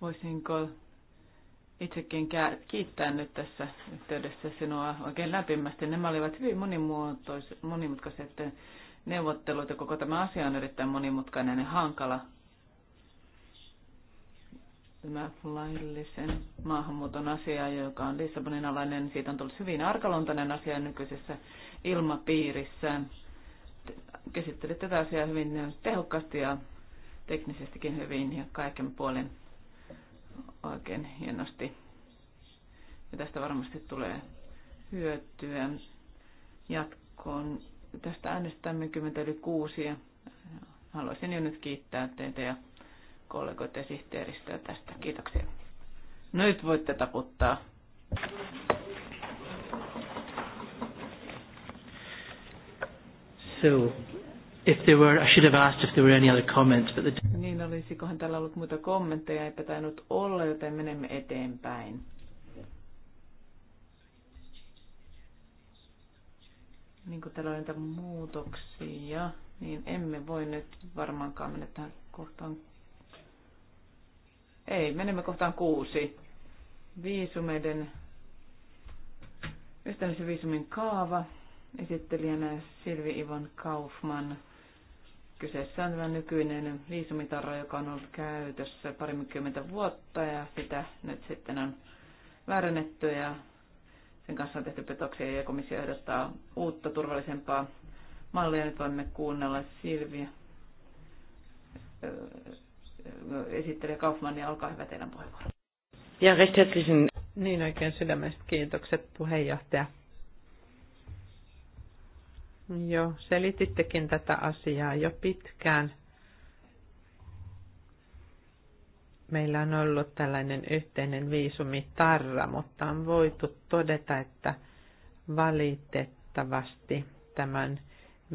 Voisinko itsekin kiittää nyt tässä yhteydessä sinua oikein lämpimästi. Nämä olivat hyvin monimutkaiset neuvottelut ja koko tämä asia on erittäin monimutkainen ja hankala. Tämä laillisen maahanmuuton asia, joka on Lissabonin alainen, siitä on tullut hyvin arkaluontainen asia nykyisessä ilmapiirissä. Käsittelit tätä asiaa hyvin tehokkaasti ja teknisestikin hyvin ja kaiken puolen oikein hienosti. Ja tästä varmasti tulee hyötyä. Jatkoon tästä äänestämme 10 yli 6 ja haluaisin jo nyt kiittää teitä ja kollegoita ja sihteeristöä tästä. Kiitoksia. No nyt voitte taputtaa. So, if there were, I should have asked if there were any other comments, but the... No niin, olisikohan täällä ollut muita kommentteja, eipä tainnut olla, joten menemme eteenpäin. Niin kuin täällä on niitä muutoksia, niin emme voi nyt varmaankaan mennä tähän kohtaan. Ei, menemme kohtaan kuusi. Viisumeiden, yhtenäisen viisumin kaava, esittelijänä Silvi Ivon Kaufman. Kyseessä on tämä nykyinen viisumitarra, joka on ollut käytössä parikymmentä vuotta ja sitä nyt sitten on väärennetty ja sen kanssa on tehty petoksia ja komissio ehdottaa uutta turvallisempaa mallia. Nyt voimme kuunnella Silviä äh, äh, esittelijä Kaufman, ja olkaa hyvä teidän puheenvuoro. Ja recht herzlichen... Niin oikein sydämestä kiitokset puheenjohtaja jo selitittekin tätä asiaa jo pitkään. Meillä on ollut tällainen yhteinen viisumitarra, mutta on voitu todeta, että valitettavasti tämän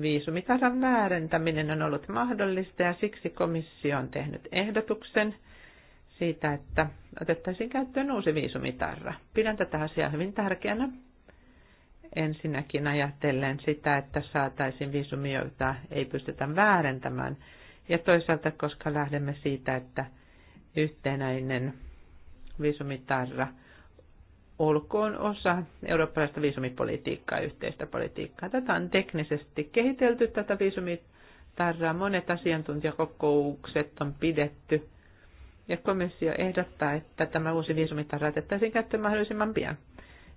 viisumitarran väärentäminen on ollut mahdollista ja siksi komissio on tehnyt ehdotuksen siitä, että otettaisiin käyttöön uusi viisumitarra. Pidän tätä asiaa hyvin tärkeänä Ensinnäkin ajatellen sitä, että saataisiin viisumi, jota ei pystytä väärentämään. Ja toisaalta, koska lähdemme siitä, että yhtenäinen viisumitarra olkoon osa eurooppalaista viisumipolitiikkaa, yhteistä politiikkaa. Tätä on teknisesti kehitelty, tätä viisumitarraa. Monet asiantuntijakokoukset on pidetty. Ja komissio ehdottaa, että tämä uusi viisumitarra otettaisiin käyttöön mahdollisimman pian.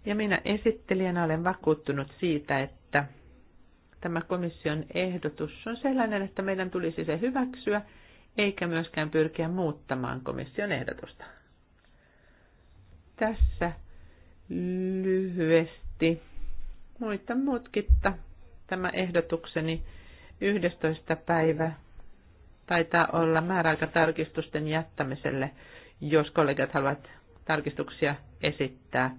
Ja minä esittelijänä olen vakuuttunut siitä, että tämä komission ehdotus on sellainen, että meidän tulisi se hyväksyä, eikä myöskään pyrkiä muuttamaan komission ehdotusta. Tässä lyhyesti muita mutkitta tämä ehdotukseni 11. päivä taitaa olla määräaika tarkistusten jättämiselle, jos kollegat haluavat tarkistuksia esittää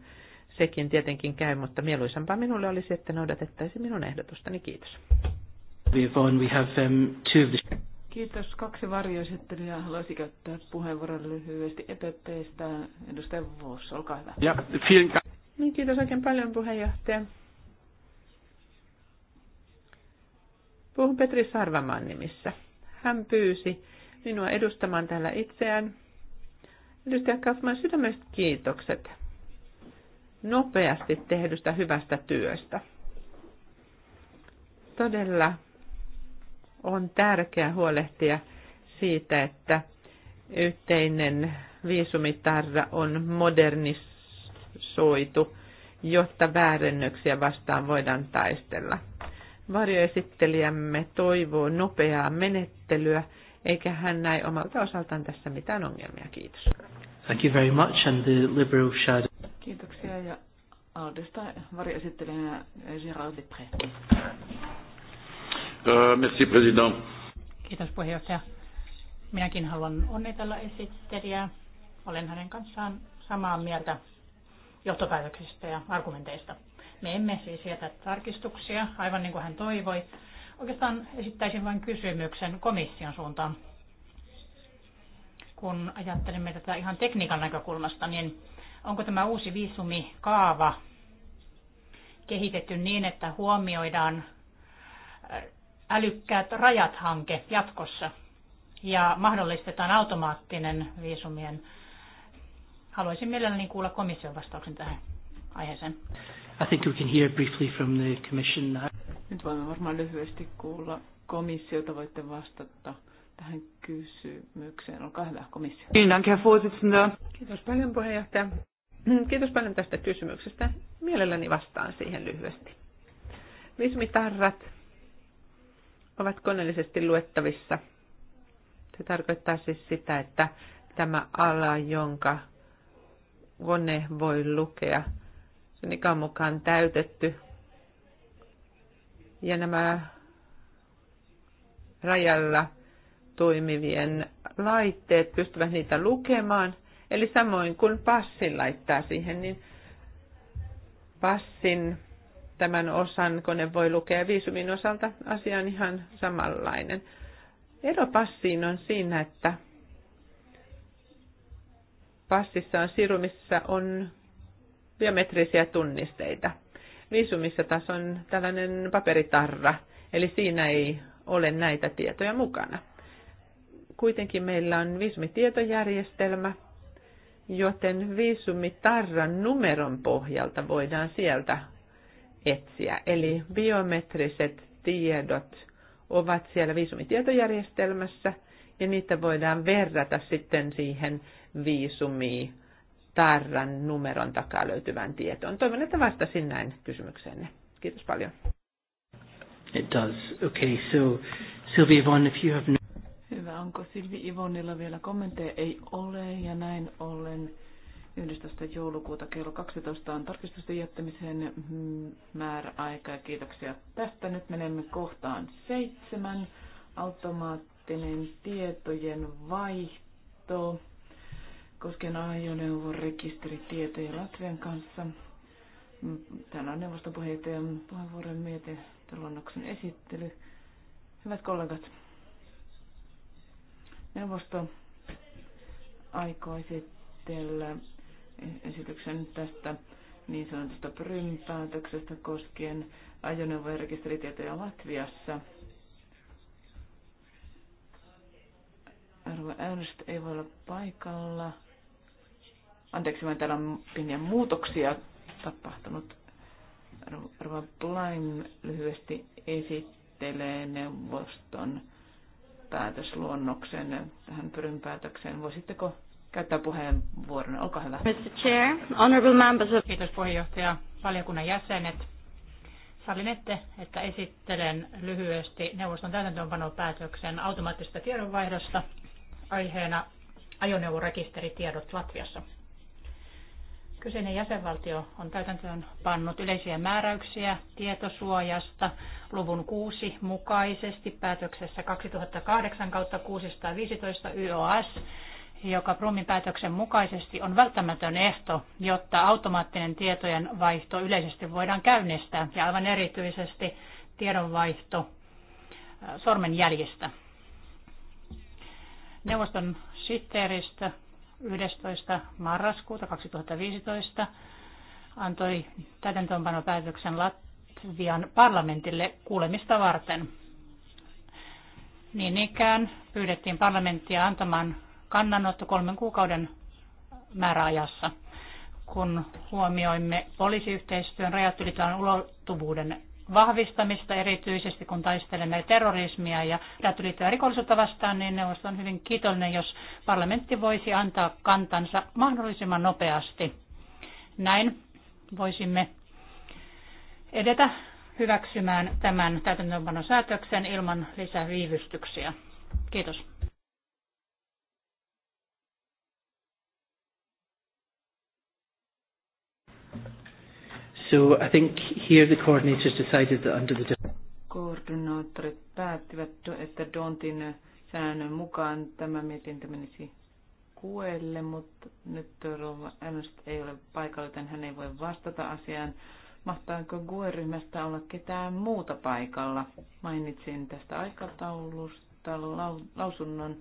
sekin tietenkin käy, mutta mieluisampaa minulle olisi, että noudatettaisiin minun ehdotustani. Kiitos. Um, kiitos. Kaksi varjoesittelyä. Haluaisin käyttää puheenvuoron lyhyesti EPPstä. Edustaja Vos, olkaa hyvä. Ja, niin, kiitos oikein paljon puheenjohtaja. Puhun Petri Sarvamaan nimissä. Hän pyysi minua edustamaan täällä itseään. Edustaja Kaufman, sydämestä kiitokset nopeasti tehdystä hyvästä työstä. Todella on tärkeää huolehtia siitä, että yhteinen viisumitarra on modernisoitu, jotta väärennöksiä vastaan voidaan taistella. Varjoesittelijämme toivoo nopeaa menettelyä, eikä hän näe omalta osaltaan tässä mitään ongelmia. Kiitos. Thank you very much and the liberal shadow. Kiitoksia ja Aldesta varjoesittelijänä Gérald Uh, Merci, president. Kiitos puheenjohtaja. Minäkin haluan onnitella esittelijää. Olen hänen kanssaan samaa mieltä johtopäätöksistä ja argumenteista. Me emme siis jätä tarkistuksia, aivan niin kuin hän toivoi. Oikeastaan esittäisin vain kysymyksen komission suuntaan. Kun ajattelimme tätä ihan tekniikan näkökulmasta, niin Onko tämä uusi viisumikaava kehitetty niin, että huomioidaan äh, älykkäät rajat-hanke jatkossa ja mahdollistetaan automaattinen viisumien. Haluaisin mielelläni kuulla komission vastauksen tähän aiheeseen. I think we can hear briefly from the commission now. Nyt voimme varmaan lyhyesti kuulla komissiota. Voitte vastata tähän kysymykseen. Olkaa hyvä komissio. Kiitos paljon puheenjohtaja. Mm, kiitos paljon tästä kysymyksestä. Mielelläni vastaan siihen lyhyesti. Vismitarrat ovat koneellisesti luettavissa. Se tarkoittaa siis sitä, että tämä ala, jonka kone voi lukea, se on ikään mukaan täytetty. Ja nämä rajalla toimivien laitteet pystyvät niitä lukemaan – Eli samoin kuin passin laittaa siihen, niin passin tämän osan kone voi lukea viisumin osalta. Asia on ihan samanlainen. Ero passiin on siinä, että passissa on sirumissa on biometrisiä tunnisteita. Viisumissa taas on tällainen paperitarra, eli siinä ei ole näitä tietoja mukana. Kuitenkin meillä on viisumitietojärjestelmä, joten viisumitarran numeron pohjalta voidaan sieltä etsiä. Eli biometriset tiedot ovat siellä viisumitietojärjestelmässä ja niitä voidaan verrata sitten siihen viisumiin tarran numeron takaa löytyvään tietoon. Toivon, että vastasin näin kysymykseenne. Kiitos paljon. It does. Okay, so Sylvia Vaughan, if you have no onko Silvi Ivonilla vielä kommentteja? Ei ole, ja näin ollen 11. joulukuuta kello 12 on tarkistusten jättämisen määräaika. Kiitoksia tästä. Nyt menemme kohtaan seitsemän. Automaattinen tietojen vaihto koskien ajoneuvon rekisteritietoja Latvian kanssa. Täällä on neuvoston puheenjohtajan puheenvuoron mietintöluonnoksen esittely. Hyvät kollegat, Neuvosto aikoo esitellä esityksen tästä niin sanotusta Prym-päätöksestä koskien ajoneuvojen rekisteritietoja Latviassa. Arvo Ernst ei voi olla paikalla. Anteeksi, vaan täällä on pieniä muutoksia tapahtunut. Arvo Blime lyhyesti esittelee neuvoston päätösluonnoksen tähän Pyryn päätökseen. Voisitteko käyttää puheenvuoron? Olkaa hyvä. Mr. Chair, honorable members of... Kiitos puheenjohtaja, valiokunnan jäsenet. ette, että esittelen lyhyesti neuvoston täytäntöönpanopäätöksen automaattisesta tiedonvaihdosta aiheena ajoneuvorekisteritiedot Latviassa. Kyseinen jäsenvaltio on täytäntöön pannut yleisiä määräyksiä tietosuojasta luvun 6 mukaisesti päätöksessä 2008 615 YOS, joka Prumin päätöksen mukaisesti on välttämätön ehto, jotta automaattinen tietojen vaihto yleisesti voidaan käynnistää ja aivan erityisesti tiedonvaihto sormenjäljistä. Neuvoston sihteeristö 11. marraskuuta 2015 antoi täytäntöönpanopäätöksen Latvian parlamentille kuulemista varten. Niin ikään pyydettiin parlamenttia antamaan kannanotto kolmen kuukauden määräajassa, kun huomioimme poliisiyhteistyön rajat ulottuvuuden vahvistamista, erityisesti kun taistelemme terrorismia ja räätyliittyvää rikollisuutta vastaan, niin neuvosto on hyvin kiitollinen, jos parlamentti voisi antaa kantansa mahdollisimman nopeasti. Näin voisimme edetä hyväksymään tämän täytäntöönpanosäätöksen ilman lisäviivystyksiä. Kiitos. So I think here the coordinators decided that under the... Koordinaattorit päättivät, että Dontin säännön mukaan tämä mietintö menisi kuelle, mutta nyt Rova Ernst ei ole paikalla, joten hän ei voi vastata asiaan. Mahtaako GUE-ryhmästä olla ketään muuta paikalla? Mainitsin tästä aikataulusta lausunnon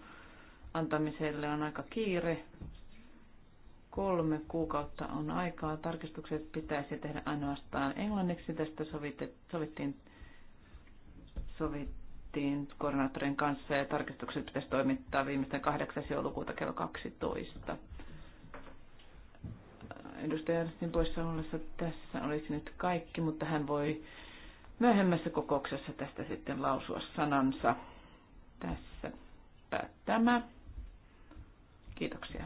antamiselle on aika kiire, kolme kuukautta on aikaa. Tarkistukset pitäisi tehdä ainoastaan englanniksi. Tästä sovittiin, sovittiin koordinaattorin kanssa ja tarkistukset pitäisi toimittaa viimeisten 8. joulukuuta kello 12. Edustaja Ernstin poissa ollessa tässä olisi nyt kaikki, mutta hän voi myöhemmässä kokouksessa tästä sitten lausua sanansa. Tässä tämä. Kiitoksia.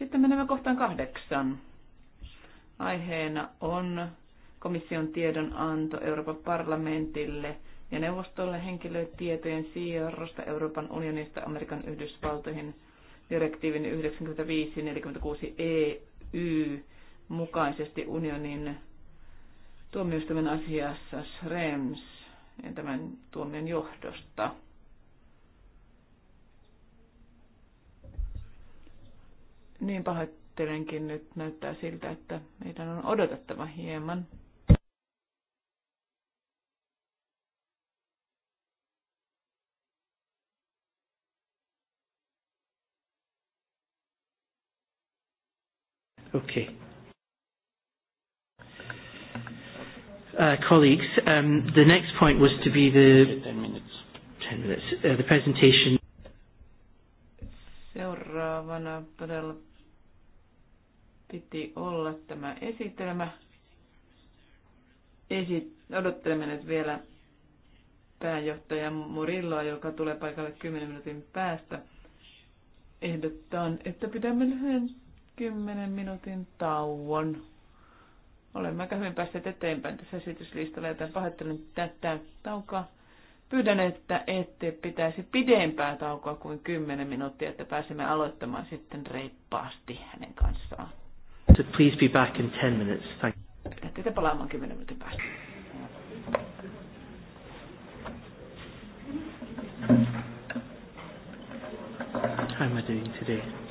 Sitten menemme kohtaan kahdeksan. Aiheena on komission tiedonanto Euroopan parlamentille ja neuvostolle henkilötietojen siirrosta Euroopan unionista Amerikan Yhdysvaltoihin direktiivin 95-46 EY mukaisesti unionin tuomioistuimen asiassa Schrems ja tämän tuomion johdosta. Niin pahoittelenkin nyt näyttää siltä, että meidän on odotettava hieman. Okay. Uh, colleagues, um, the next point was to be the ten minutes. Ten minutes. Uh, the presentation. Seuraavana todella piti olla tämä esitelmä. Esi- odottelemme nyt vielä pääjohtaja Murilloa, joka tulee paikalle 10 minuutin päästä. Ehdottaan, että pidämme lyhyen 10 minuutin tauon. Olemme aika hyvin päässeet eteenpäin tässä esityslistalla, joten pahoittelen tätä taukoa. Pyydän, että ette pitäisi pidempää taukoa kuin 10 minuuttia, että pääsemme aloittamaan sitten reippaasti hänen kanssaan. To please be back in 10 minutes. Thank you. Lähtekää palaamaan 10 minuutin päästä. How am I doing today?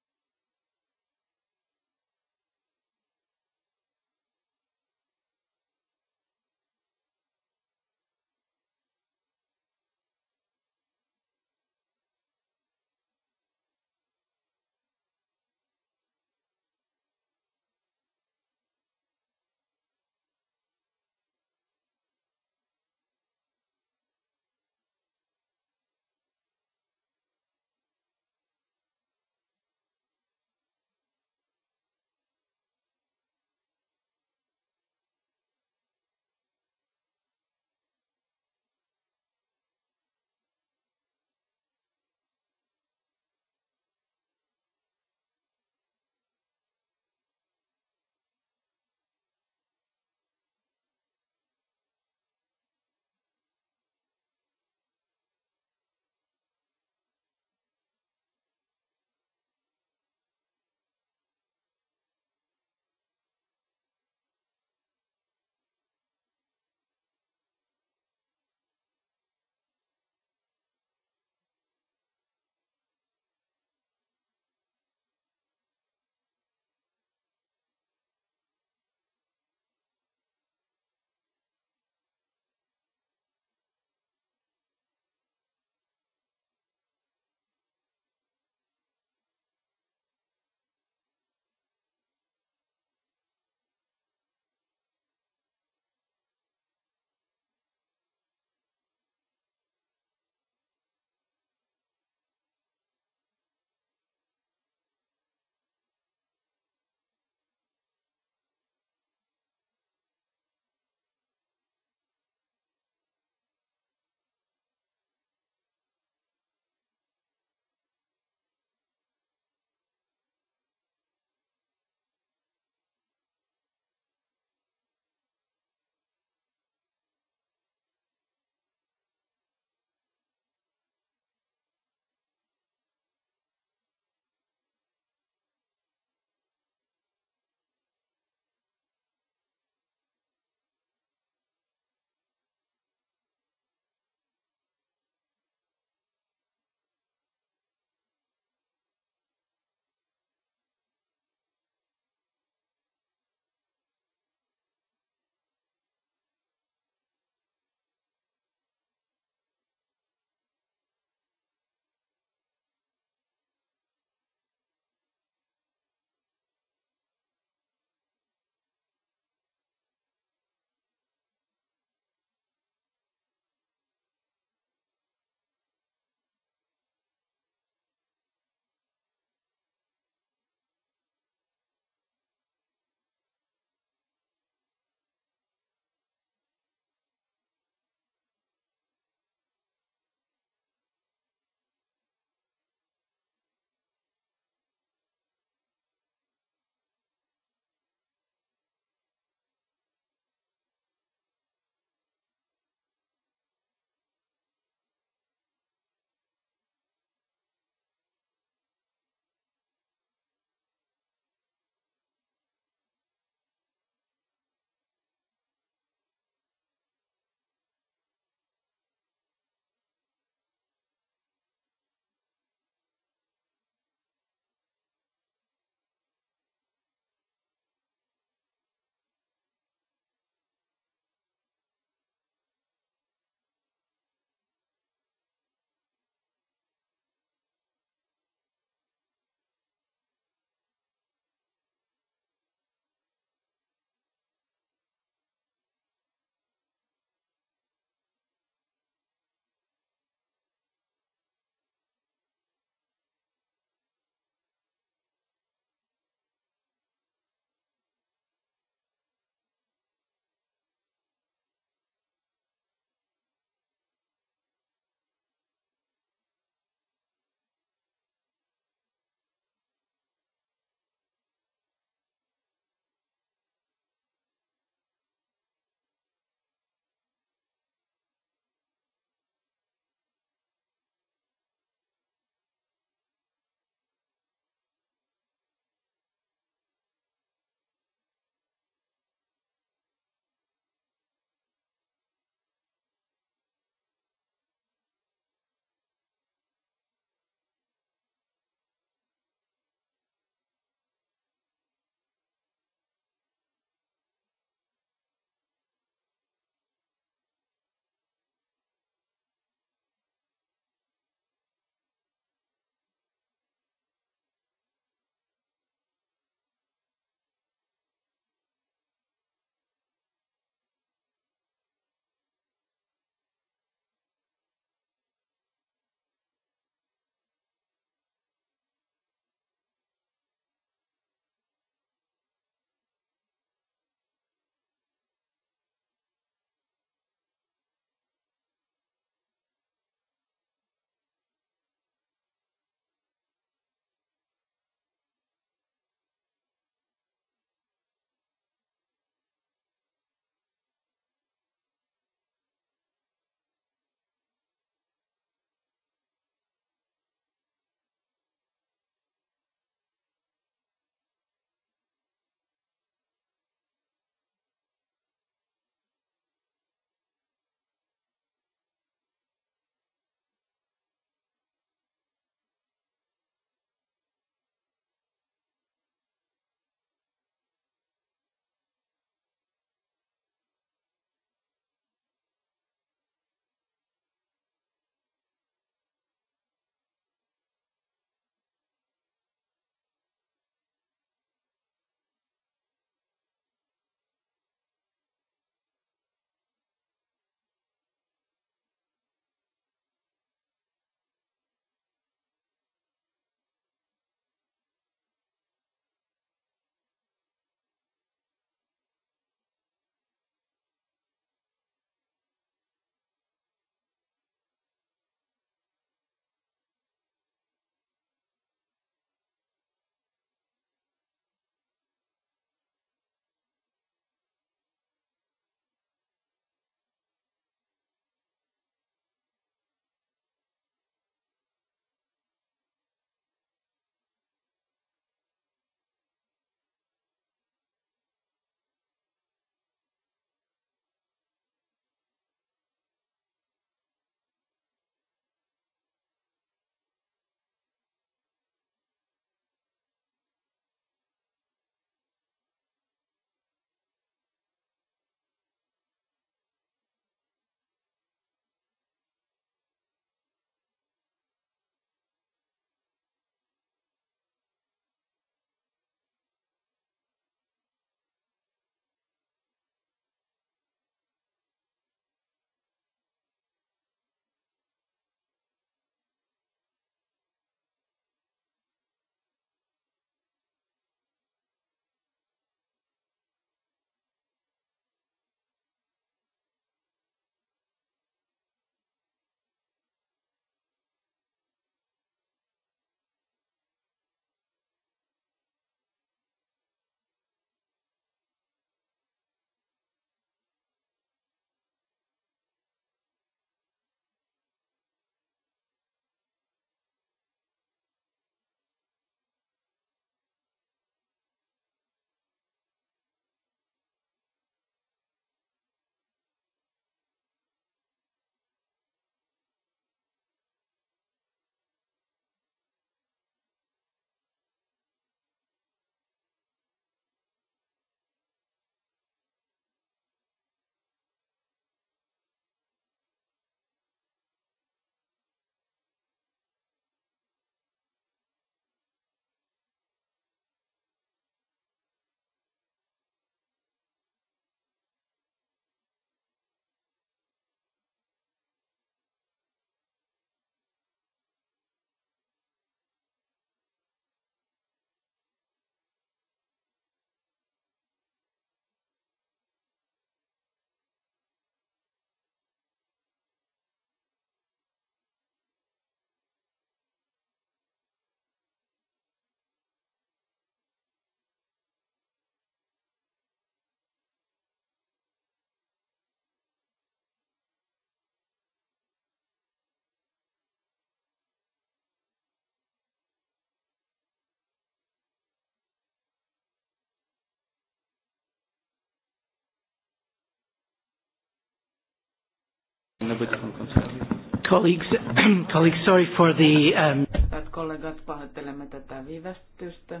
Colleagues, colleagues, sorry for the... Um... kollegat, pahoittelemme tätä viivästystä.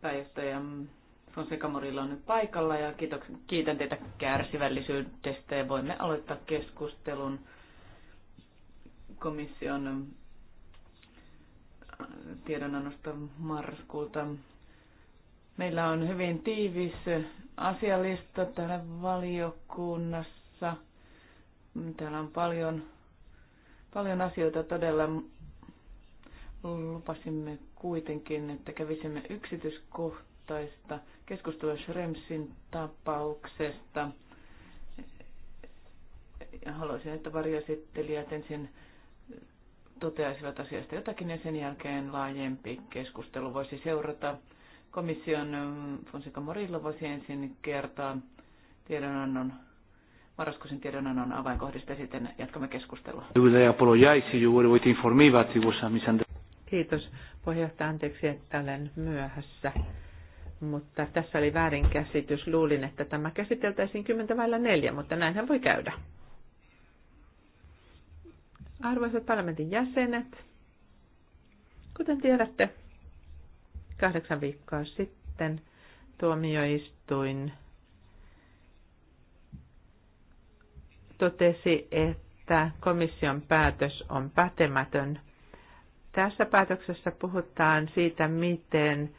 Pääjohtaja Fonseca Morilla on nyt paikalla ja kiitän teitä kärsivällisyydestä ja voimme aloittaa keskustelun komission äh, tiedonannosta marraskuulta. Meillä on hyvin tiivis äh, asialista täällä valiokunnassa Täällä on paljon, paljon asioita todella. Lupasimme kuitenkin, että kävisimme yksityiskohtaista keskustelua Schremsin tapauksesta. Ja haluaisin, että varjoesittelijät ensin toteaisivat asiasta jotakin ja sen jälkeen laajempi keskustelu voisi seurata. Komission Fonseca Morillo voisi ensin kertaa tiedonannon marraskuisen tiedonannon avainkohdista ja sitten jatkamme keskustelua. Kiitos puheenjohtaja, anteeksi, että olen myöhässä. Mutta tässä oli väärinkäsitys. Luulin, että tämä käsiteltäisiin kymmentä vailla neljä, mutta näinhän voi käydä. Arvoisat parlamentin jäsenet, kuten tiedätte, kahdeksan viikkoa sitten tuomioistuin totesi, että komission päätös on pätemätön. Tässä päätöksessä puhutaan siitä, miten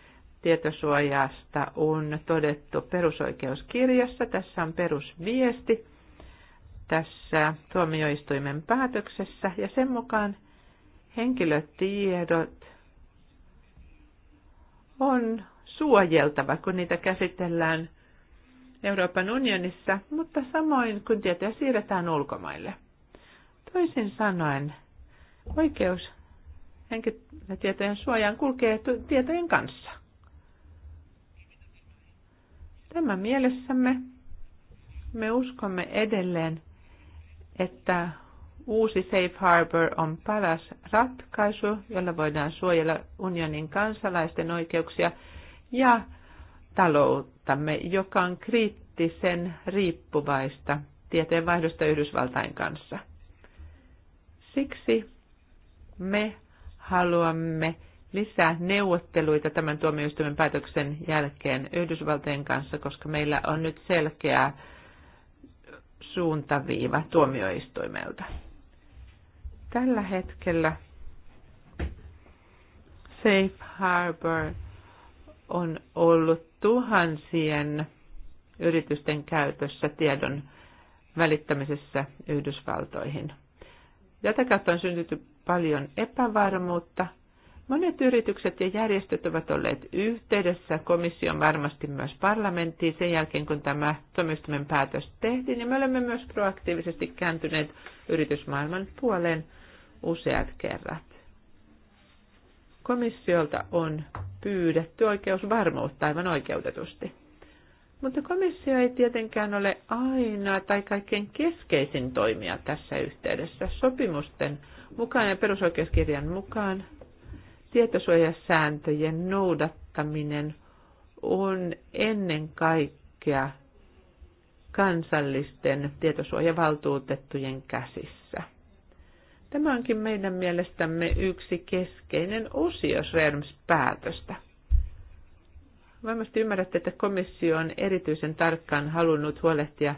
tietosuojasta on todettu perusoikeuskirjassa. Tässä on perusviesti tässä tuomioistuimen päätöksessä ja sen mukaan henkilötiedot on suojeltava, kun niitä käsitellään Euroopan unionissa, mutta samoin kun tietoja siirretään ulkomaille. Toisin sanoen, oikeus henkilötietojen suojaan kulkee tietojen kanssa. Tämä mielessämme me uskomme edelleen, että uusi Safe Harbor on paras ratkaisu, jolla voidaan suojella unionin kansalaisten oikeuksia ja talouttamme, joka on kriittisen riippuvaista tieteenvaihdosta Yhdysvaltain kanssa. Siksi me haluamme lisää neuvotteluita tämän tuomioistuimen päätöksen jälkeen Yhdysvaltojen kanssa, koska meillä on nyt selkeä suuntaviiva tuomioistuimelta. Tällä hetkellä Safe Harbor on ollut tuhansien yritysten käytössä tiedon välittämisessä Yhdysvaltoihin. Tätä kautta on syntynyt paljon epävarmuutta. Monet yritykset ja järjestöt ovat olleet yhteydessä komission varmasti myös parlamenttiin sen jälkeen, kun tämä tuomioistuimen päätös tehtiin. Ja me olemme myös proaktiivisesti kääntyneet yritysmaailman puoleen useat kerrat. Komissiolta on pyydetty oikeus varmuutta aivan oikeutetusti. Mutta komissio ei tietenkään ole aina tai kaikkein keskeisin toimija tässä yhteydessä. Sopimusten mukaan ja perusoikeuskirjan mukaan tietosuojasääntöjen noudattaminen on ennen kaikkea kansallisten tietosuojavaltuutettujen käsissä Tämä onkin meidän mielestämme yksi keskeinen osio SREMS-päätöstä. Varmasti ymmärrätte, että komissio on erityisen tarkkaan halunnut huolehtia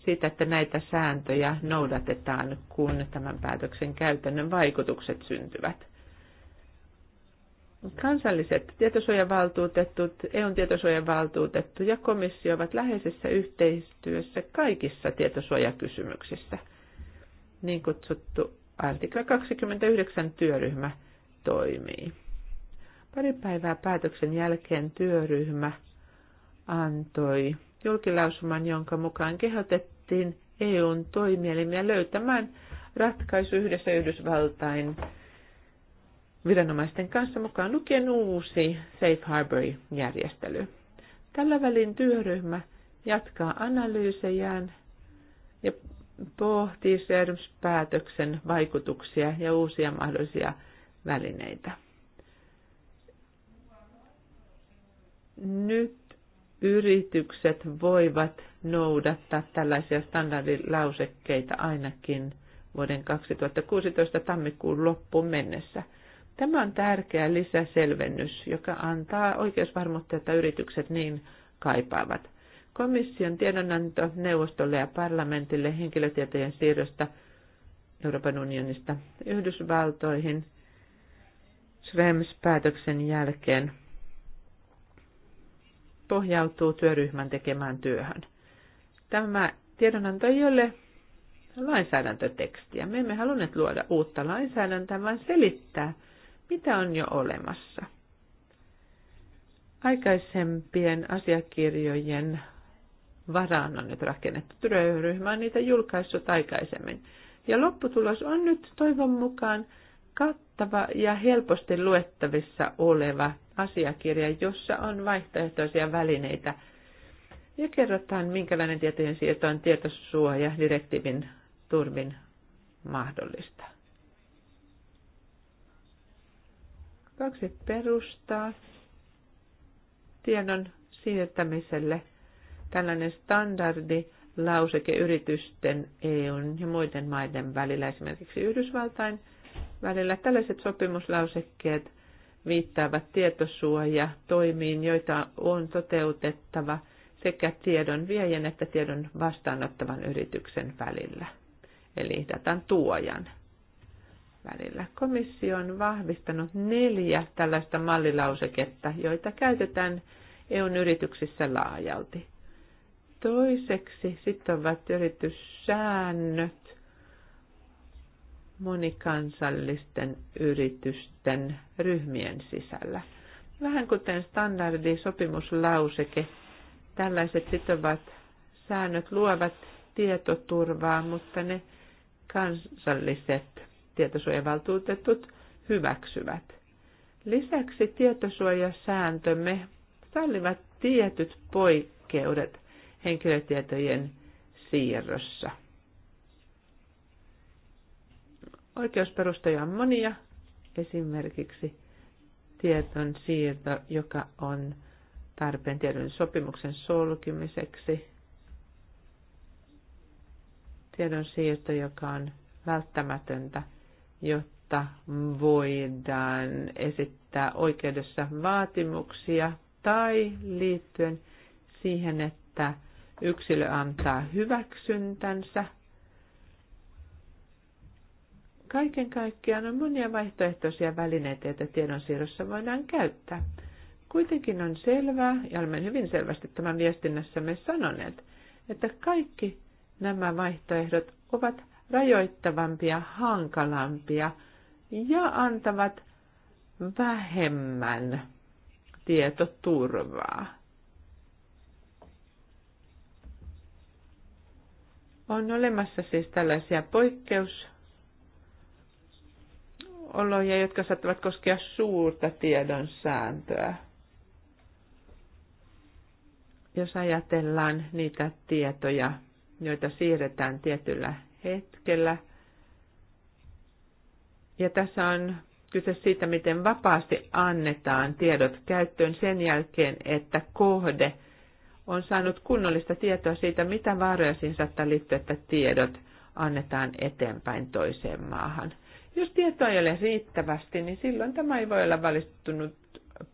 siitä, että näitä sääntöjä noudatetaan, kun tämän päätöksen käytännön vaikutukset syntyvät. Kansalliset tietosuojavaltuutetut, EUn tietosuojavaltuutettu ja komissio ovat läheisessä yhteistyössä kaikissa tietosuojakysymyksissä. Niin kutsuttu artikla 29 työryhmä toimii. Pari päivää päätöksen jälkeen työryhmä antoi julkilausuman, jonka mukaan kehotettiin EUn toimielimiä löytämään ratkaisu yhdessä Yhdysvaltain viranomaisten kanssa mukaan lukien uusi Safe Harbor-järjestely. Tällä välin työryhmä jatkaa analyysejään ja pohtii säädöspäätöksen vaikutuksia ja uusia mahdollisia välineitä. Nyt yritykset voivat noudattaa tällaisia standardilausekkeita ainakin vuoden 2016 tammikuun loppuun mennessä. Tämä on tärkeä lisäselvennys, joka antaa oikeusvarmuutta, että yritykset niin kaipaavat. Komission tiedonanto neuvostolle ja parlamentille henkilötietojen siirrosta Euroopan unionista Yhdysvaltoihin Schrems-päätöksen jälkeen pohjautuu työryhmän tekemään työhön. Tämä tiedonanto ei ole lainsäädäntötekstiä. Me emme halunneet luoda uutta lainsäädäntöä, vaan selittää, mitä on jo olemassa. Aikaisempien asiakirjojen varaan on nyt rakennettu. Työryhmä on niitä julkaissut aikaisemmin. Ja lopputulos on nyt toivon mukaan kattava ja helposti luettavissa oleva asiakirja, jossa on vaihtoehtoisia välineitä ja kerrotaan, minkälainen tietojen siirto on tietosuoja direktiivin turvin mahdollista. Kaksi perustaa tiedon siirtämiselle tällainen standardi lauseke yritysten EUn ja muiden maiden välillä, esimerkiksi Yhdysvaltain välillä. Tällaiset sopimuslausekkeet viittaavat tietosuoja toimiin, joita on toteutettava sekä tiedon viejän että tiedon vastaanottavan yrityksen välillä, eli datan tuojan välillä. Komissio on vahvistanut neljä tällaista mallilauseketta, joita käytetään EUn yrityksissä laajalti. Toiseksi sitovat yrityssäännöt monikansallisten yritysten ryhmien sisällä. Vähän kuten sopimuslauseke, tällaiset sitovat säännöt luovat tietoturvaa, mutta ne kansalliset tietosuojavaltuutetut hyväksyvät. Lisäksi tietosuojasääntömme sallivat tietyt poikkeudet henkilötietojen siirrossa. Oikeusperustoja on monia, esimerkiksi tieton siirto, joka on tarpeen tiedon sopimuksen solkimiseksi, tiedon siirto, joka on välttämätöntä, jotta voidaan esittää oikeudessa vaatimuksia tai liittyen siihen, että yksilö antaa hyväksyntänsä. Kaiken kaikkiaan on monia vaihtoehtoisia välineitä, joita tiedonsiirrossa voidaan käyttää. Kuitenkin on selvää, ja olemme hyvin selvästi tämän viestinnässämme sanoneet, että kaikki nämä vaihtoehdot ovat rajoittavampia, hankalampia ja antavat vähemmän tietoturvaa. On olemassa siis tällaisia poikkeusoloja, jotka saattavat koskea suurta tiedon sääntöä. Jos ajatellaan niitä tietoja, joita siirretään tietyllä hetkellä. Ja tässä on kyse siitä, miten vapaasti annetaan tiedot käyttöön sen jälkeen, että kohde – on saanut kunnollista tietoa siitä, mitä vaaroja siihen saattaa liittyä, että tiedot annetaan eteenpäin toiseen maahan. Jos tietoa ei ole riittävästi, niin silloin tämä ei voi olla valistunut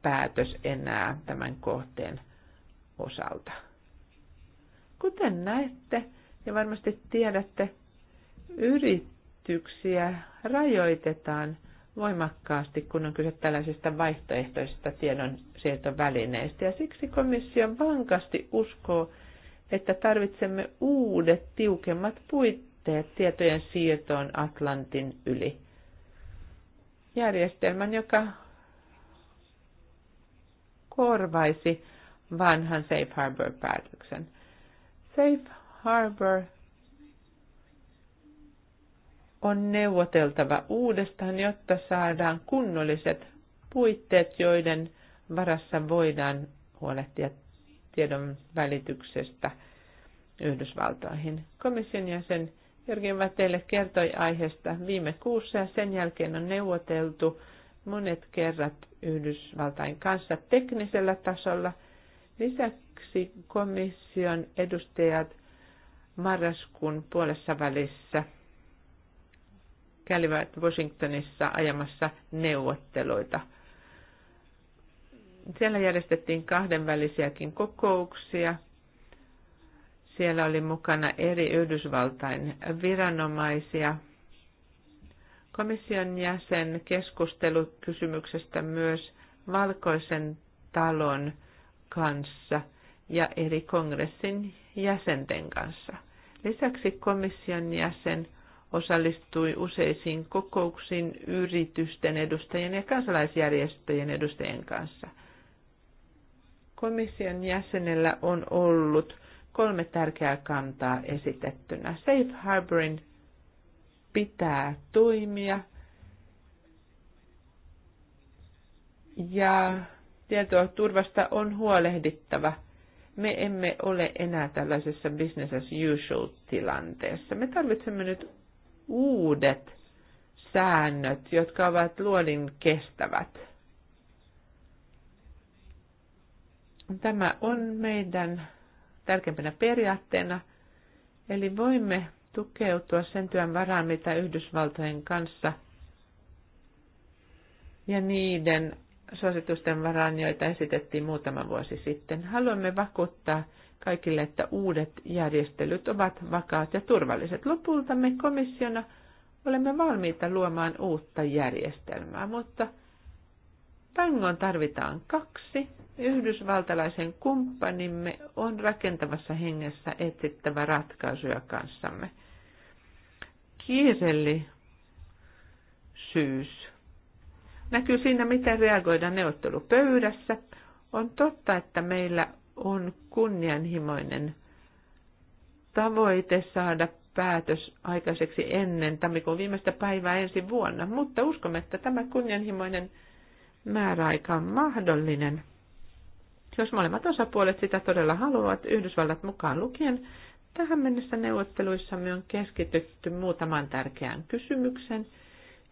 päätös enää tämän kohteen osalta. Kuten näette ja varmasti tiedätte, yrityksiä rajoitetaan voimakkaasti, kun on kyse tällaisista vaihtoehtoisista tiedonsiirtovälineistä. Ja siksi komissio vankasti uskoo, että tarvitsemme uudet, tiukemmat puitteet tietojen siirtoon Atlantin yli. Järjestelmän, joka korvaisi vanhan Safe Harbor-päätöksen. Safe Harbor on neuvoteltava uudestaan, jotta saadaan kunnolliset puitteet, joiden varassa voidaan huolehtia tiedon välityksestä Yhdysvaltoihin. Komission jäsen Jörgen Vatelle kertoi aiheesta viime kuussa ja sen jälkeen on neuvoteltu monet kerrat Yhdysvaltain kanssa teknisellä tasolla. Lisäksi komission edustajat marraskuun puolessa välissä kävivät Washingtonissa ajamassa neuvotteluita. Siellä järjestettiin kahdenvälisiäkin kokouksia. Siellä oli mukana eri Yhdysvaltain viranomaisia. Komission jäsen kysymyksestä myös valkoisen talon kanssa ja eri kongressin jäsenten kanssa. Lisäksi komission jäsen osallistui useisiin kokouksiin yritysten edustajien ja kansalaisjärjestöjen edustajien kanssa. Komission jäsenellä on ollut kolme tärkeää kantaa esitettynä. Safe Harborin pitää toimia ja tietoa turvasta on huolehdittava. Me emme ole enää tällaisessa business as usual tilanteessa. Me tarvitsemme nyt uudet säännöt, jotka ovat luonnin kestävät. Tämä on meidän tärkeimpänä periaatteena, eli voimme tukeutua sen työn varaan, mitä Yhdysvaltojen kanssa ja niiden suositusten varaan, joita esitettiin muutama vuosi sitten. Haluamme vakuuttaa kaikille, että uudet järjestelyt ovat vakaat ja turvalliset. Lopulta me komissiona olemme valmiita luomaan uutta järjestelmää, mutta tangon tarvitaan kaksi. Yhdysvaltalaisen kumppanimme on rakentavassa hengessä etsittävä ratkaisuja kanssamme. Kiireli, syys näkyy siinä, miten reagoidaan neuvottelupöydässä. On totta, että meillä on kunnianhimoinen tavoite saada päätös aikaiseksi ennen tammikuun viimeistä päivää ensi vuonna, mutta uskomme, että tämä kunnianhimoinen määräaika on mahdollinen. Jos molemmat osapuolet sitä todella haluavat, Yhdysvallat mukaan lukien, tähän mennessä neuvotteluissamme on keskitytty muutamaan tärkeään kysymykseen,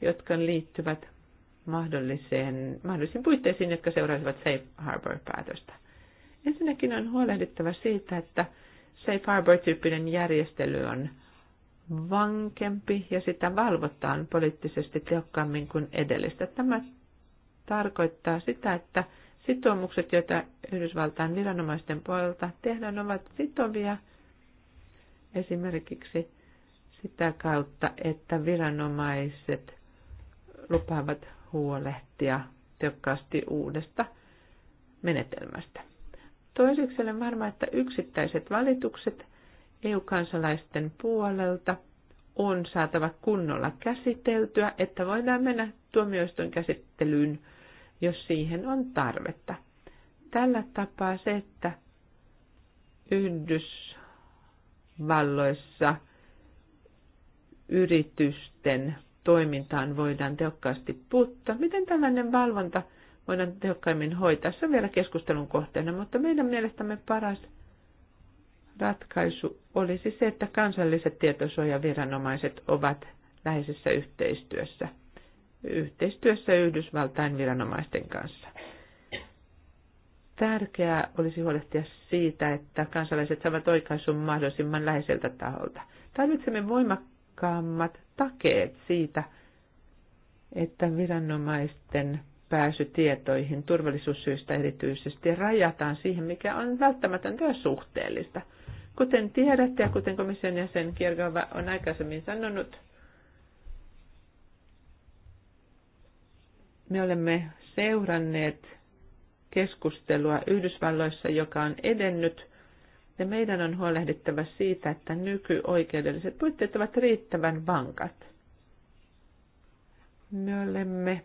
jotka liittyvät mahdolliseen, mahdollisiin puitteisiin, jotka seuraisivat Safe Harbor-päätöstä. Ensinnäkin on huolehdittava siitä, että Safe Harbor-tyyppinen järjestely on vankempi ja sitä valvotaan poliittisesti tehokkaammin kuin edellistä. Tämä tarkoittaa sitä, että sitoumukset, joita Yhdysvaltain viranomaisten puolelta tehdään, ovat sitovia esimerkiksi sitä kautta, että viranomaiset lupaavat huolehtia tehokkaasti uudesta menetelmästä. Toiseksi olen varma, että yksittäiset valitukset EU-kansalaisten puolelta on saatava kunnolla käsiteltyä, että voidaan mennä tuomioiston käsittelyyn, jos siihen on tarvetta. Tällä tapaa se, että Yhdysvalloissa yritysten toimintaan voidaan tehokkaasti puuttua. Miten tällainen valvonta voidaan tehokkaimmin hoitaa. Se on vielä keskustelun kohteena, mutta meidän mielestämme paras ratkaisu olisi se, että kansalliset tietosuojaviranomaiset ovat läheisessä yhteistyössä, yhteistyössä Yhdysvaltain viranomaisten kanssa. Tärkeää olisi huolehtia siitä, että kansalaiset saavat oikaisun mahdollisimman läheiseltä taholta. Tarvitsemme voimakkaammat takeet siitä, että viranomaisten pääsy tietoihin turvallisuussyistä erityisesti rajataan siihen, mikä on välttämätöntä ja suhteellista. Kuten tiedätte ja kuten komission jäsen Kiergava on aikaisemmin sanonut, me olemme seuranneet keskustelua Yhdysvalloissa, joka on edennyt, ja meidän on huolehdittava siitä, että nykyoikeudelliset puitteet ovat riittävän vankat. Me olemme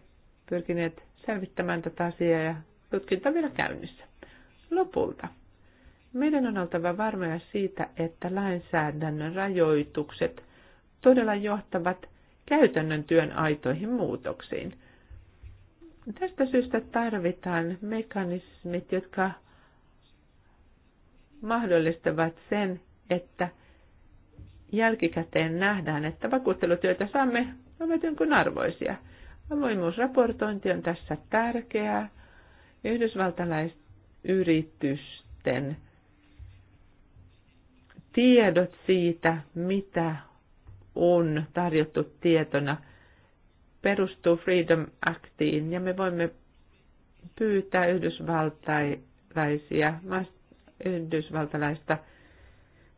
pyrkineet selvittämään tätä asiaa ja tutkinta vielä käynnissä. Lopulta. Meidän on oltava varmoja siitä, että lainsäädännön rajoitukset todella johtavat käytännön työn aitoihin muutoksiin. Tästä syystä tarvitaan mekanismit, jotka mahdollistavat sen, että jälkikäteen nähdään, että vakuuttelutyötä saamme ovat jonkun arvoisia – Avoimuusraportointi on tässä tärkeää. Yhdysvaltalaisyritysten tiedot siitä, mitä on tarjottu tietona, perustuu Freedom Actiin ja me voimme pyytää yhdysvaltalaisia, yhdysvaltalaista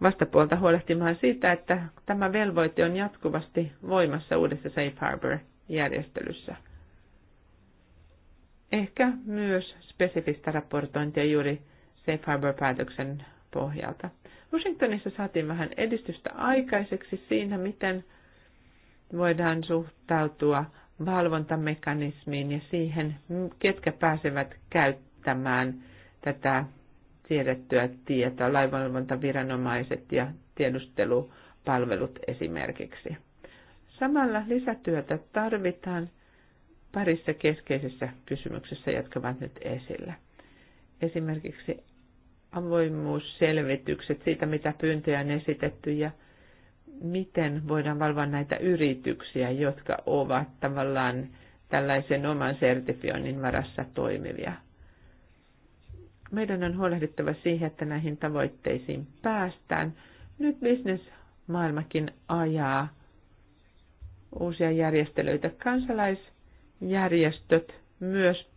vastapuolta huolehtimaan siitä, että tämä velvoite on jatkuvasti voimassa uudessa Safe Harbor järjestelyssä. Ehkä myös spesifistä raportointia juuri Safe Harbor-päätöksen pohjalta. Washingtonissa saatiin vähän edistystä aikaiseksi siinä, miten voidaan suhtautua valvontamekanismiin ja siihen, ketkä pääsevät käyttämään tätä tiedettyä tietoa, lainvalvontaviranomaiset ja tiedustelupalvelut esimerkiksi. Samalla lisätyötä tarvitaan parissa keskeisessä kysymyksessä, jotka ovat nyt esillä. Esimerkiksi avoimuusselvitykset siitä, mitä pyyntöjä on esitetty ja miten voidaan valvoa näitä yrityksiä, jotka ovat tavallaan tällaisen oman sertifioinnin varassa toimivia. Meidän on huolehdittava siihen, että näihin tavoitteisiin päästään. Nyt bisnesmaailmakin ajaa uusia järjestelyitä. Kansalaisjärjestöt myös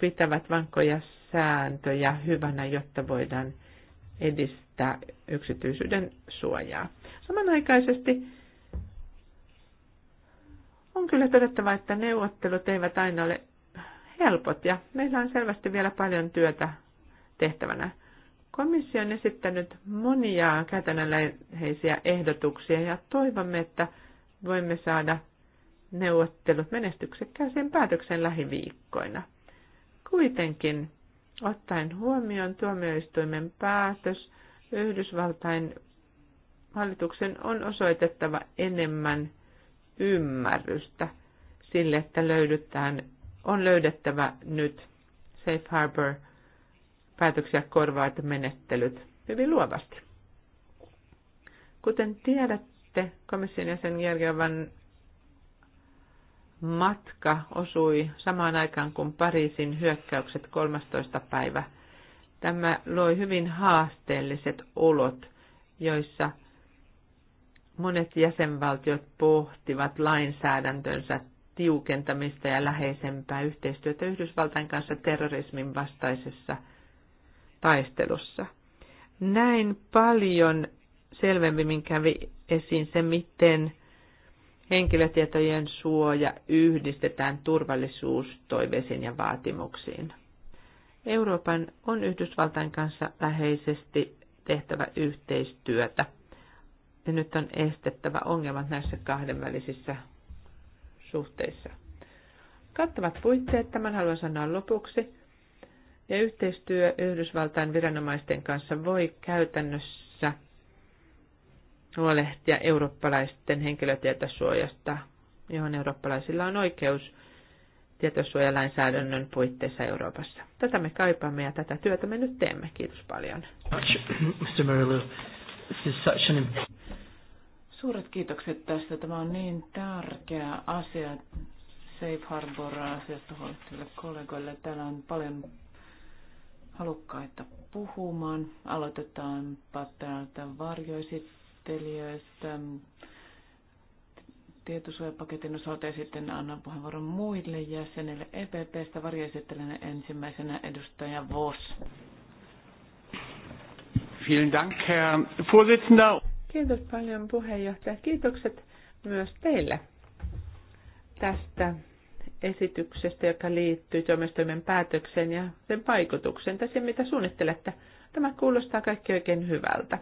pitävät vankkoja sääntöjä hyvänä, jotta voidaan edistää yksityisyyden suojaa. Samanaikaisesti on kyllä todettava, että neuvottelut eivät aina ole helpot ja meillä on selvästi vielä paljon työtä tehtävänä. Komissio on esittänyt monia käytännönläheisiä ehdotuksia ja toivomme, että voimme saada neuvottelut menestyksekkääseen päätöksen lähiviikkoina. Kuitenkin, ottaen huomioon tuomioistuimen päätös, Yhdysvaltain hallituksen on osoitettava enemmän ymmärrystä sille, että löydetään, on löydettävä nyt Safe Harbor päätöksiä korvaat menettelyt hyvin luovasti. Kuten tiedät, sitten komission jäsen Järjevän matka osui samaan aikaan kuin Pariisin hyökkäykset 13. päivä. Tämä loi hyvin haasteelliset olot, joissa monet jäsenvaltiot pohtivat lainsäädäntönsä tiukentamista ja läheisempää yhteistyötä Yhdysvaltain kanssa terrorismin vastaisessa taistelussa. Näin paljon selvemmin kävi esiin se, miten henkilötietojen suoja yhdistetään turvallisuustoiveisiin ja vaatimuksiin. Euroopan on Yhdysvaltain kanssa läheisesti tehtävä yhteistyötä. Ja nyt on estettävä ongelmat näissä kahdenvälisissä suhteissa. Kattavat puitteet, tämän haluan sanoa lopuksi. Ja yhteistyö Yhdysvaltain viranomaisten kanssa voi käytännössä huolehtia eurooppalaisten henkilötietosuojasta, johon eurooppalaisilla on oikeus tietosuojalainsäädännön puitteissa Euroopassa. Tätä me kaipaamme ja tätä työtä me nyt teemme. Kiitos paljon. Suuret kiitokset tästä. Tämä on niin tärkeä asia Safe Harbor-asiasta huolehtiville kollegoille. Täällä on paljon halukkaita puhumaan. Aloitetaanpa täältä varjoisit esittelijöistä tietosuojapaketin osalta ja sitten annan puheenvuoron muille jäsenille EPPstä. Varjoesittelen ensimmäisenä edustaja Vos. Vielen Dank, Herr Vorsitzender. Kiitos paljon puheenjohtaja. Kiitokset myös teille tästä esityksestä, joka liittyy toimistoimen päätökseen ja sen vaikutukseen Tässä mitä suunnittelette. Tämä kuulostaa kaikki oikein hyvältä.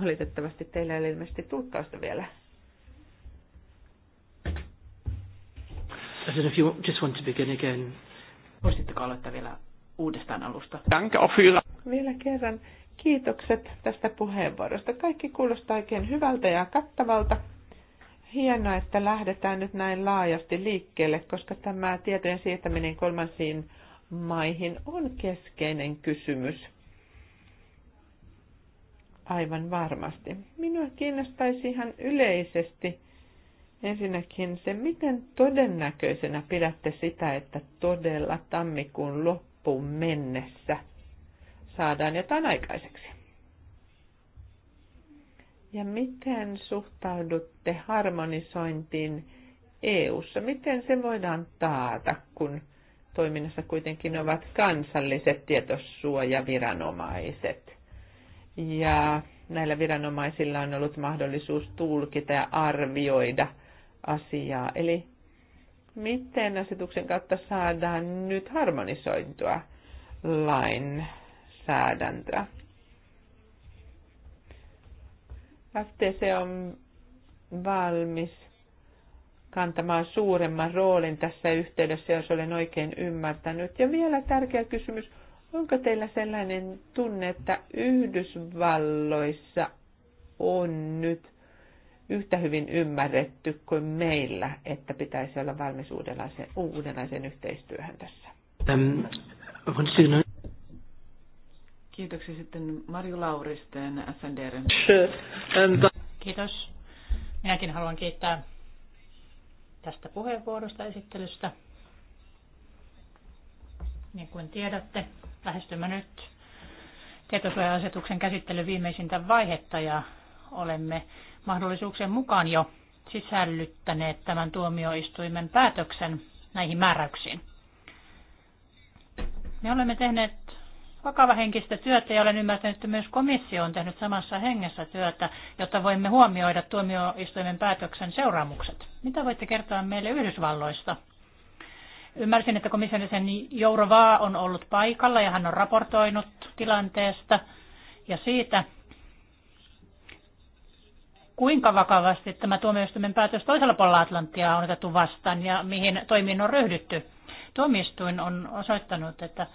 Valitettavasti teillä ei ole ilmeisesti tulkkausta vielä. As if you just want to begin again. Voisitteko aloittaa vielä uudestaan alusta? Danke auch für... Vielä kerran kiitokset tästä puheenvuorosta. Kaikki kuulostaa oikein hyvältä ja kattavalta. Hienoa, että lähdetään nyt näin laajasti liikkeelle, koska tämä tietojen siirtäminen kolmansiin maihin on keskeinen kysymys aivan varmasti. Minua kiinnostaisi ihan yleisesti ensinnäkin se, miten todennäköisenä pidätte sitä, että todella tammikuun loppuun mennessä saadaan jotain aikaiseksi. Ja miten suhtaudutte harmonisointiin EU:ssa? Miten se voidaan taata, kun toiminnassa kuitenkin ovat kansalliset tietosuojaviranomaiset? ja näillä viranomaisilla on ollut mahdollisuus tulkita ja arvioida asiaa. Eli miten asetuksen kautta saadaan nyt harmonisointua lainsäädäntöä? FTC on valmis kantamaan suuremman roolin tässä yhteydessä, jos olen oikein ymmärtänyt. Ja vielä tärkeä kysymys, Onko teillä sellainen tunne, että Yhdysvalloissa on nyt yhtä hyvin ymmärretty kuin meillä, että pitäisi olla valmis uudenlaiseen, uudenlaiseen yhteistyöhön tässä? Kiitoksia sitten Marju Lauristeen SNDR. Kiitos. Minäkin haluan kiittää tästä puheenvuorosta esittelystä. Niin kuin tiedätte, lähestymme nyt tietosuoja-asetuksen käsittelyn viimeisintä vaihetta ja olemme mahdollisuuksien mukaan jo sisällyttäneet tämän tuomioistuimen päätöksen näihin määräyksiin. Me olemme tehneet vakavahenkistä työtä ja olen ymmärtänyt, että myös komissio on tehnyt samassa hengessä työtä, jotta voimme huomioida tuomioistuimen päätöksen seuraamukset. Mitä voitte kertoa meille Yhdysvalloista? Ymmärsin, että komission jäsen Jourovaa on ollut paikalla ja hän on raportoinut tilanteesta ja siitä, kuinka vakavasti tämä tuomioistuimen päätös toisella puolella Atlanttia on otettu vastaan ja mihin toimiin on ryhdytty. Tuomioistuin on osoittanut, että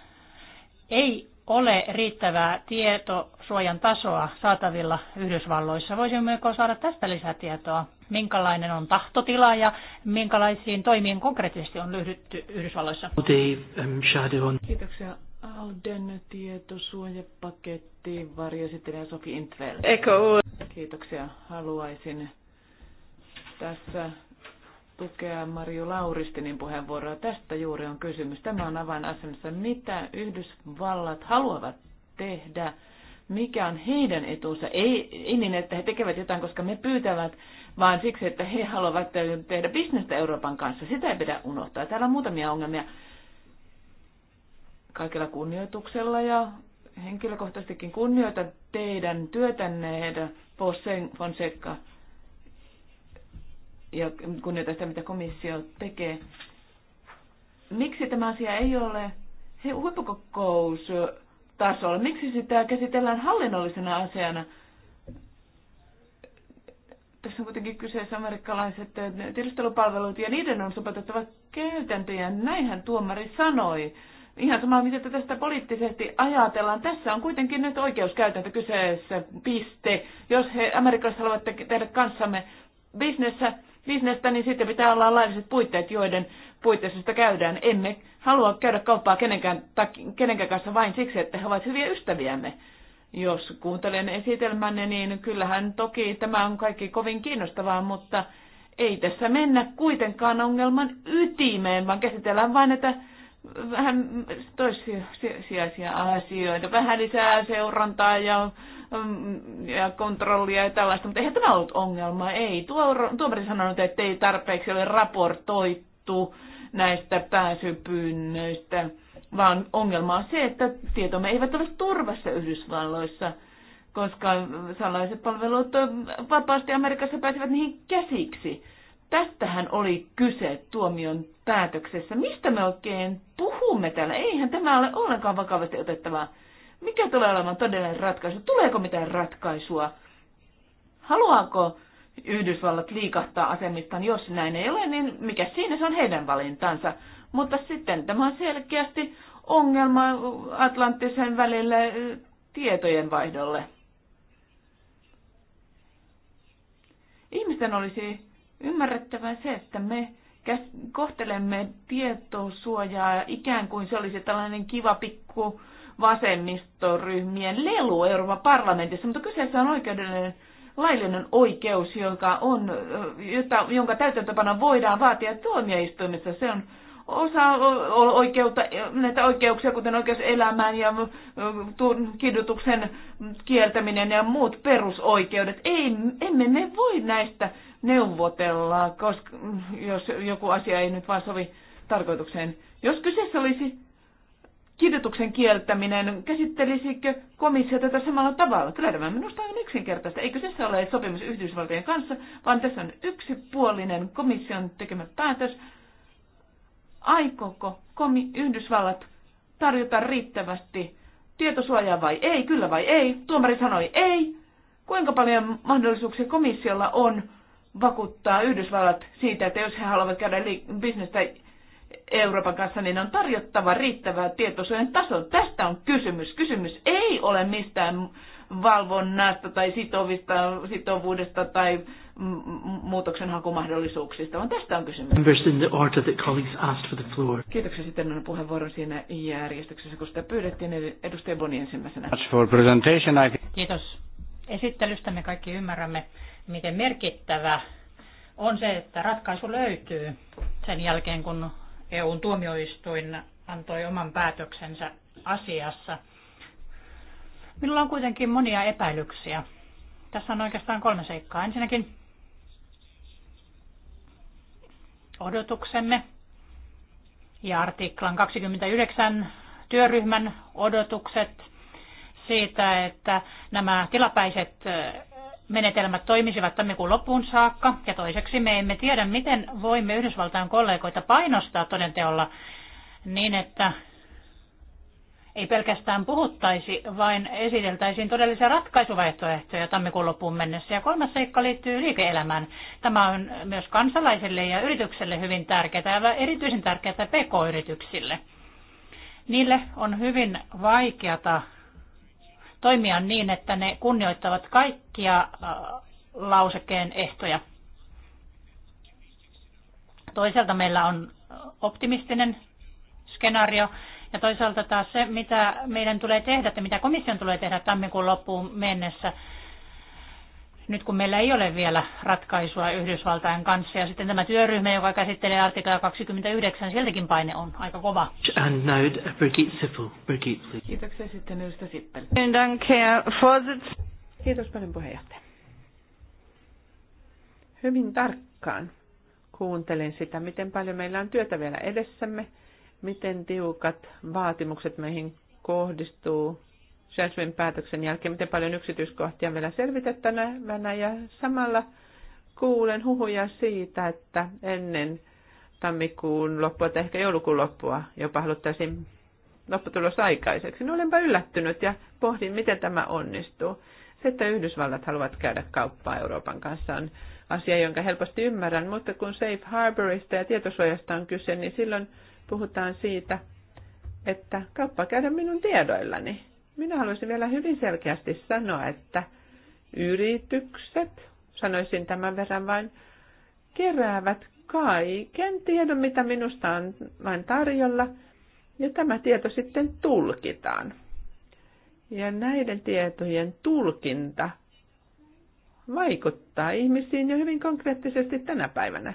ei ole riittävää tietosuojan tasoa saatavilla Yhdysvalloissa. Voisimmeko saada tästä lisätietoa? Minkälainen on tahtotila ja minkälaisiin toimiin konkreettisesti on lyhdytty Yhdysvalloissa? Kiitoksia. Alden tietosuojapaketti ja Sofi Intvel. Eko. Kiitoksia. Haluaisin tässä tukea Marju Lauristinin puheenvuoroa. Tästä juuri on kysymys. Tämä on avainasemassa. Mitä Yhdysvallat haluavat tehdä? Mikä on heidän etunsa? Ei, ei niin, että he tekevät jotain, koska me pyytävät, vaan siksi, että he haluavat tehdä bisnestä Euroopan kanssa. Sitä ei pidä unohtaa. Täällä on muutamia ongelmia. Kaikella kunnioituksella ja henkilökohtaisestikin kunnioitan teidän työtänne, Fonseca ja kunnioita sitä, mitä komissio tekee. Miksi tämä asia ei ole huippukokoustasolla? Miksi sitä käsitellään hallinnollisena asiana? Tässä on kuitenkin kyseessä amerikkalaiset tiedustelupalvelut ja niiden on sopeutettava käytäntöjä. Näinhän tuomari sanoi. Ihan sama, mitä tästä poliittisesti ajatellaan. Tässä on kuitenkin nyt oikeuskäytäntö kyseessä, piste. Jos he amerikkalaiset haluavat tehdä kanssamme bisnessä, bisnestä, niin sitten pitää olla lailliset puitteet, joiden puitteissa sitä käydään. Emme halua käydä kauppaa kenenkään, tai kenenkään kanssa vain siksi, että he ovat hyviä ystäviämme. Jos kuuntelen esitelmänne, niin kyllähän toki tämä on kaikki kovin kiinnostavaa, mutta ei tässä mennä kuitenkaan ongelman ytimeen, vaan käsitellään vain näitä vähän toissijaisia asioita, vähän lisää seurantaa ja ja kontrollia ja tällaista, mutta eihän tämä ollut ongelma, ei. Tuo, tuomari sanonut, että ei tarpeeksi ole raportoitu näistä pääsypyynnöistä, vaan ongelma on se, että tietomme eivät ole turvassa Yhdysvalloissa, koska salaiset palvelut vapaasti Amerikassa pääsevät niihin käsiksi. Tästähän oli kyse tuomion päätöksessä. Mistä me oikein puhumme täällä? Eihän tämä ole ollenkaan vakavasti otettavaa mikä tulee olemaan todellinen ratkaisu? Tuleeko mitään ratkaisua? Haluaako Yhdysvallat liikahtaa asemistaan, jos näin ei ole, niin mikä siinä se on heidän valintansa. Mutta sitten tämä on selkeästi ongelma Atlanttisen välillä eh, tietojen vaihdolle. Ihmisten olisi ymmärrettävä se, että me kohtelemme tietosuojaa ikään kuin se olisi tällainen kiva pikku vasemmistoryhmien lelu Euroopan parlamentissa, mutta kyseessä on oikeudellinen laillinen oikeus, joka on, jota, jonka täytäntöpano voidaan vaatia tuomioistuimissa. Se on osa oikeutta, näitä oikeuksia, kuten oikeus elämään ja kidutuksen kieltäminen ja muut perusoikeudet. Ei, emme me voi näistä neuvotella, koska, jos joku asia ei nyt vaan sovi tarkoitukseen. Jos kyseessä olisi Kidutuksen kieltäminen, käsittelisikö komissio tätä samalla tavalla? Kyllä tämä minusta on yksinkertaista. Eikö tässä ole sopimus Yhdysvaltojen kanssa, vaan tässä on yksipuolinen komission tekemä päätös. Aikooko komi- Yhdysvallat tarjota riittävästi tietosuojaa vai ei, kyllä vai ei? Tuomari sanoi ei. Kuinka paljon mahdollisuuksia komissiolla on vakuuttaa Yhdysvallat siitä, että jos he haluavat käydä bisnestä Euroopan kanssa, niin on tarjottava riittävää tietosuojan tasoa. Tästä on kysymys. Kysymys ei ole mistään valvonnasta tai sitovista, sitovuudesta tai muutoksenhakumahdollisuuksista, vaan tästä on kysymys. Kiitoksia sitten on puheenvuoron siinä järjestyksessä, kun sitä pyydettiin edustaja Boni ensimmäisenä. Kiitos esittelystä. Me kaikki ymmärrämme, miten merkittävä on se, että ratkaisu löytyy sen jälkeen, kun EUn tuomioistuin antoi oman päätöksensä asiassa. Minulla on kuitenkin monia epäilyksiä. Tässä on oikeastaan kolme seikkaa. Ensinnäkin odotuksemme ja artiklan 29 työryhmän odotukset siitä, että nämä tilapäiset menetelmät toimisivat tammikuun loppuun saakka. Ja toiseksi me emme tiedä, miten voimme Yhdysvaltain kollegoita painostaa todenteolla niin, että ei pelkästään puhuttaisi, vaan esiteltäisiin todellisia ratkaisuvaihtoehtoja tammikuun loppuun mennessä. Ja kolmas seikka liittyy liike-elämään. Tämä on myös kansalaisille ja yritykselle hyvin tärkeää ja erityisen tärkeää pk-yrityksille. Niille on hyvin vaikeata toimia niin, että ne kunnioittavat kaikkia äh, lausekkeen ehtoja. Toisaalta meillä on optimistinen skenaario ja toisaalta taas se, mitä meidän tulee tehdä, että mitä komission tulee tehdä tammikuun loppuun mennessä – nyt kun meillä ei ole vielä ratkaisua Yhdysvaltain kanssa. Ja sitten tämä työryhmä, joka käsittelee artikla 29, sieltäkin paine on aika kova. And now uh, Birgit Sippel. Birgit, Kiitoksia sitten Ylstä Sippel. Kiitos paljon puheenjohtaja. Hyvin tarkkaan kuuntelen sitä, miten paljon meillä on työtä vielä edessämme, miten tiukat vaatimukset meihin kohdistuu Jasmin päätöksen jälkeen, miten paljon yksityiskohtia vielä selvitettävänä ja samalla kuulen huhuja siitä, että ennen tammikuun loppua tai ehkä joulukuun loppua jopa haluttaisiin lopputulos aikaiseksi. No olenpa yllättynyt ja pohdin, miten tämä onnistuu. Se, että Yhdysvallat haluavat käydä kauppaa Euroopan kanssa on asia, jonka helposti ymmärrän, mutta kun Safe Harborista ja tietosuojasta on kyse, niin silloin puhutaan siitä, että kauppa käydä minun tiedoillani. Minä haluaisin vielä hyvin selkeästi sanoa, että yritykset, sanoisin tämän verran vain, keräävät kaiken tiedon, mitä minusta on vain tarjolla, ja tämä tieto sitten tulkitaan. Ja näiden tietojen tulkinta vaikuttaa ihmisiin jo hyvin konkreettisesti tänä päivänä.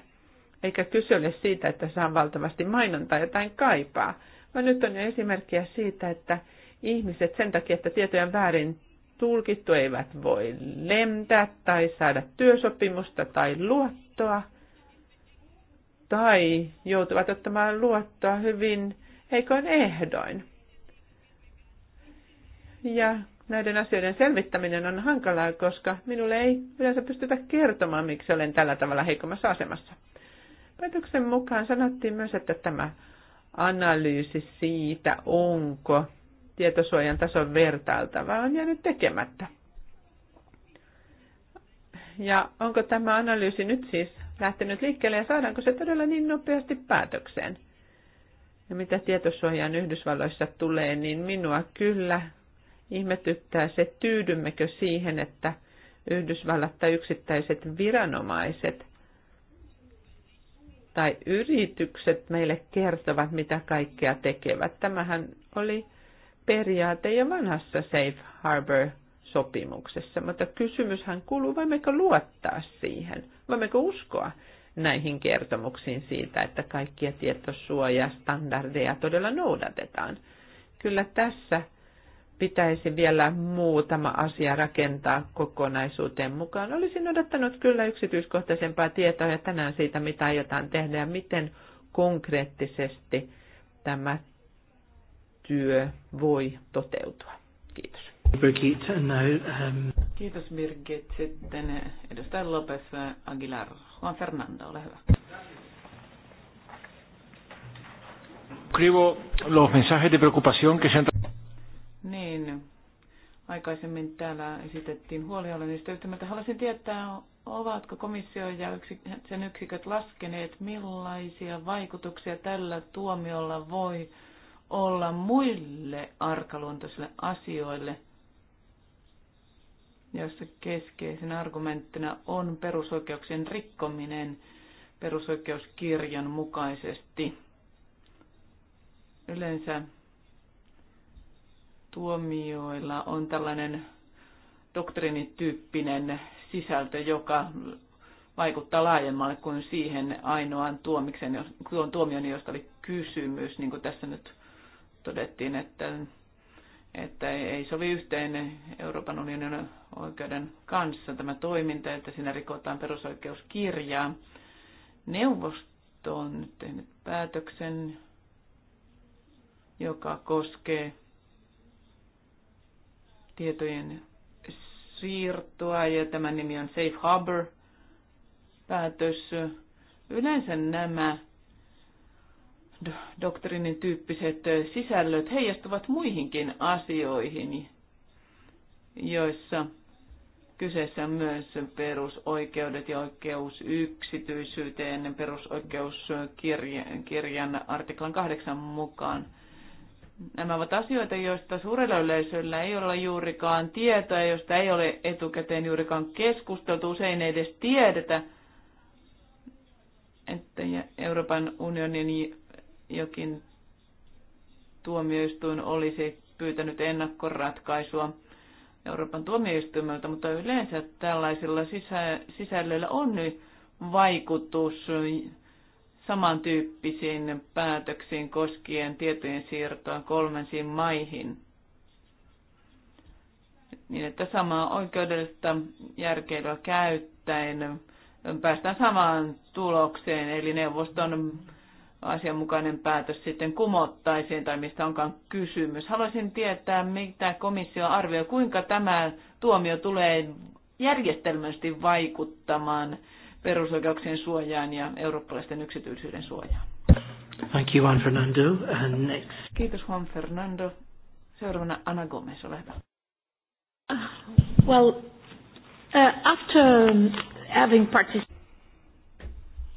Eikä kyse ole siitä, että saan valtavasti mainontaa jotain kaipaa, vaan nyt on jo esimerkkiä siitä, että ihmiset sen takia, että tietoja on väärin tulkittu, eivät voi lentää tai saada työsopimusta tai luottoa tai joutuvat ottamaan luottoa hyvin heikoin ehdoin. Ja näiden asioiden selvittäminen on hankalaa, koska minulle ei yleensä pystytä kertomaan, miksi olen tällä tavalla heikommassa asemassa. Päätöksen mukaan sanottiin myös, että tämä analyysi siitä, onko tietosuojan tason vertailtavaa on jäänyt tekemättä. Ja onko tämä analyysi nyt siis lähtenyt liikkeelle ja saadaanko se todella niin nopeasti päätökseen? Ja mitä tietosuojaan Yhdysvalloissa tulee, niin minua kyllä ihmetyttää se, tyydymmekö siihen, että Yhdysvallat tai yksittäiset viranomaiset tai yritykset meille kertovat, mitä kaikkea tekevät. Tämähän oli periaate ja vanhassa Safe Harbor sopimuksessa, mutta kysymyshän kuuluu, voimmeko luottaa siihen, voimmeko uskoa näihin kertomuksiin siitä, että kaikkia tietosuojastandardeja todella noudatetaan. Kyllä tässä pitäisi vielä muutama asia rakentaa kokonaisuuteen mukaan. Olisin odottanut kyllä yksityiskohtaisempaa tietoa ja tänään siitä, mitä aiotaan tehdä ja miten konkreettisesti tämä työ voi toteutua. Kiitos. Birgit, now, um... Kiitos Birgit. Sitten edustaja Lopes Aguilar. Juan Fernando, ole hyvä. Niin, aikaisemmin täällä esitettiin huolia olen yhtymältä. Haluaisin tietää, ovatko komissio ja sen yksiköt laskeneet, millaisia vaikutuksia tällä tuomiolla voi olla muille arkaluontoisille asioille, joissa keskeisen argumenttina on perusoikeuksien rikkominen perusoikeuskirjan mukaisesti. Yleensä tuomioilla on tällainen doktriinityyppinen sisältö, joka vaikuttaa laajemmalle kuin siihen ainoaan tuomikseen, tuon tuomion, josta oli kysymys, niin kuin tässä nyt todettiin, että, että ei sovi yhteen Euroopan unionin oikeuden kanssa tämä toiminta, että siinä rikotaan perusoikeuskirjaa. Neuvosto on nyt tehnyt päätöksen, joka koskee tietojen siirtoa ja tämän nimi on Safe Harbor päätös. Yleensä nämä doktrinin tyyppiset sisällöt heijastuvat muihinkin asioihin, joissa kyseessä on myös perusoikeudet ja oikeus yksityisyyteen perusoikeuskirjan artiklan kahdeksan mukaan. Nämä ovat asioita, joista suurella yleisöllä ei ole juurikaan tietoa, joista ei ole etukäteen juurikaan keskusteltu, usein ei edes tiedetä, että Euroopan unionin jokin tuomioistuin olisi pyytänyt ennakkoratkaisua Euroopan tuomioistuimelta, mutta yleensä tällaisilla sisä, sisällöillä on nyt vaikutus samantyyppisiin päätöksiin koskien tietojen siirtoa kolmansiin maihin. Niin, että samaa oikeudellista järkeilyä käyttäen päästään samaan tulokseen, eli neuvoston asianmukainen päätös sitten kumottaisiin tai mistä onkaan kysymys. Haluaisin tietää, mitä komissio arvioi, kuinka tämä tuomio tulee järjestelmästi vaikuttamaan perusoikeuksien suojaan ja eurooppalaisten yksityisyyden suojaan. Thank you, Juan Fernando. And next. Kiitos Juan Fernando. Seuraavana Ana Gomez, ole hyvä. Well, uh, after um, having participated...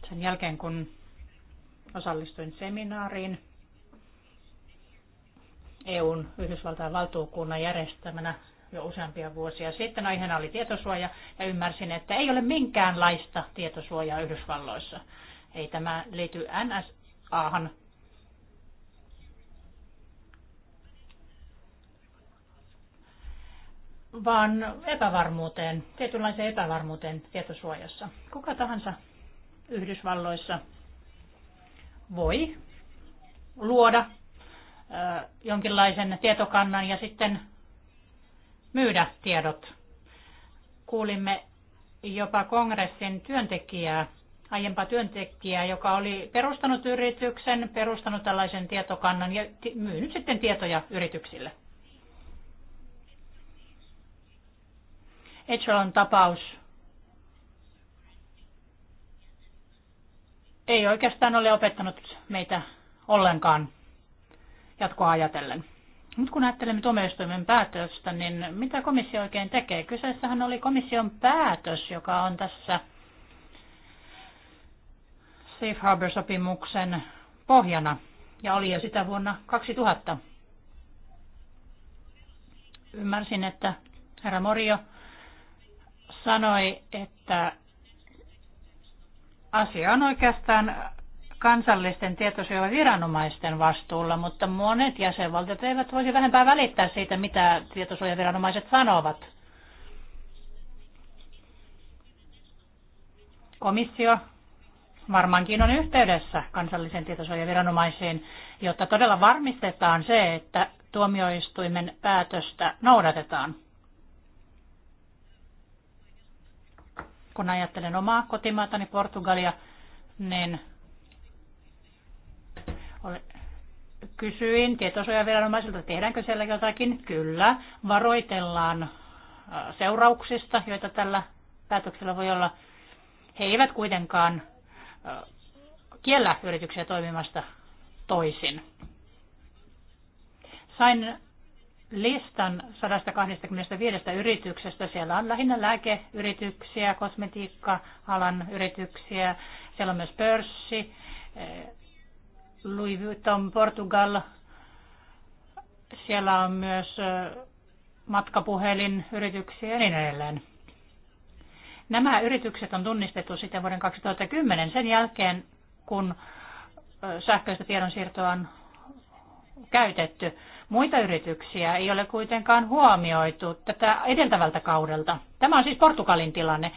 Sen jälkeen kun Osallistuin seminaariin EUn Yhdysvaltain valtuukunnan järjestämänä jo useampia vuosia sitten. Aiheena oli tietosuoja ja ymmärsin, että ei ole minkäänlaista tietosuojaa Yhdysvalloissa. Ei tämä liity NSAhan. vaan epävarmuuteen, tietynlaiseen epävarmuuteen tietosuojassa. Kuka tahansa Yhdysvalloissa voi luoda jonkinlaisen tietokannan ja sitten myydä tiedot. Kuulimme jopa kongressin työntekijää, aiempaa työntekijää, joka oli perustanut yrityksen, perustanut tällaisen tietokannan ja myynyt sitten tietoja yrityksille. Echelon tapaus ei oikeastaan ole opettanut meitä ollenkaan jatkoa ajatellen. Nyt kun ajattelemme tuomioistuimen päätöstä, niin mitä komissio oikein tekee? Kyseessähän oli komission päätös, joka on tässä Safe Harbor-sopimuksen pohjana ja oli jo sitä vuonna 2000. Ymmärsin, että herra Morio sanoi, että Asia on oikeastaan kansallisten tietosuojaviranomaisten vastuulla, mutta monet jäsenvaltiot eivät voisi vähempää välittää siitä, mitä tietosuojaviranomaiset sanovat. Komissio varmaankin on yhteydessä kansallisen tietosuojaviranomaisiin, jotta todella varmistetaan se, että tuomioistuimen päätöstä noudatetaan. Kun ajattelen omaa kotimaatani Portugalia, niin kysyin tietosuojaviranomaisilta, tehdäänkö siellä jotakin. Kyllä, varoitellaan äh, seurauksista, joita tällä päätöksellä voi olla. He eivät kuitenkaan äh, kiellä yrityksiä toimimasta toisin. Sain listan 125 yrityksestä. Siellä on lähinnä lääkeyrityksiä, kosmetiikka-alan yrityksiä, siellä on myös pörssi, eh, Louis Vuitton Portugal, siellä on myös eh, matkapuhelinyrityksiä ja niin edelleen. Nämä yritykset on tunnistettu sitten vuoden 2010 sen jälkeen, kun eh, sähköistä tiedonsiirtoa on käytetty. Muita yrityksiä ei ole kuitenkaan huomioitu tätä edeltävältä kaudelta. Tämä on siis Portugalin tilanne.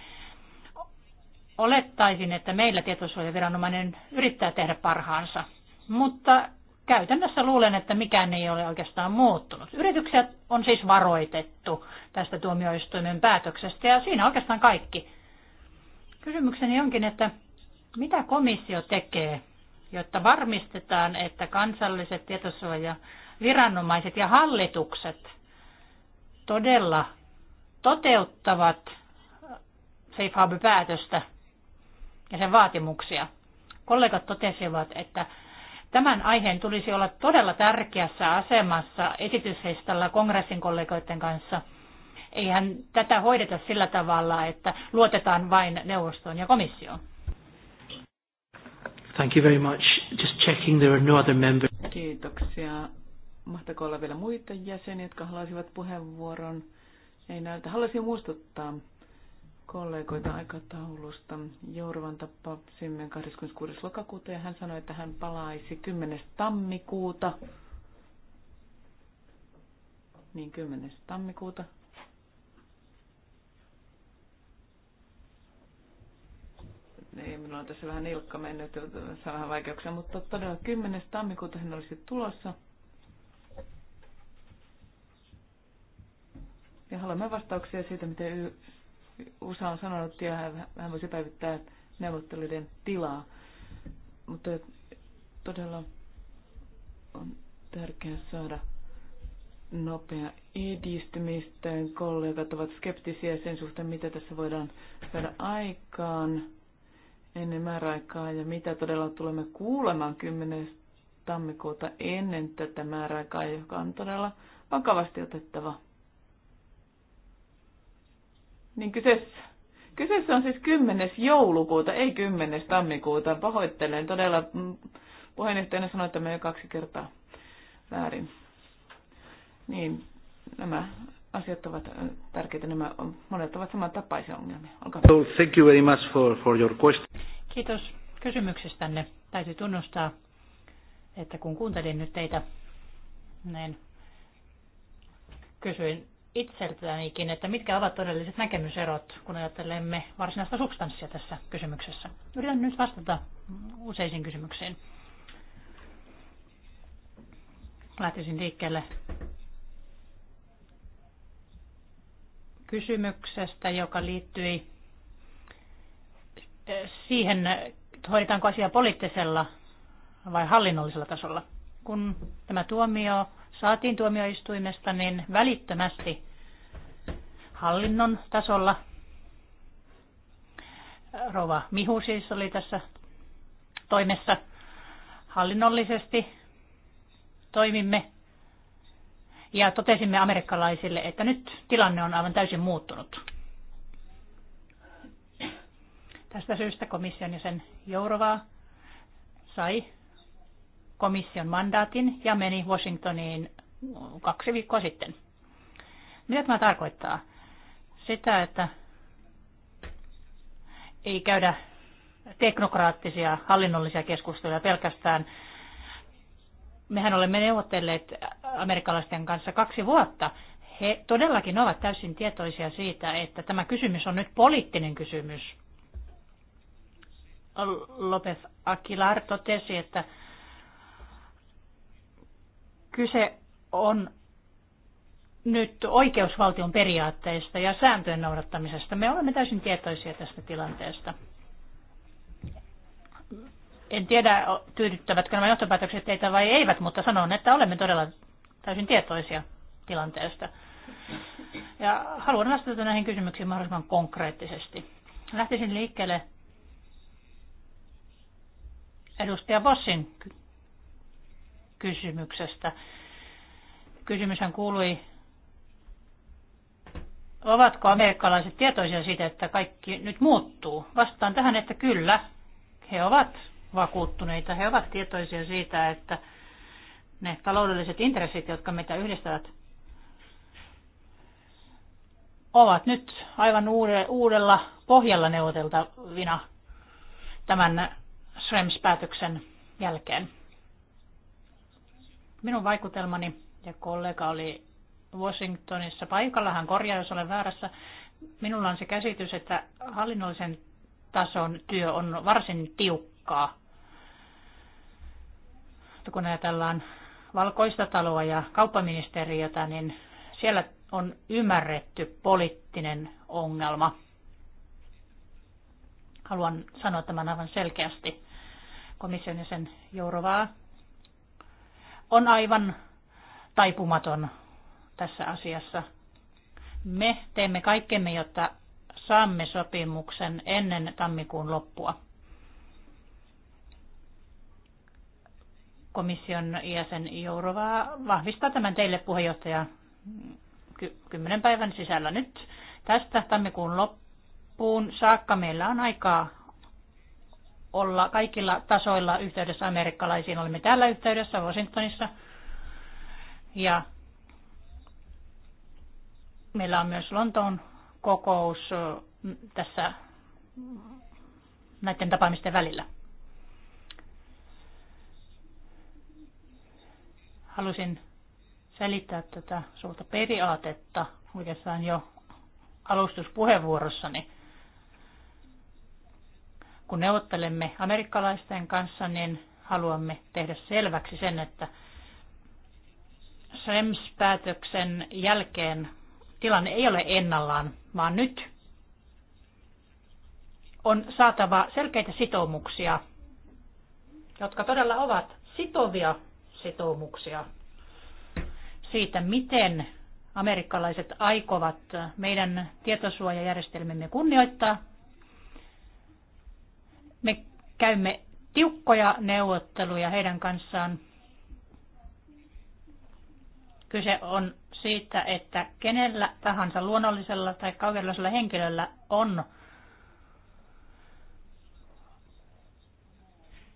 Olettaisin, että meillä tietosuojaviranomainen yrittää tehdä parhaansa, mutta käytännössä luulen, että mikään ei ole oikeastaan muuttunut. Yrityksiä on siis varoitettu tästä tuomioistuimen päätöksestä ja siinä oikeastaan kaikki. Kysymykseni onkin, että mitä komissio tekee, jotta varmistetaan, että kansalliset tietosuoja viranomaiset ja hallitukset todella toteuttavat Safe Harbor-päätöstä ja sen vaatimuksia. Kollegat totesivat, että tämän aiheen tulisi olla todella tärkeässä asemassa esityslistalla kongressin kollegoiden kanssa. Eihän tätä hoideta sillä tavalla, että luotetaan vain neuvostoon ja komissioon. Thank you very much. Just checking there are no other members. Kiitoksia. Mahtako olla vielä muita jäseniä, jotka haluaisivat puheenvuoron? Ei näytä. Haluaisin muistuttaa kollegoita aikataulusta. Jourovan tapasimme 26. lokakuuta ja hän sanoi, että hän palaisi 10. tammikuuta. Niin 10. tammikuuta. Ei, minulla on tässä vähän ilkka mennyt, saa vähän vaikeuksia, mutta todella 10. tammikuuta hän olisi tulossa – Ja haluamme vastauksia siitä, miten USA on sanonut, ja hän voisi päivittää neuvotteluiden tilaa. Mutta todella on tärkeää saada nopea edistymistä. Kollegat ovat skeptisiä sen suhteen, mitä tässä voidaan saada aikaan ennen määräaikaa ja mitä todella tulemme kuulemaan 10. tammikuuta ennen tätä määräaikaa, joka on todella vakavasti otettava niin kyseessä, kyseessä on siis 10. joulukuuta, ei 10. tammikuuta. Pahoittelen todella. Mm, puheenjohtajana sanoi me jo kaksi kertaa väärin. Niin, nämä asiat ovat tärkeitä. Nämä monet ovat samantapaisia ongelmia. Olkaa So, thank you very much for, for your question. Kiitos kysymyksestänne. Täytyy tunnustaa, että kun kuuntelin nyt teitä, niin kysyin itseltäänikin, että mitkä ovat todelliset näkemyserot, kun ajattelemme varsinaista substanssia tässä kysymyksessä. Yritän nyt vastata useisiin kysymyksiin. Lähtisin liikkeelle kysymyksestä, joka liittyi eh, siihen, hoidetaanko asia poliittisella vai hallinnollisella tasolla. Kun tämä tuomio saatiin tuomioistuimesta, niin välittömästi hallinnon tasolla Rova Mihu siis oli tässä toimessa hallinnollisesti toimimme ja totesimme amerikkalaisille, että nyt tilanne on aivan täysin muuttunut. Tästä syystä komission ja sen Jourovaa sai komission mandaatin ja meni Washingtoniin kaksi viikkoa sitten. Mitä tämä tarkoittaa? Sitä, että ei käydä teknokraattisia hallinnollisia keskusteluja pelkästään. Mehän olemme neuvotelleet amerikkalaisten kanssa kaksi vuotta. He todellakin ovat täysin tietoisia siitä, että tämä kysymys on nyt poliittinen kysymys. Lopez Aguilar totesi, että Kyse on nyt oikeusvaltion periaatteista ja sääntöjen noudattamisesta. Me olemme täysin tietoisia tästä tilanteesta. En tiedä, tyydyttävätkö nämä johtopäätökset teitä vai eivät, mutta sanon, että olemme todella täysin tietoisia tilanteesta. Ja haluan vastata näihin kysymyksiin mahdollisimman konkreettisesti. Lähtisin liikkeelle edustaja Bossin kysymyksestä. Kysymyshän kuului, ovatko amerikkalaiset tietoisia siitä, että kaikki nyt muuttuu? Vastaan tähän, että kyllä, he ovat vakuuttuneita, he ovat tietoisia siitä, että ne taloudelliset intressit, jotka meitä yhdistävät, ovat nyt aivan uudella pohjalla neuvoteltavina tämän SREMS-päätöksen jälkeen. Minun vaikutelmani ja kollega oli Washingtonissa paikalla, hän korjaa, jos olen väärässä. Minulla on se käsitys, että hallinnollisen tason työ on varsin tiukkaa. Kun ajatellaan valkoista taloa ja kauppaministeriötä, niin siellä on ymmärretty poliittinen ongelma. Haluan sanoa tämän aivan selkeästi. Komission sen Jourovaa on aivan taipumaton tässä asiassa. Me teemme kaikkemme, jotta saamme sopimuksen ennen tammikuun loppua. Komission jäsen Jourova vahvistaa tämän teille puheenjohtaja kymmenen päivän sisällä nyt. Tästä tammikuun loppuun saakka meillä on aikaa olla kaikilla tasoilla yhteydessä amerikkalaisiin. Olemme täällä yhteydessä Washingtonissa ja meillä on myös Lontoon kokous tässä näiden tapaamisten välillä. Halusin selittää tätä suurta periaatetta oikeastaan jo alustuspuheenvuorossani. Kun neuvottelemme amerikkalaisten kanssa, niin haluamme tehdä selväksi sen, että SEMS-päätöksen jälkeen tilanne ei ole ennallaan, vaan nyt on saatava selkeitä sitoumuksia, jotka todella ovat sitovia sitoumuksia siitä, miten amerikkalaiset aikovat meidän tietosuojajärjestelmämme kunnioittaa Käymme tiukkoja neuvotteluja heidän kanssaan. Kyse on siitä, että kenellä tahansa luonnollisella tai kaupallisella henkilöllä on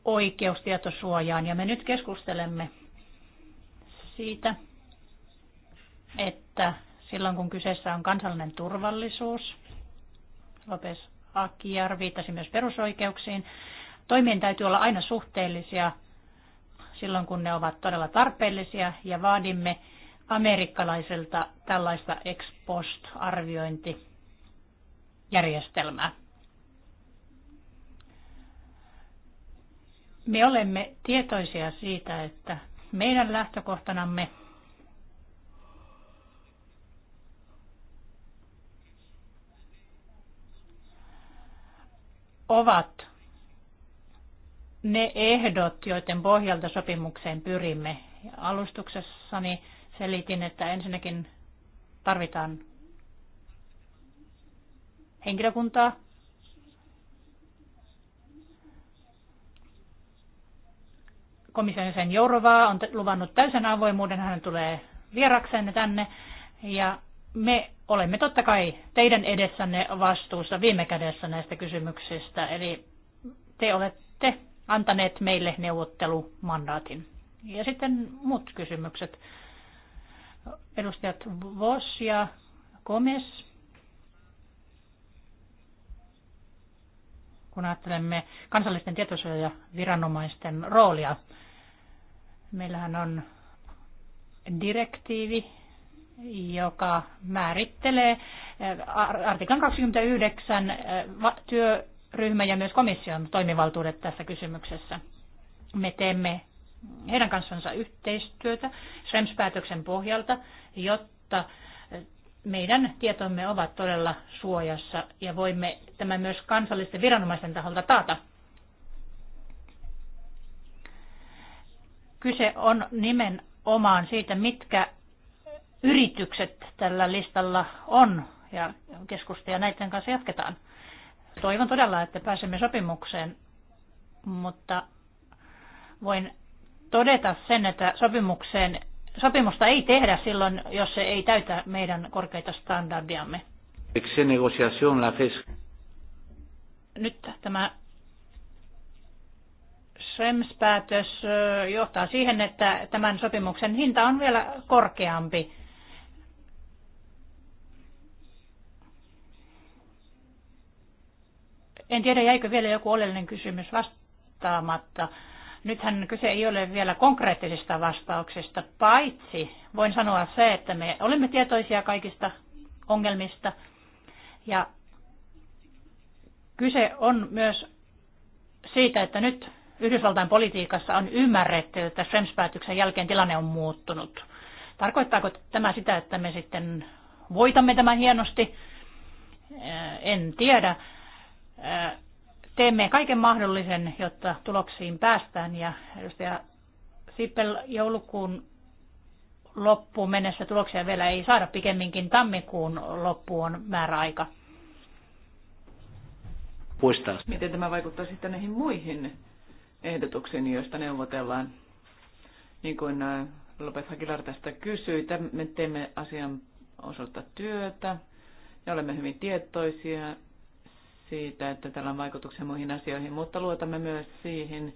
oikeus tietosuojaan. Ja me nyt keskustelemme siitä, että silloin kun kyseessä on kansallinen turvallisuus, Lopes Akiar viittasi myös perusoikeuksiin, Toimien täytyy olla aina suhteellisia silloin, kun ne ovat todella tarpeellisia ja vaadimme amerikkalaiselta tällaista ex post-arviointijärjestelmää. Me olemme tietoisia siitä, että meidän lähtökohtanamme ovat ne ehdot, joiden pohjalta sopimukseen pyrimme. Alustuksessani selitin, että ensinnäkin tarvitaan henkilökuntaa, komission sen Jourovaa on luvannut täysin avoimuuden, hän tulee vieraksenne tänne ja me olemme totta kai teidän edessänne vastuussa viime kädessä näistä kysymyksistä, eli te olette antaneet meille neuvottelumandaatin. Ja sitten muut kysymykset. Edustajat Vos ja Gomez. Kun ajattelemme kansallisten tietosuojaviranomaisten roolia, meillähän on direktiivi, joka määrittelee artiklan 29 työ ryhmä ja myös komission toimivaltuudet tässä kysymyksessä. Me teemme heidän kanssansa yhteistyötä SREMS-päätöksen pohjalta, jotta meidän tietomme ovat todella suojassa ja voimme tämä myös kansallisten viranomaisten taholta taata. Kyse on nimenomaan siitä, mitkä yritykset tällä listalla on ja keskustelua näiden kanssa jatketaan. Toivon todella, että pääsemme sopimukseen, mutta voin todeta sen, että sopimukseen, sopimusta ei tehdä silloin, jos se ei täytä meidän korkeita standardiamme. Nyt tämä SREMS-päätös johtaa siihen, että tämän sopimuksen hinta on vielä korkeampi En tiedä, jäikö vielä joku oleellinen kysymys vastaamatta. Nythän kyse ei ole vielä konkreettisista vastauksista, paitsi voin sanoa se, että me olemme tietoisia kaikista ongelmista ja kyse on myös siitä, että nyt Yhdysvaltain politiikassa on ymmärretty, että Schrems-päätöksen jälkeen tilanne on muuttunut. Tarkoittaako tämä sitä, että me sitten voitamme tämän hienosti? En tiedä teemme kaiken mahdollisen, jotta tuloksiin päästään ja edustaja Sippel joulukuun loppuun mennessä tuloksia vielä ei saada, pikemminkin tammikuun loppuun on määräaika. Puistaa. Miten tämä vaikuttaa sitten näihin muihin ehdotuksiin, joista neuvotellaan? Niin kuin äh, Lopet Hakilar tästä kysyi, me teemme asian osalta työtä ja olemme hyvin tietoisia siitä, että tällä on vaikutuksia muihin asioihin, mutta luotamme myös siihen,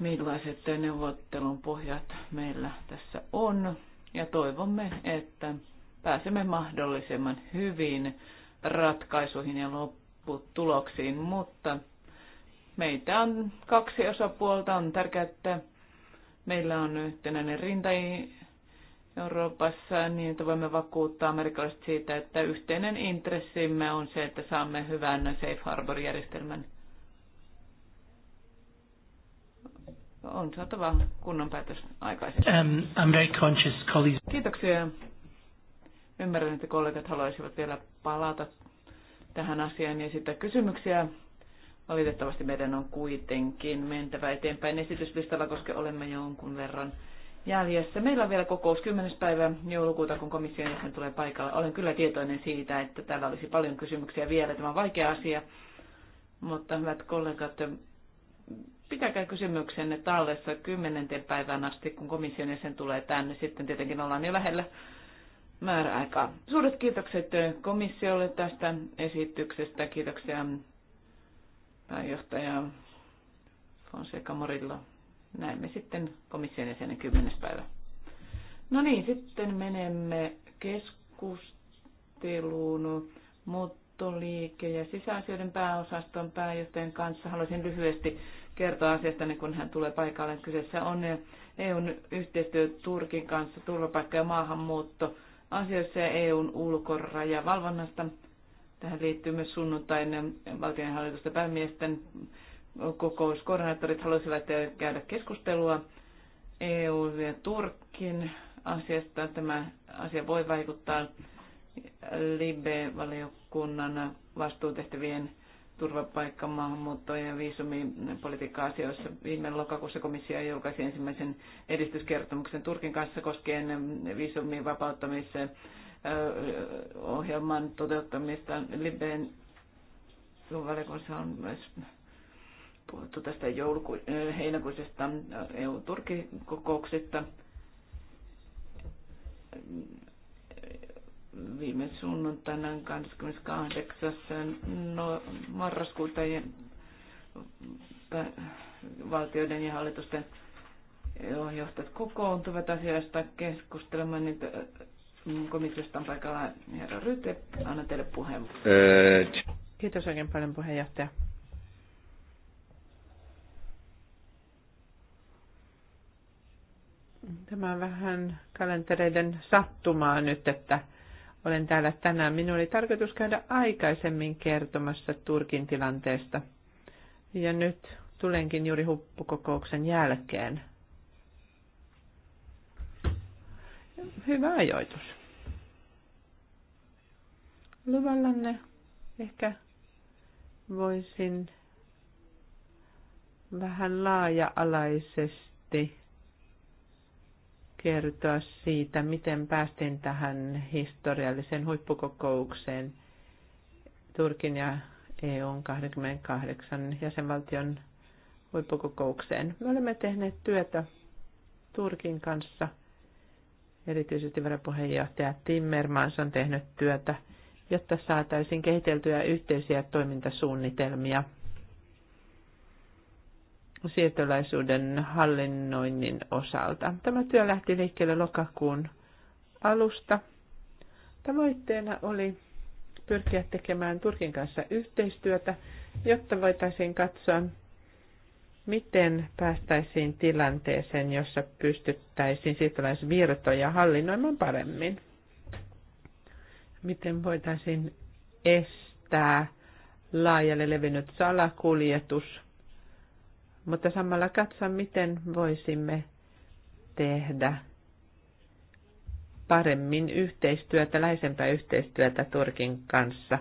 millaiset neuvottelun pohjat meillä tässä on. Ja toivomme, että pääsemme mahdollisimman hyvin ratkaisuihin ja lopputuloksiin, mutta meitä on kaksi osapuolta. On tärkeää, että meillä on yhtenäinen rintai, Euroopassa niin, että voimme vakuuttaa amerikkalaiset siitä, että yhteinen intressimme on se, että saamme hyvän safe harbor-järjestelmän. On saatava kunnon päätös aikaisemmin. Um, Kiitoksia. Ymmärrän, että kollegat haluaisivat vielä palata tähän asiaan ja esittää kysymyksiä. Valitettavasti meidän on kuitenkin mentävä eteenpäin esityslistalla, koska olemme jonkun verran jäljessä. Meillä on vielä kokous 10. päivä joulukuuta, kun komission jäsen tulee paikalle. Olen kyllä tietoinen siitä, että täällä olisi paljon kysymyksiä vielä. Tämä on vaikea asia, mutta hyvät kollegat, pitäkää kysymyksenne tallessa 10. päivän asti, kun komission jäsen tulee tänne. Sitten tietenkin ollaan jo lähellä määräaikaa. Suuret kiitokset komissiolle tästä esityksestä. Kiitoksia pääjohtaja Fonseca Morillo. Näemme sitten komission jäsenen 10. päivä. No niin, sitten menemme keskusteluun muuttoliike- ja sisäasioiden pääosaston pääjohtajan kanssa. Haluaisin lyhyesti kertoa asiasta, niin kun hän tulee paikalle. Kyseessä on EUn yhteistyö Turkin kanssa turvapaikka- ja maahanmuutto asioissa ja EUn ulkorajavalvonnasta. Tähän liittyy myös sunnuntainen valtionhallitusten päämiesten kokouskoordinaattorit halusivat käydä keskustelua EU ja Turkin asiasta. Tämä asia voi vaikuttaa Libe-valiokunnan vastuutehtävien turvapaikka, maahanmuutto ja viisumipolitiikka asioissa. Viime lokakuussa komissio julkaisi ensimmäisen edistyskertomuksen Turkin kanssa koskien viisumin vapauttamisen ohjelman toteuttamista. Libeen valiokunnassa on myös puhuttu tästä jouluku- heinäkuisesta EU-Turkki-kokouksesta. Viime sunnuntaina 28. No, marraskuuta valtioiden ja hallitusten johtajat kokoontuvat asiasta keskustelemaan, niin komissiosta on paikalla herra Ryte. Anna teille puheenvuoron. Kiitos oikein paljon puheenjohtaja. Tämä on vähän kalentereiden sattumaa nyt, että olen täällä tänään. Minun oli tarkoitus käydä aikaisemmin kertomassa Turkin tilanteesta. Ja nyt tulenkin juuri huppukokouksen jälkeen. Hyvä ajoitus. Luvallanne ehkä voisin vähän laaja-alaisesti kertoa siitä, miten päästiin tähän historialliseen huippukokoukseen Turkin ja EUn 28 jäsenvaltion huippukokoukseen. Me olemme tehneet työtä Turkin kanssa. Erityisesti varapuheenjohtaja Timmermans on tehnyt työtä, jotta saataisiin kehiteltyä yhteisiä toimintasuunnitelmia – siirtolaisuuden hallinnoinnin osalta. Tämä työ lähti liikkeelle lokakuun alusta. Tavoitteena oli pyrkiä tekemään Turkin kanssa yhteistyötä, jotta voitaisiin katsoa, miten päästäisiin tilanteeseen, jossa pystyttäisiin siirtolaisvirtoja hallinnoimaan paremmin. Miten voitaisiin estää laajalle levinnyt salakuljetus – mutta samalla katso, miten voisimme tehdä paremmin yhteistyötä, läheisempää yhteistyötä Turkin kanssa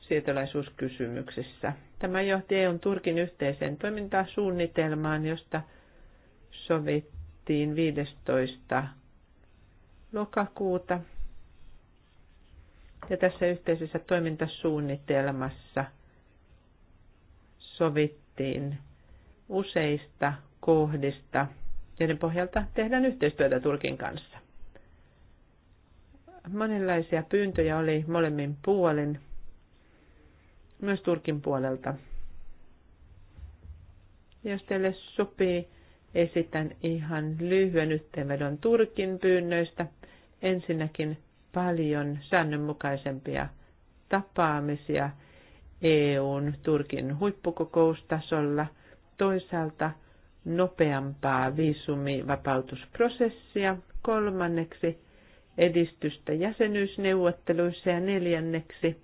siirtolaisuuskysymyksissä. Tämä johti EUn Turkin yhteiseen toimintasuunnitelmaan, josta sovittiin 15. lokakuuta. Ja tässä yhteisessä toimintasuunnitelmassa sovittiin useista kohdista, joiden pohjalta tehdään yhteistyötä Turkin kanssa. Monenlaisia pyyntöjä oli molemmin puolin, myös Turkin puolelta. Jos teille sopii, esitän ihan lyhyen yhteenvedon Turkin pyynnöistä. Ensinnäkin paljon säännönmukaisempia tapaamisia EUn Turkin huippukokoustasolla – toisaalta nopeampaa viisumivapautusprosessia, kolmanneksi edistystä jäsenyysneuvotteluissa ja neljänneksi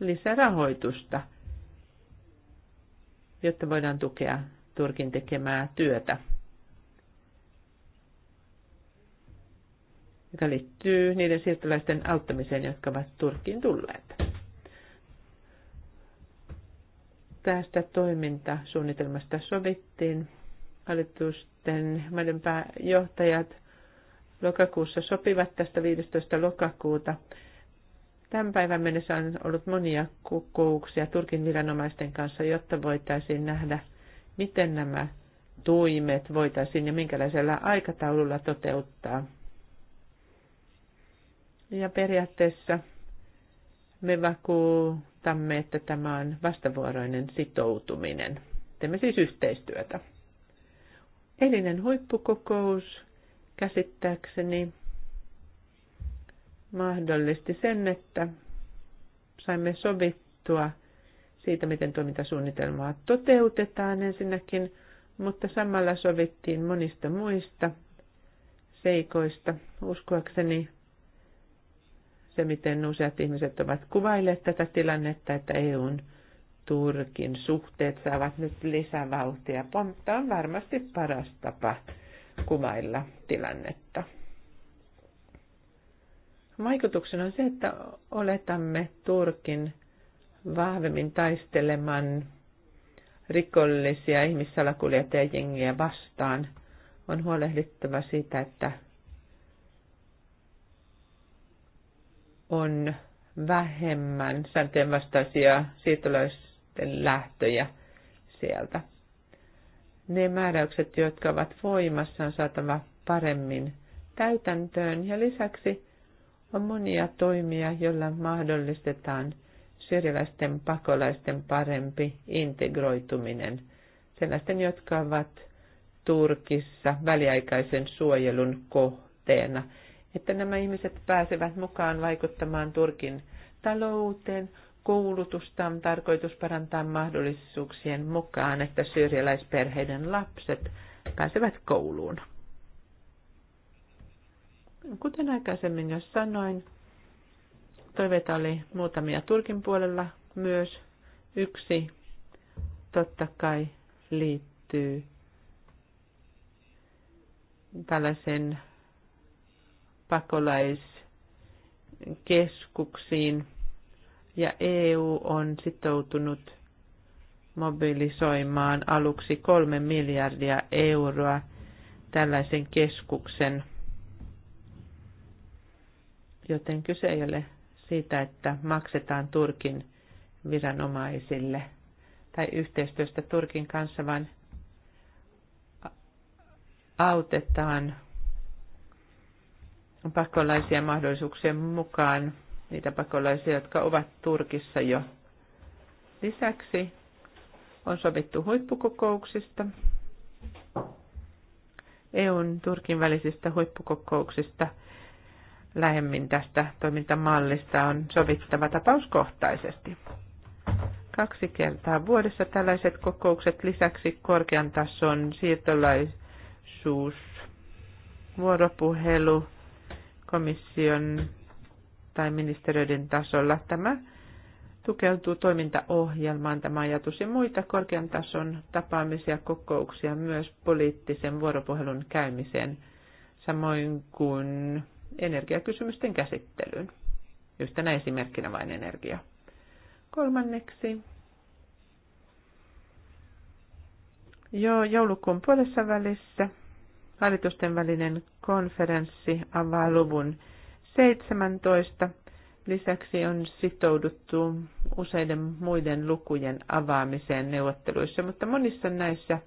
lisärahoitusta, jotta voidaan tukea Turkin tekemää työtä, joka liittyy niiden siirtolaisten auttamiseen, jotka ovat Turkkiin tulleet. tästä toimintasuunnitelmasta sovittiin. Hallitusten maiden pääjohtajat lokakuussa sopivat tästä 15. lokakuuta. Tämän päivän mennessä on ollut monia kokouksia Turkin viranomaisten kanssa, jotta voitaisiin nähdä, miten nämä toimet voitaisiin ja minkälaisella aikataululla toteuttaa. Ja periaatteessa me vakuu ehdotamme, että tämä on vastavuoroinen sitoutuminen. Teemme siis yhteistyötä. Eilinen huippukokous käsittääkseni mahdollisti sen, että saimme sovittua siitä, miten toimintasuunnitelmaa toteutetaan ensinnäkin, mutta samalla sovittiin monista muista seikoista. Uskoakseni se, miten useat ihmiset ovat kuvailleet tätä tilannetta, että EUn Turkin suhteet saavat nyt lisävauhtia. Tämä on varmasti paras tapa kuvailla tilannetta. Vaikutuksena on se, että oletamme Turkin vahvemmin taisteleman rikollisia ihmissalakuljettajien vastaan. On huolehdittava siitä, että on vähemmän sääntöjen vastaisia siirtolaisten lähtöjä sieltä. Ne määräykset, jotka ovat voimassa, on saatava paremmin täytäntöön ja lisäksi on monia toimia, joilla mahdollistetaan syrjäläisten pakolaisten parempi integroituminen. Sellaisten, jotka ovat Turkissa väliaikaisen suojelun kohteena – että nämä ihmiset pääsevät mukaan vaikuttamaan Turkin talouteen. Koulutusta on tarkoitus parantaa mahdollisuuksien mukaan, että syyrialaisperheiden lapset pääsevät kouluun. Kuten aikaisemmin jo sanoin, toiveita oli muutamia Turkin puolella myös. Yksi totta kai liittyy tällaisen pakolaiskeskuksiin ja EU on sitoutunut mobilisoimaan aluksi kolme miljardia euroa tällaisen keskuksen, joten kyse ei ole siitä, että maksetaan Turkin viranomaisille tai yhteistyöstä Turkin kanssa, vaan autetaan pakolaisia mahdollisuuksien mukaan, niitä pakolaisia, jotka ovat Turkissa jo. Lisäksi on sovittu huippukokouksista, EUn Turkin välisistä huippukokouksista. Lähemmin tästä toimintamallista on sovittava tapauskohtaisesti. Kaksi kertaa vuodessa tällaiset kokoukset lisäksi korkean tason siirtolaisuus, vuoropuhelu, komission tai ministeriöiden tasolla. Tämä tukeutuu toimintaohjelmaan tämä ajatus ja muita korkean tason tapaamisia kokouksia myös poliittisen vuoropuhelun käymiseen, samoin kuin energiakysymysten käsittelyyn. Yhtenä esimerkkinä vain energia. Kolmanneksi. Jo joulukuun puolessa välissä Hallitusten välinen konferenssi avaa luvun 17. Lisäksi on sitouduttu useiden muiden lukujen avaamiseen neuvotteluissa, mutta monissa näissä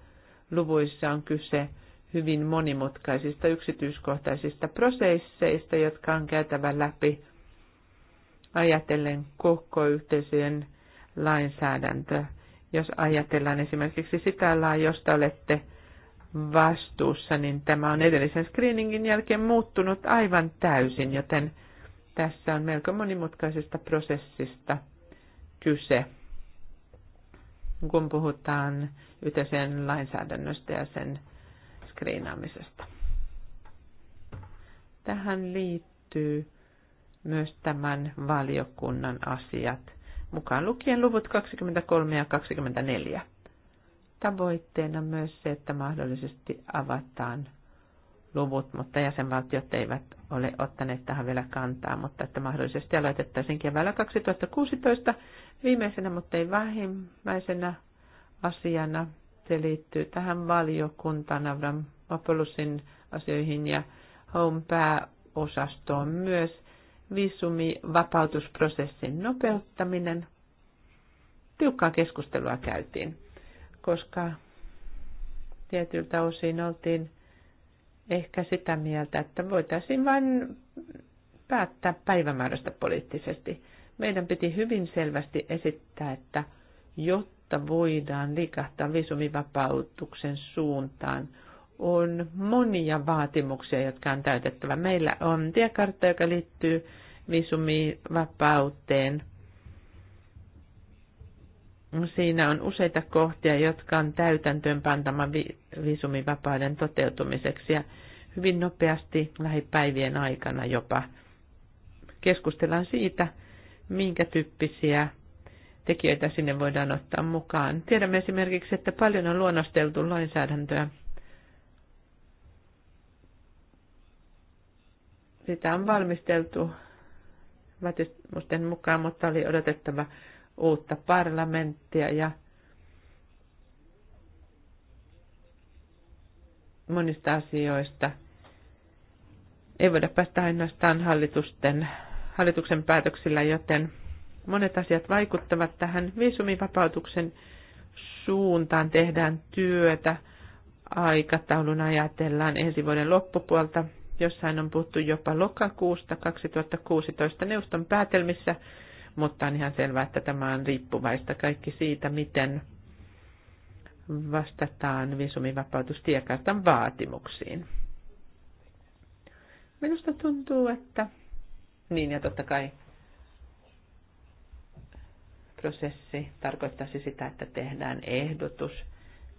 luvuissa on kyse hyvin monimutkaisista yksityiskohtaisista prosesseista, jotka on käytävä läpi ajatellen koko yhteisöjen lainsäädäntö. Jos ajatellaan esimerkiksi sitä laa, josta olette vastuussa, niin tämä on edellisen screeningin jälkeen muuttunut aivan täysin, joten tässä on melko monimutkaisesta prosessista kyse, kun puhutaan yhteisen lainsäädännöstä ja sen screenaamisesta. Tähän liittyy myös tämän valiokunnan asiat, mukaan lukien luvut 23 ja 24 tavoitteena myös se, että mahdollisesti avataan luvut, mutta jäsenvaltiot eivät ole ottaneet tähän vielä kantaa, mutta että mahdollisesti aloitettaisiin keväällä 2016 viimeisenä, mutta ei vähimmäisenä asiana. Se liittyy tähän valiokuntaan Avram Mapolusin asioihin ja Home pääosastoon myös visumivapautusprosessin nopeuttaminen. Tiukkaa keskustelua käytiin koska tietyltä osin oltiin ehkä sitä mieltä, että voitaisiin vain päättää päivämäärästä poliittisesti. Meidän piti hyvin selvästi esittää, että jotta voidaan liikahtaa visumivapautuksen suuntaan, on monia vaatimuksia, jotka on täytettävä. Meillä on tiekartta, joka liittyy visumivapauteen – Siinä on useita kohtia, jotka on täytäntöön pantama viisumivapauden toteutumiseksi ja hyvin nopeasti lähipäivien aikana jopa keskustellaan siitä, minkä tyyppisiä tekijöitä sinne voidaan ottaa mukaan. Tiedämme esimerkiksi, että paljon on luonnosteltu lainsäädäntöä. Sitä on valmisteltu vaatimusten mukaan, mutta oli odotettava uutta parlamenttia ja monista asioista ei voida päästä ainoastaan hallitusten, hallituksen päätöksillä, joten monet asiat vaikuttavat tähän viisumivapautuksen suuntaan. Tehdään työtä, aikataulun ajatellaan ensi vuoden loppupuolta. Jossain on puhuttu jopa lokakuusta 2016 neuvoston päätelmissä mutta on ihan selvää, että tämä on riippuvaista kaikki siitä, miten vastataan visumivapautustiekartan vaatimuksiin. Minusta tuntuu, että niin ja totta kai prosessi tarkoittaisi sitä, että tehdään ehdotus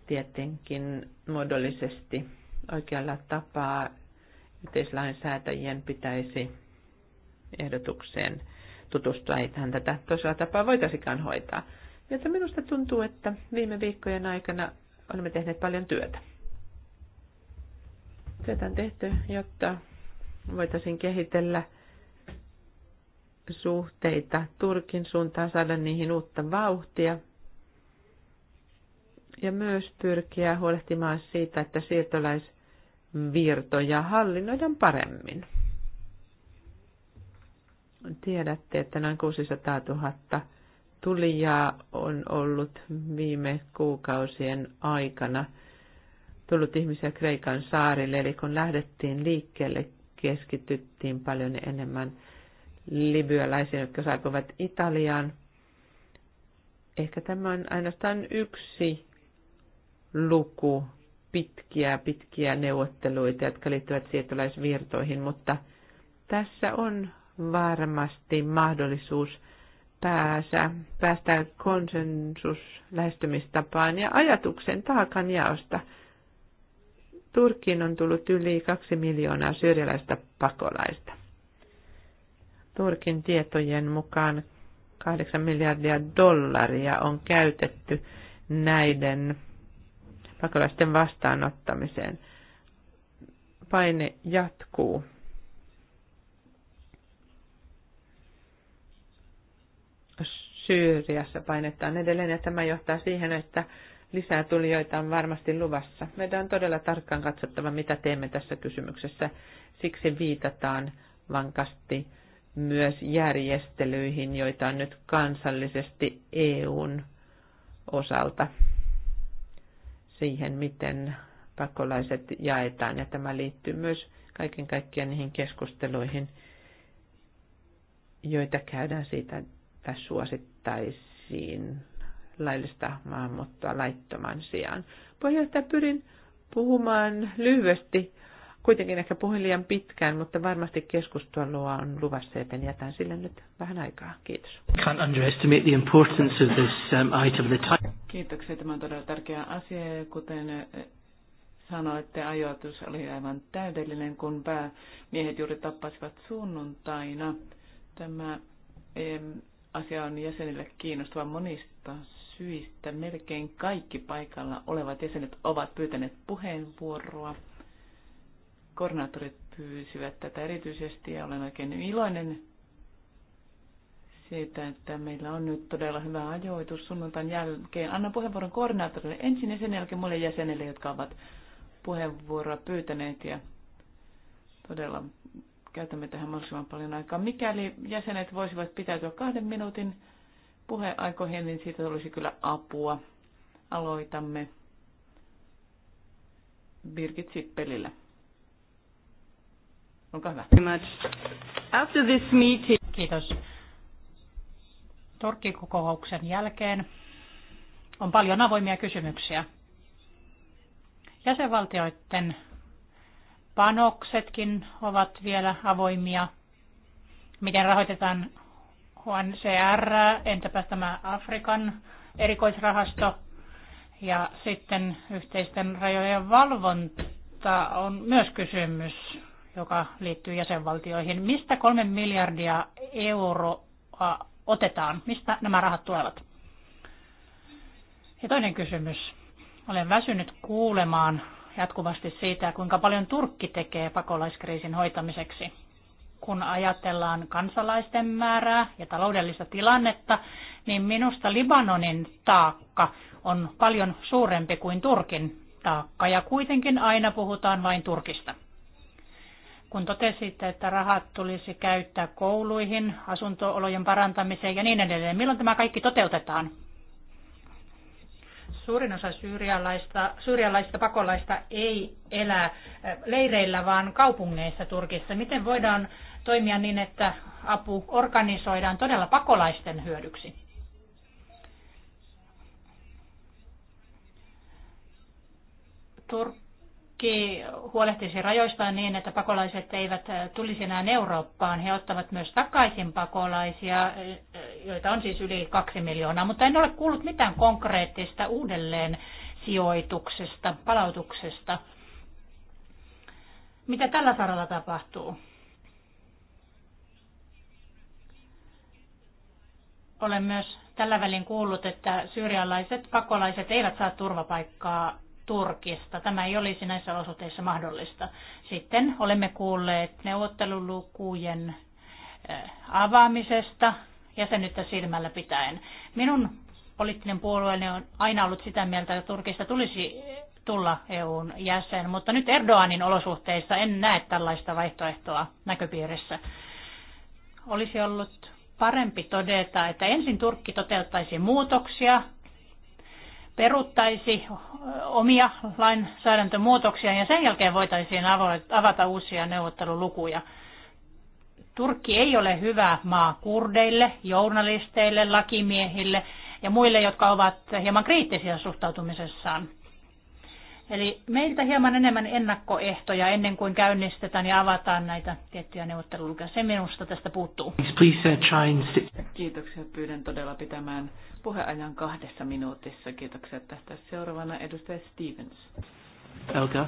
tietenkin muodollisesti oikealla tapaa. Yhteislainsäätäjien pitäisi ehdotukseen tutustua, ei tähän tätä toisella tapaa voitaisikaan hoitaa. Joten minusta tuntuu, että viime viikkojen aikana olemme tehneet paljon työtä. Työtä on tehty, jotta voitaisiin kehitellä suhteita Turkin suuntaan, saada niihin uutta vauhtia ja myös pyrkiä huolehtimaan siitä, että siirtolaisvirtoja hallinnoidaan paremmin. Tiedätte, että noin 600 000 tulijaa on ollut viime kuukausien aikana tullut ihmisiä Kreikan saarille, eli kun lähdettiin liikkeelle, keskityttiin paljon enemmän libyalaisiin, jotka saapuvat Italiaan. Ehkä tämä on ainoastaan yksi luku pitkiä, pitkiä neuvotteluita, jotka liittyvät siirtolaisvirtoihin, mutta tässä on varmasti mahdollisuus pääsä, päästä konsensus lähestymistapaan ja ajatuksen taakan jaosta. Turkkiin on tullut yli kaksi miljoonaa syyrialaista pakolaista. Turkin tietojen mukaan 8 miljardia dollaria on käytetty näiden pakolaisten vastaanottamiseen. Paine jatkuu Syyriassa painetaan edelleen, ja tämä johtaa siihen, että lisää tulijoita on varmasti luvassa. Meidän on todella tarkkaan katsottava, mitä teemme tässä kysymyksessä. Siksi viitataan vankasti myös järjestelyihin, joita on nyt kansallisesti EUn osalta siihen, miten pakolaiset jaetaan. Ja tämä liittyy myös kaiken kaikkiaan niihin keskusteluihin, joita käydään siitä, että suosittaa rajoitettaisiin laillista maahanmuuttoa laittoman sijaan. Puheenjohtaja pyrin puhumaan lyhyesti. Kuitenkin ehkä puhuin liian pitkään, mutta varmasti keskustelua on luvassa, joten jätän sille nyt vähän aikaa. Kiitos. Um, Kiitoksia. Tämä on todella tärkeä asia. Ja kuten eh, sanoitte, ajoitus oli aivan täydellinen, kun päämiehet juuri tappasivat sunnuntaina. Tämä asia on jäsenille kiinnostava monista syistä. Melkein kaikki paikalla olevat jäsenet ovat pyytäneet puheenvuoroa. Koordinaattorit pyysivät tätä erityisesti ja olen oikein iloinen siitä, että meillä on nyt todella hyvä ajoitus sunnuntain jälkeen. Anna puheenvuoron koordinaattorille ensin ja sen jälkeen muille jäsenille, jotka ovat puheenvuoroa pyytäneet ja todella käytämme tähän mahdollisimman paljon aikaa. Mikäli jäsenet voisivat pitäytyä kahden minuutin puheaikoihin, niin siitä olisi kyllä apua. Aloitamme Birgit Sippelillä. Olkaa hyvä. After this meeting. Kiitos. Turkkikokouksen jälkeen on paljon avoimia kysymyksiä. Jäsenvaltioiden panoksetkin ovat vielä avoimia. Miten rahoitetaan HNCR, entäpä tämä Afrikan erikoisrahasto ja sitten yhteisten rajojen valvonta on myös kysymys, joka liittyy jäsenvaltioihin. Mistä kolme miljardia euroa otetaan? Mistä nämä rahat tulevat? Ja toinen kysymys. Olen väsynyt kuulemaan jatkuvasti siitä, kuinka paljon Turkki tekee pakolaiskriisin hoitamiseksi. Kun ajatellaan kansalaisten määrää ja taloudellista tilannetta, niin minusta Libanonin taakka on paljon suurempi kuin Turkin taakka, ja kuitenkin aina puhutaan vain Turkista. Kun totesitte, että rahat tulisi käyttää kouluihin, asuntoolojen parantamiseen ja niin edelleen, milloin tämä kaikki toteutetaan? Suurin osa syyrialaista, syyrialaista pakolaista ei elä äh, leireillä, vaan kaupungeissa Turkissa. Miten voidaan toimia niin, että apu organisoidaan todella pakolaisten hyödyksi? Turkki Turkki huolehtisivat rajoistaan niin, että pakolaiset eivät tulisi enää Eurooppaan. He ottavat myös takaisin pakolaisia, joita on siis yli kaksi miljoonaa, mutta en ole kuullut mitään konkreettista uudelleen sijoituksesta, palautuksesta. Mitä tällä saralla tapahtuu? Olen myös tällä välin kuullut, että syyrialaiset pakolaiset eivät saa turvapaikkaa Turkista. Tämä ei olisi näissä olosuhteissa mahdollista. Sitten olemme kuulleet neuvottelulukujen eh, avaamisesta jäsenyyttä silmällä pitäen. Minun poliittinen puolueeni on aina ollut sitä mieltä, että Turkista tulisi tulla EUn jäsen, mutta nyt Erdoganin olosuhteissa en näe tällaista vaihtoehtoa näköpiirissä. Olisi ollut parempi todeta, että ensin Turkki toteuttaisi muutoksia peruttaisi omia lainsäädäntömuutoksia ja sen jälkeen voitaisiin avata uusia neuvottelulukuja. Turkki ei ole hyvä maa kurdeille, journalisteille, lakimiehille ja muille, jotka ovat hieman kriittisiä suhtautumisessaan. Eli meiltä hieman enemmän ennakkoehtoja ennen kuin käynnistetään ja avataan näitä tiettyjä neuvottelulukia. Se minusta tästä puuttuu. Uh, Kiitoksia. Pyydän todella pitämään puheajan kahdessa minuutissa. Kiitoksia tästä. Seuraavana edustaja Stevens. Elka.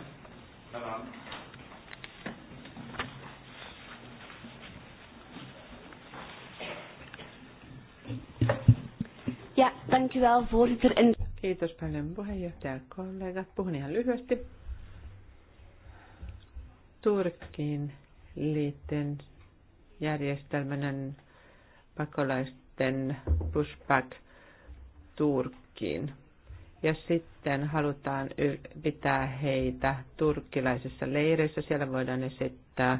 Ja, dankjewel voorzitter. En Kiitos paljon puheenjohtaja kollegat. Puhun ihan lyhyesti. Turkkiin liittyen järjestelmänen pakolaisten pushback Turkkiin. Ja sitten halutaan pitää heitä turkkilaisissa leireissä. Siellä voidaan esittää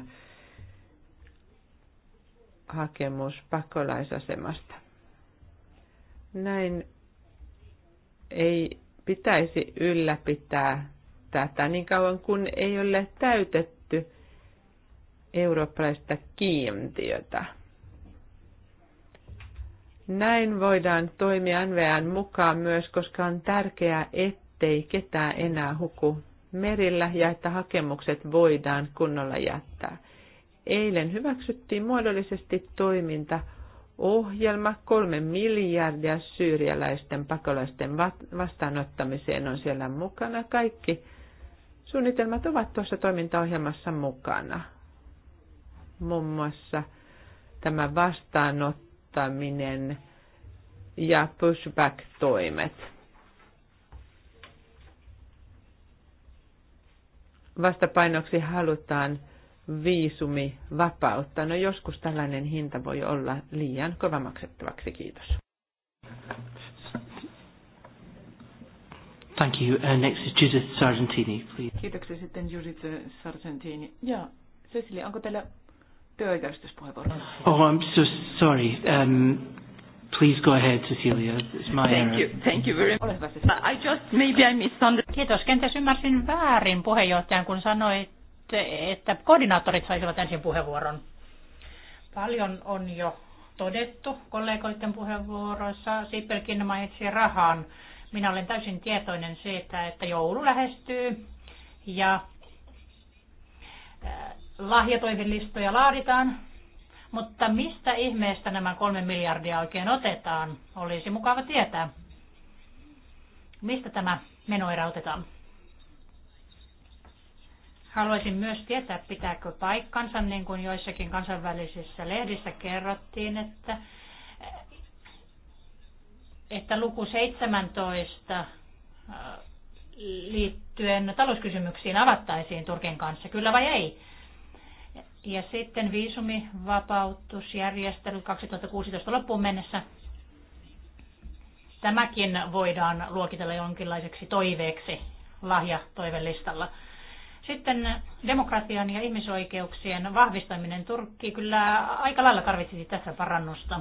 hakemus pakolaisasemasta. Näin ei pitäisi ylläpitää tätä niin kauan kun ei ole täytetty eurooppalaista kiintiötä. Näin voidaan toimia NVN mukaan myös, koska on tärkeää, ettei ketään enää huku merillä ja että hakemukset voidaan kunnolla jättää. Eilen hyväksyttiin muodollisesti toiminta ohjelma. Kolme miljardia syyrialaisten pakolaisten vastaanottamiseen on siellä mukana. Kaikki suunnitelmat ovat tuossa toimintaohjelmassa mukana. Muun muassa tämä vastaanottaminen ja pushback-toimet. Vastapainoksi halutaan viisumi vapautta. No joskus tällainen hinta voi olla liian kova maksettavaksi. Kiitos. Thank you. Uh, next is Judith Sargentini, please. Kiitoksia sitten Judith Sargentini. Ja Cecilia, onko teillä työjärjestyspuheenvuoro? Oh, I'm so sorry. Um, please go ahead, Cecilia. It's my Thank error. you. Thank you very much. Ole hyvä, Cecilia. I just, maybe I misunderstood. Kiitos. Kenties ymmärsin väärin puheenjohtajan, kun sanoit, että koordinaattorit saisivat ensin puheenvuoron. Paljon on jo todettu kollegoiden puheenvuoroissa. Sippelkin mainitsi rahan. Minä olen täysin tietoinen siitä, että joulu lähestyy ja lahjatoivelistoja laaditaan, mutta mistä ihmeestä nämä kolme miljardia oikein otetaan? Olisi mukava tietää. Mistä tämä menoerä otetaan? Haluaisin myös tietää, pitääkö paikkansa, niin kuin joissakin kansainvälisissä lehdissä kerrottiin, että, että luku 17 äh, liittyen talouskysymyksiin avattaisiin Turkin kanssa, kyllä vai ei? Ja sitten viisumivapautusjärjestely 2016 loppuun mennessä. Tämäkin voidaan luokitella jonkinlaiseksi toiveeksi lahja toivelistalla. listalla sitten demokratian ja ihmisoikeuksien vahvistaminen. Turkki kyllä aika lailla tarvitsisi tässä parannusta.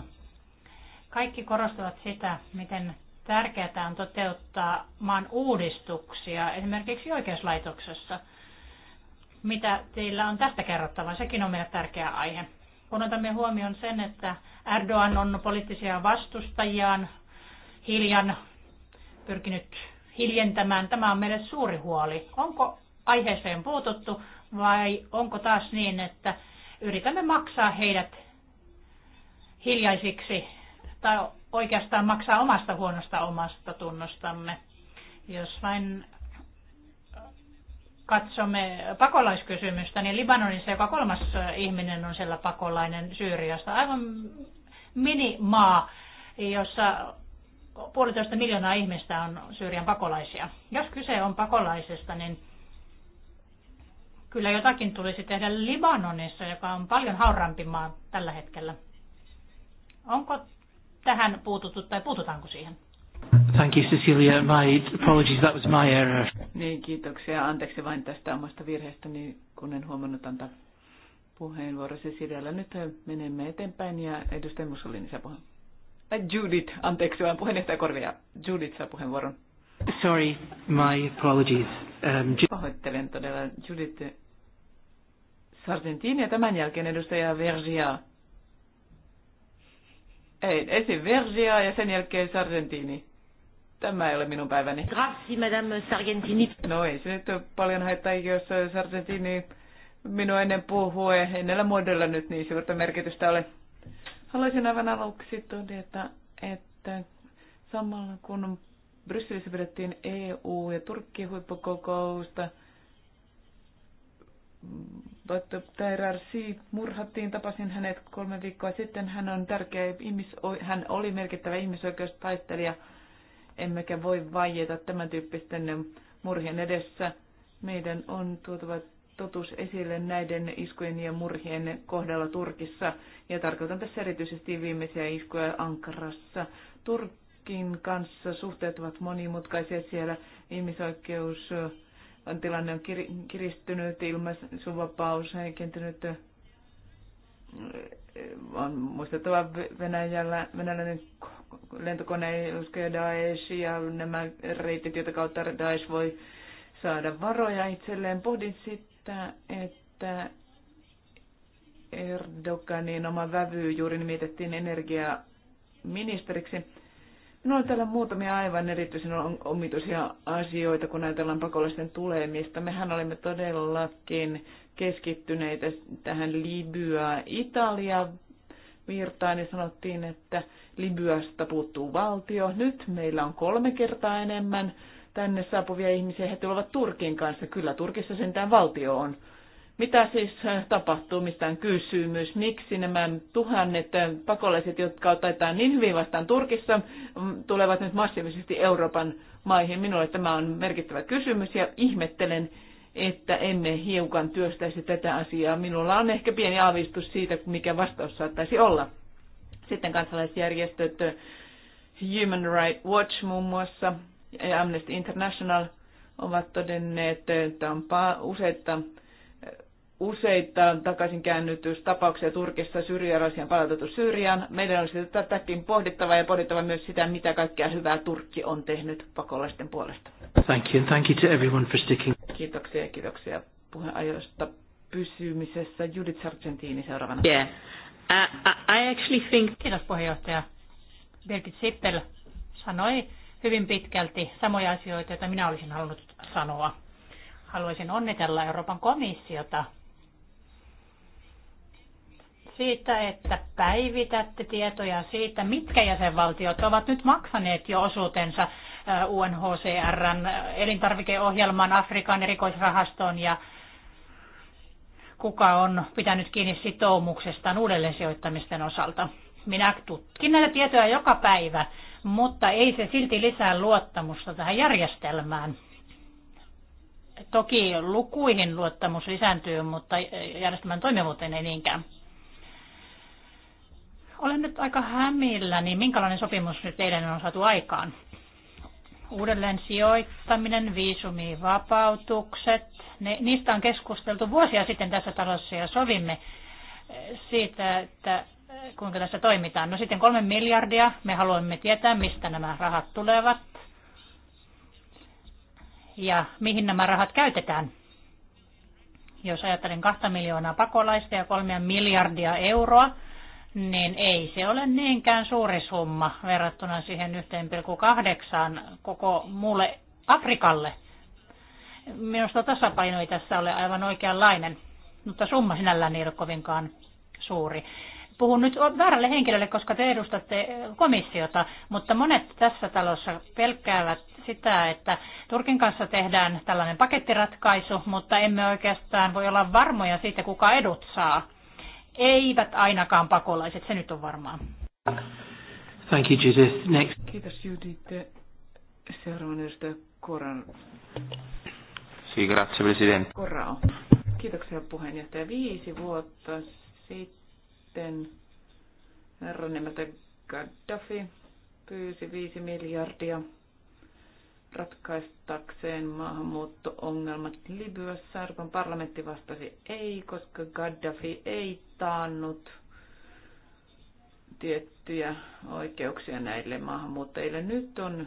Kaikki korostavat sitä, miten tärkeää on toteuttaa maan uudistuksia esimerkiksi oikeuslaitoksessa. Mitä teillä on tästä kerrottavaa? Sekin on meille tärkeä aihe. Kun otamme huomioon sen, että Erdogan on poliittisia vastustajiaan hiljan pyrkinyt hiljentämään, tämä on meille suuri huoli. Onko aiheeseen puututtu vai onko taas niin, että yritämme maksaa heidät hiljaisiksi tai oikeastaan maksaa omasta huonosta omasta tunnostamme. Jos vain katsomme pakolaiskysymystä, niin Libanonissa joka kolmas ihminen on siellä pakolainen Syyriasta. Aivan minimaa, jossa puolitoista miljoonaa ihmistä on Syyrian pakolaisia. Jos kyse on pakolaisesta, niin Kyllä jotakin tulisi tehdä Libanonissa, joka on paljon haurampi maa tällä hetkellä. Onko tähän puututtu tai puututaanko siihen? Thank you, Cecilia. My apologies, that was my error. Niin, kiitoksia. Anteeksi vain tästä omasta virheestäni, kun en huomannut antaa puheenvuoro Cecilialle. Nyt menemme eteenpäin ja edustaja Mussolini saa puheen. Äh, Judith, anteeksi vaan puheenjohtaja Korvia. Judith saa puheenvuoron. Sorry, my apologies. Um, Pahoittelen todella. Judith Sargentin ja tämän jälkeen edustaja Vergia. Ei, ensin Vergia ja sen jälkeen Sargentini. Tämä ei ole minun päiväni. Grazie, madame Sargentini. No ei se nyt paljon haittaa, jos Sargentini minua ennen puhuu. Ei näillä nyt niin suurta merkitystä ole. Haluaisin aivan aluksi todeta, että samalla kun Brysselissä pidettiin EU- ja Turkki-huippukokousta, Tairarsi murhattiin. Tapasin hänet kolme viikkoa sitten. Hän on tärkeä ihmis, hän oli merkittävä ihmisoikeustaistelija. Emmekä voi vaieta tämän tyyppisten murhien edessä. Meidän on tuotava totuus esille näiden iskujen ja murhien kohdalla Turkissa. Ja tarkoitan tässä erityisesti viimeisiä iskuja Ankarassa. Turkin kanssa suhteet ovat monimutkaisia siellä. Ihmisoikeus on tilanne on kiristynyt, vapaus heikentynyt. On muistettava Venäjällä, venäläinen lentokone uskoja Daesh ja nämä reitit, joita kautta Daesh voi saada varoja itselleen. Pohdin sitä, että Erdoganin oma vävy juuri nimitettiin energiaministeriksi Minulla no, on täällä muutamia aivan erityisen omituisia asioita, kun ajatellaan pakolaisten tulemista. Mehän olemme todellakin keskittyneitä tähän libya Italia virtaan ja sanottiin, että Libyasta puuttuu valtio. Nyt meillä on kolme kertaa enemmän tänne saapuvia ihmisiä. He tulevat Turkin kanssa. Kyllä Turkissa sentään valtio on. Mitä siis äh, tapahtuu, mistä on kysymys? Miksi nämä tuhannet äh, pakolaiset, jotka otetaan niin hyvin vastaan Turkissa, mm, tulevat nyt massiivisesti Euroopan maihin? Minulle tämä on merkittävä kysymys ja ihmettelen, että emme hiukan työstäisi tätä asiaa. Minulla on ehkä pieni aavistus siitä, mikä vastaus saattaisi olla. Sitten kansalaisjärjestöt äh, Human Rights Watch muun muassa ja Amnesty International ovat todenneet, että on useita useita käännytystapauksia Turkissa syrjäläisiä palautettu Syyriaan. Meidän olisi tätäkin pohdittava ja pohdittava myös sitä, mitä kaikkea hyvää Turkki on tehnyt pakolaisten puolesta. Thank you, and thank you to everyone for sticking. Kiitoksia ja kiitoksia puheenajoista pysymisessä. Judith Sargentini seuraavana. Yeah. Uh, uh, I actually think... Kiitos puheenjohtaja. Birgit Sippel sanoi hyvin pitkälti samoja asioita, joita minä olisin halunnut sanoa. Haluaisin onnitella Euroopan komissiota siitä, että päivitätte tietoja siitä, mitkä jäsenvaltiot ovat nyt maksaneet jo osuutensa äh, UNHCRn äh, elintarvikeohjelman, Afrikan erikoisrahastoon ja kuka on pitänyt kiinni sitoumuksestaan uudelleen sijoittamisten osalta. Minä tutkin näitä tietoja joka päivä, mutta ei se silti lisää luottamusta tähän järjestelmään. Toki lukuihin luottamus lisääntyy, mutta järjestelmän toimivuuteen ei niinkään. Olen nyt aika hämillä, niin minkälainen sopimus nyt teidän on saatu aikaan? Uudelleen sijoittaminen, viisumivapautukset, ne, niistä on keskusteltu vuosia sitten tässä talossa ja sovimme eh, siitä, että eh, kuinka tässä toimitaan. No sitten kolme miljardia, me haluamme tietää, mistä nämä rahat tulevat ja mihin nämä rahat käytetään. Jos ajattelen kahta miljoonaa pakolaista ja kolmea miljardia euroa, niin ei se ole niinkään suuri summa verrattuna siihen 1,8 koko muulle Afrikalle. Minusta tasapaino ei tässä ole aivan oikeanlainen, mutta summa sinällään ei ole kovinkaan suuri. Puhun nyt väärälle henkilölle, koska te edustatte komissiota, mutta monet tässä talossa pelkäävät sitä, että Turkin kanssa tehdään tällainen pakettiratkaisu, mutta emme oikeastaan voi olla varmoja siitä, kuka edut saa eivät ainakaan pakolaiset, se nyt on varmaa. Thank you, Judith. Next. Kiitos Judith. Seuraavan edustaja Koran. Si, grazie, Presidente. Korao. Kiitoksia puheenjohtaja. Viisi vuotta sitten herran nimeltä Gaddafi pyysi viisi miljardia ratkaistakseen maahanmuutto-ongelmat Libyassa. Euroopan parlamentti vastasi ei, koska Gaddafi ei taannut tiettyjä oikeuksia näille maahanmuuttajille. Nyt on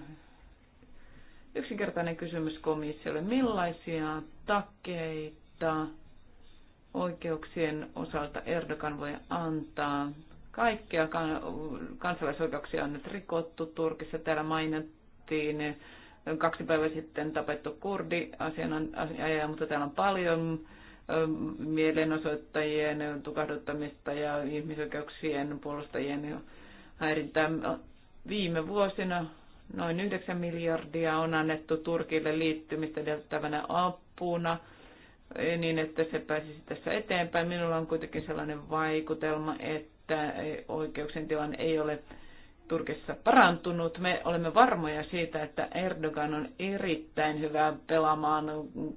yksinkertainen kysymys komissiolle. Millaisia takeita oikeuksien osalta Erdogan voi antaa? Kaikkia kansalaisoikeuksia on nyt rikottu Turkissa. Täällä mainittiin kaksi päivää sitten tapettu kurdi asianajaja, mutta täällä on paljon mielenosoittajien tukahduttamista ja ihmisoikeuksien puolustajien häirintää. Viime vuosina noin 9 miljardia on annettu Turkille liittymistä edeltävänä apuna e, niin, että se pääsisi tässä eteenpäin. Minulla on kuitenkin sellainen vaikutelma, että e, oikeuksien tilanne ei ole Turkissa parantunut. Me olemme varmoja siitä, että Erdogan on erittäin hyvä pelaamaan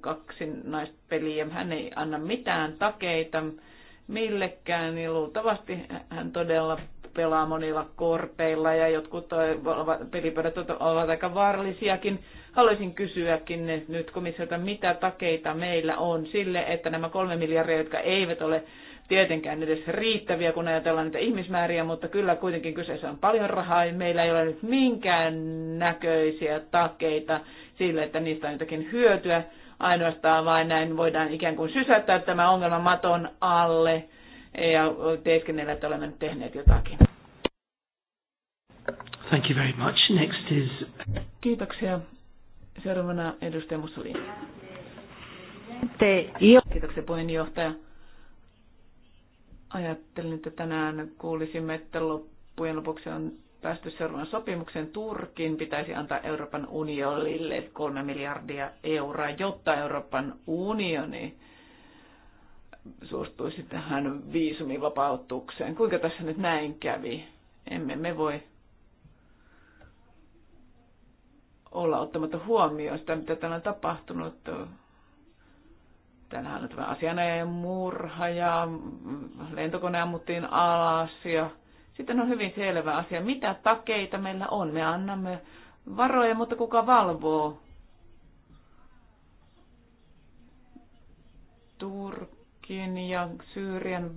kaksinaispeliä. Hän ei anna mitään takeita millekään, niin luultavasti hän todella pelaa monilla korpeilla ja jotkut pelipöydät ovat aika vaarallisiakin. Haluaisin kysyäkin nyt komissiota, mitä takeita meillä on sille, että nämä kolme miljardia, jotka eivät ole tietenkään edes riittäviä, kun ajatellaan niitä ihmismääriä, mutta kyllä kuitenkin kyseessä on paljon rahaa ja meillä ei ole nyt minkään näköisiä takeita sille, että niistä on jotakin hyötyä. Ainoastaan vain näin voidaan ikään kuin sysättää tämä ongelma maton alle ja teeskennellä, että olemme nyt tehneet jotakin. Thank you very much. Next is... Kiitoksia. Seuraavana edustaja Mussolini. Kiitoksia puheenjohtaja Ajattelin, että tänään kuulisimme, että loppujen lopuksi on päästy seuraavan sopimuksen. Turkin pitäisi antaa Euroopan unionille kolme miljardia euroa, jotta Euroopan unioni suostuisi tähän viisumivapautukseen. Kuinka tässä nyt näin kävi? Emme me voi olla ottamatta huomioon sitä, mitä täällä on tapahtunut. Täällähän on tämä asianajan murha ja lentokone ammuttiin alas ja sitten on hyvin selvä asia, mitä takeita meillä on. Me annamme varoja, mutta kuka valvoo? Turkin ja Syyrian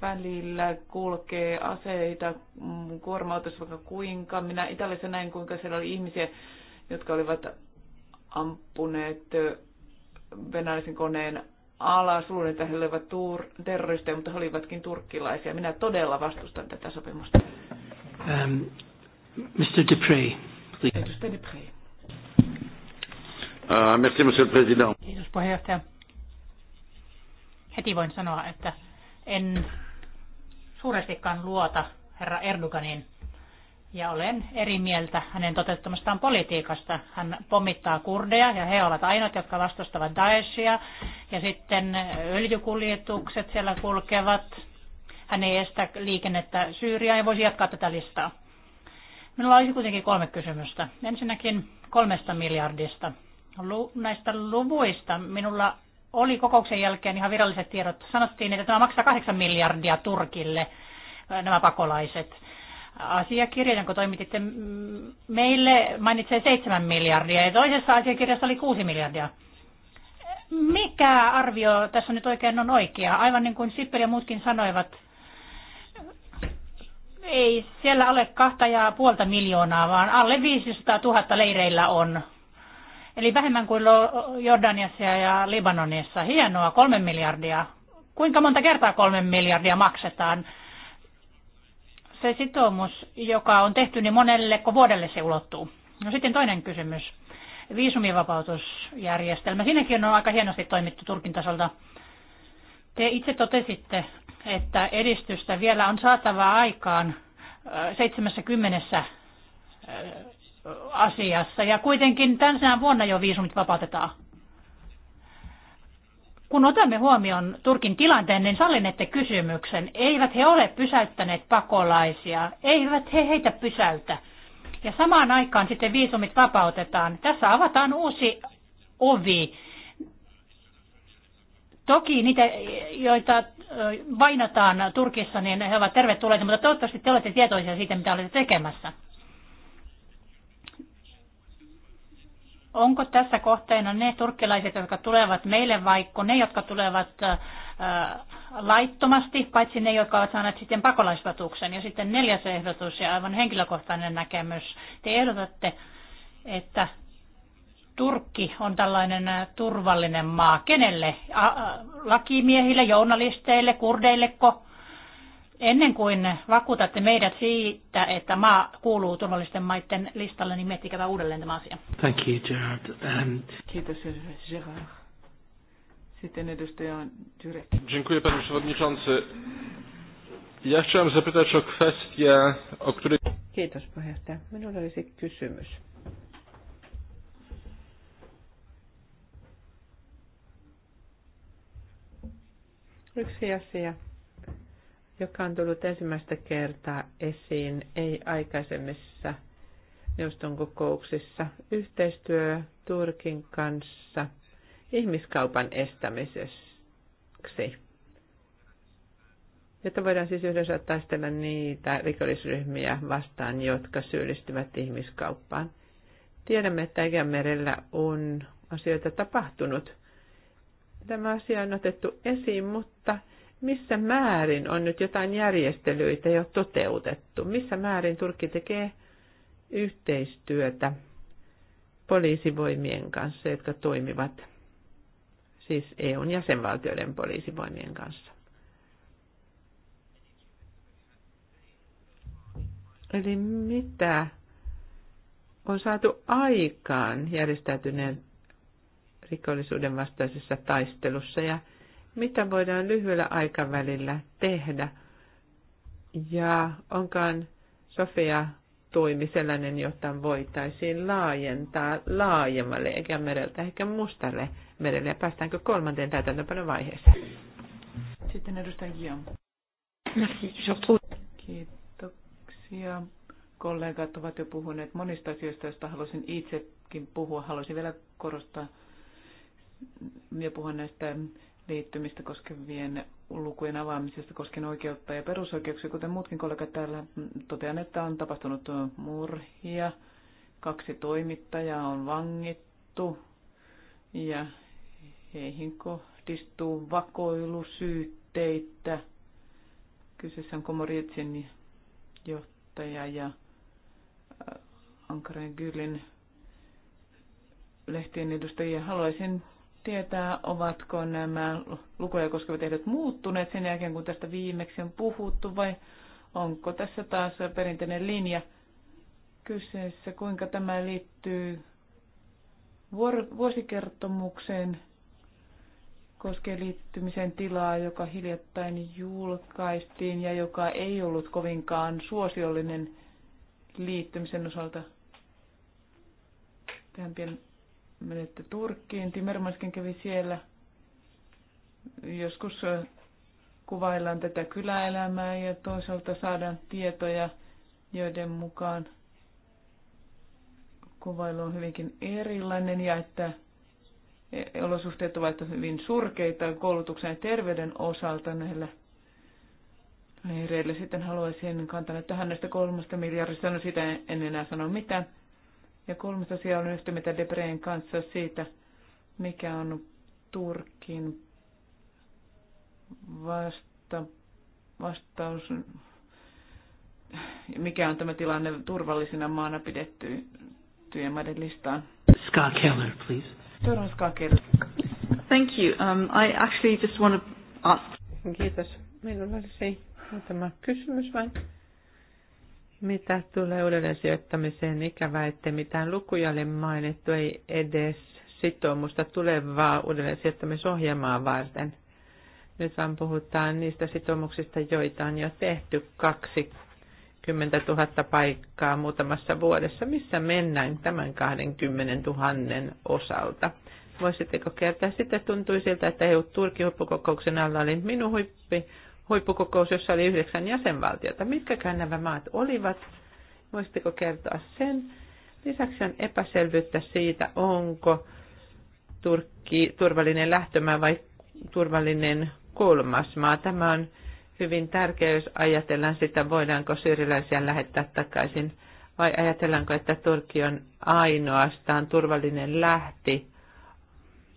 välillä kulkee aseita, kuormautus vaikka kuinka. Minä Italiassa näin, kuinka siellä oli ihmisiä, jotka olivat ampuneet venäläisen koneen ala Luulin, että he olivat tur- terroristeja, mutta he olivatkin turkkilaisia. Minä todella vastustan tätä sopimusta. Um, ähm, Mr. Dupré, please. Mr. Dupré. Uh, merci, monsieur le président. Kiitos puheenjohtaja. Heti voin sanoa, että en suurestikaan luota herra Erdoganin ja olen eri mieltä hänen toteuttamastaan politiikasta. Hän pomittaa kurdeja ja he ovat ainoat, jotka vastustavat Daeshia ja sitten öljykuljetukset siellä kulkevat. Hän ei estä liikennettä Syyriaan ja voisi jatkaa tätä listaa. Minulla olisi kuitenkin kolme kysymystä. Ensinnäkin kolmesta miljardista. Lu, näistä luvuista minulla oli kokouksen jälkeen ihan viralliset tiedot. Sanottiin, että tämä maksaa kahdeksan miljardia Turkille nämä pakolaiset asiakirja, jonka toimititte meille, mainitsee 7 miljardia ja toisessa asiakirjassa oli 6 miljardia. Mikä arvio tässä nyt oikein on oikea? Aivan niin kuin Sippel ja muutkin sanoivat, ei siellä ole kahta ja puolta miljoonaa, vaan alle 500 000 leireillä on. Eli vähemmän kuin Jordaniassa ja Libanonissa. Hienoa, kolme miljardia. Kuinka monta kertaa kolme miljardia maksetaan? se sitoumus, joka on tehty, niin monelle kun vuodelle se ulottuu? No sitten toinen kysymys. Viisumivapautusjärjestelmä. Siinäkin on aika hienosti toimittu Turkin tasolta. Te itse totesitte, että edistystä vielä on saatava aikaan 70 äh, äh, asiassa ja kuitenkin tänään vuonna jo viisumit vapautetaan. Kun otamme huomioon Turkin tilanteen, niin sallinette kysymyksen. Eivät he ole pysäyttäneet pakolaisia, eivät he heitä pysäytä. Ja samaan aikaan sitten viisumit vapautetaan. Tässä avataan uusi ovi. Toki niitä, joita vainataan Turkissa, niin he ovat tervetulleita, mutta toivottavasti te olette tietoisia siitä, mitä olette tekemässä. Onko tässä kohteena ne turkkilaiset, jotka tulevat meille, vaikka ne, jotka tulevat äh, laittomasti, paitsi ne, jotka ovat saaneet sitten pakolaisvatuksen. Ja sitten neljäs ehdotus ja aivan henkilökohtainen näkemys. Te ehdotatte, että Turkki on tällainen äh, turvallinen maa. Kenelle? A- lakimiehille, journalisteille, kurdeilleko? Ennen kuin vakuutatte meidät siitä, että maa kuuluu turvallisten maiden listalle, niin miettikää uudelleen tämä asia. Thank you, Gerard. Um... Kiitos, Gerard. Sitten edustaja Jurek. Dziękuję, panie przewodniczący. Ja chciałem zapytać o kwestię, o której... Kiitos, puheenjohtaja. Minulla olisi kysymys. Yksi asia, joka on tullut ensimmäistä kertaa esiin, ei aikaisemmissa neuvoston kokouksissa, yhteistyö Turkin kanssa ihmiskaupan estämiseksi. Jotta voidaan siis yhdessä taistella niitä rikollisryhmiä vastaan, jotka syyllistyvät ihmiskauppaan. Tiedämme, että Egemerellä on asioita tapahtunut. Tämä asia on otettu esiin, mutta missä määrin on nyt jotain järjestelyitä jo toteutettu? Missä määrin Turkki tekee yhteistyötä poliisivoimien kanssa, jotka toimivat siis EUn jäsenvaltioiden poliisivoimien kanssa? Eli mitä on saatu aikaan järjestäytyneen rikollisuuden vastaisessa taistelussa ja taistelussa? mitä voidaan lyhyellä aikavälillä tehdä ja onkaan Sofia toimi sellainen, jota voitaisiin laajentaa laajemmalle eikä mereltä, ehkä mustalle merelle. Ja päästäänkö kolmanteen täytäntöpanon vaiheeseen? Sitten edustaja Guillaume. Kiitoksia. Kollegat ovat jo puhuneet monista asioista, joista halusin itsekin puhua. Haluaisin vielä korostaa ja puhua näistä liittymistä koskevien lukujen avaamisesta koskien oikeutta ja perusoikeuksia, kuten muutkin kollegat täällä totean, että on tapahtunut murhia, kaksi toimittajaa on vangittu ja heihin kohdistuu vakoilusyytteitä. Kyseessä on Komoritsin johtaja ja äh, Ankaren Gylin lehtien edustajia. Haluaisin tietää, ovatko nämä lukuja koskevat ehdot muuttuneet sen jälkeen, kun tästä viimeksi on puhuttu, vai onko tässä taas perinteinen linja kyseessä, kuinka tämä liittyy vuosikertomukseen koskee liittymisen tilaa, joka hiljattain julkaistiin ja joka ei ollut kovinkaan suosiollinen liittymisen osalta. Tähän pieni menette Turkkiin. Timmermanskin kävi siellä. Joskus äh, kuvaillaan tätä kyläelämää ja toisaalta saadaan tietoja, joiden mukaan kuvailu on hyvinkin erilainen ja että e, olosuhteet ovat hyvin surkeita koulutuksen ja terveyden osalta näillä leireillä. Sitten haluaisin kantaa tähän näistä kolmesta miljardista, no sitä en enää sano mitään. Ja kolmas asia on yhtä mitä Debreen kanssa siitä, mikä on Turkin vasta, vastaus, mikä on tämä tilanne turvallisena maana pidettyjen maiden listaan. Scott Keller, please. Seuraava Scott Keller. Thank you. Um, I actually just want to ask. Kiitos. Minulla olisi muutama kysymys vain mitä tulee uudelleen sijoittamiseen, ikävä, että mitään lukuja ole mainittu, ei edes sitoumusta tulevaa uudelleen sijoittamisohjelmaa varten. Nyt vaan puhutaan niistä sitoumuksista, joita on jo tehty 20 000 paikkaa muutamassa vuodessa. Missä mennään tämän 20 000 osalta? Voisitteko kertoa? Sitten tuntui siltä, että EU-Turki-huippukokouksen alla oli minun huippi huippukokous, jossa oli yhdeksän jäsenvaltiota. Mitkäkään nämä maat olivat? Voisitteko kertoa sen? Lisäksi on epäselvyyttä siitä, onko Turkki turvallinen lähtömaa vai turvallinen kolmas maa. Tämä on hyvin tärkeä, jos ajatellaan sitä, voidaanko syyriläisiä lähettää takaisin vai ajatellaanko, että Turkki on ainoastaan turvallinen lähti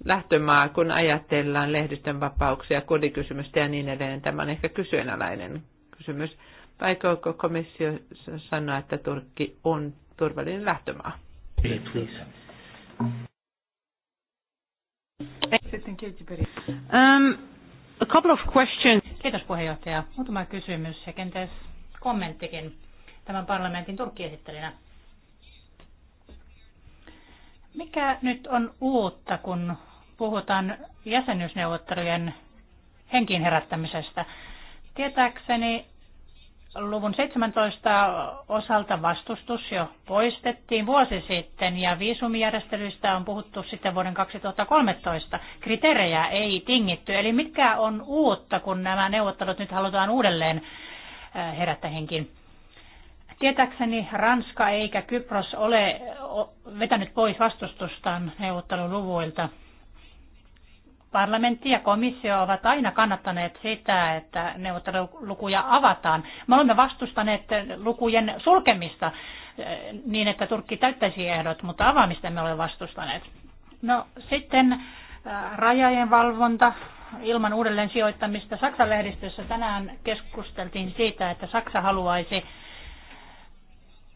lähtömaa, kun ajatellaan lehdistön vapauksia, kodikysymystä ja niin edelleen. Tämä on ehkä kyseenalainen kysymys. vai koko komissio sanoa, että Turkki on turvallinen lähtömaa? Sitten um, a couple of questions. Kiitos puheenjohtaja. Muutama kysymys ja kenties kommenttikin tämän parlamentin turkki Turkki-esittelinä. Mikä nyt on uutta, kun puhutaan jäsenyysneuvottelujen henkiin herättämisestä. Tietääkseni luvun 17 osalta vastustus jo poistettiin vuosi sitten ja viisumijärjestelyistä on puhuttu sitten vuoden 2013. Kriteerejä ei tingitty, eli mitkä on uutta, kun nämä neuvottelut nyt halutaan uudelleen äh, herättää henkiin? Tietääkseni Ranska eikä Kypros ole vetänyt pois vastustustaan neuvotteluluvuilta. Parlamentti ja komissio ovat aina kannattaneet sitä, että neuvottelulukuja avataan. Me olemme vastustaneet lukujen sulkemista eh, niin, että Turkki täyttäisi ehdot, mutta avaamista me olemme vastustaneet. No sitten eh, rajojen valvonta ilman uudelleen sijoittamista. Saksan lehdistössä tänään keskusteltiin siitä, että Saksa haluaisi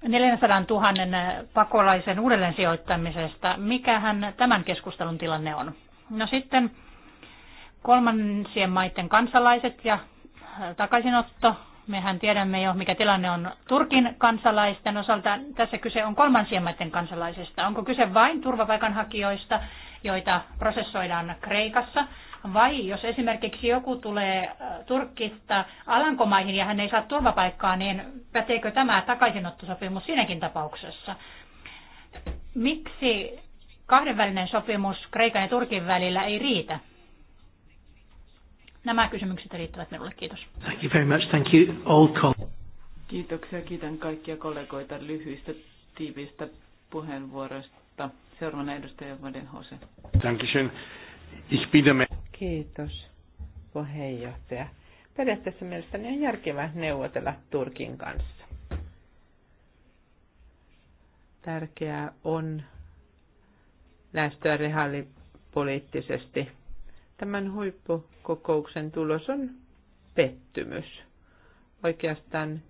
400 000 eh, pakolaisen uudelleen sijoittamisesta. Mikähän tämän keskustelun tilanne on? No sitten Kolmansien maiden kansalaiset ja äh, takaisinotto. Mehän tiedämme jo, mikä tilanne on Turkin kansalaisten osalta. Tässä kyse on kolmansien maiden kansalaisista. Onko kyse vain turvapaikanhakijoista, joita prosessoidaan Kreikassa? Vai jos esimerkiksi joku tulee äh, Turkista Alankomaihin ja hän ei saa turvapaikkaa, niin päteekö tämä takaisinottosopimus siinäkin tapauksessa? Miksi kahdenvälinen sopimus Kreikan ja Turkin välillä ei riitä? Nämä kysymykset riittävät minulle. Kiitos. Thank you very much. Thank you all Kiitoksia. Kiitän kaikkia kollegoita lyhyistä, tiiviistä puheenvuoroista. Seuraavana edustaja Vaden Hose. Dankeschön. Ich bitte Kiitos, puheenjohtaja. Periaatteessa mielestäni on järkevää neuvotella Turkin kanssa. Tärkeää on lähestyä rehaalipoliittisesti Tämän huippukokouksen tulos on pettymys. Oikeastaan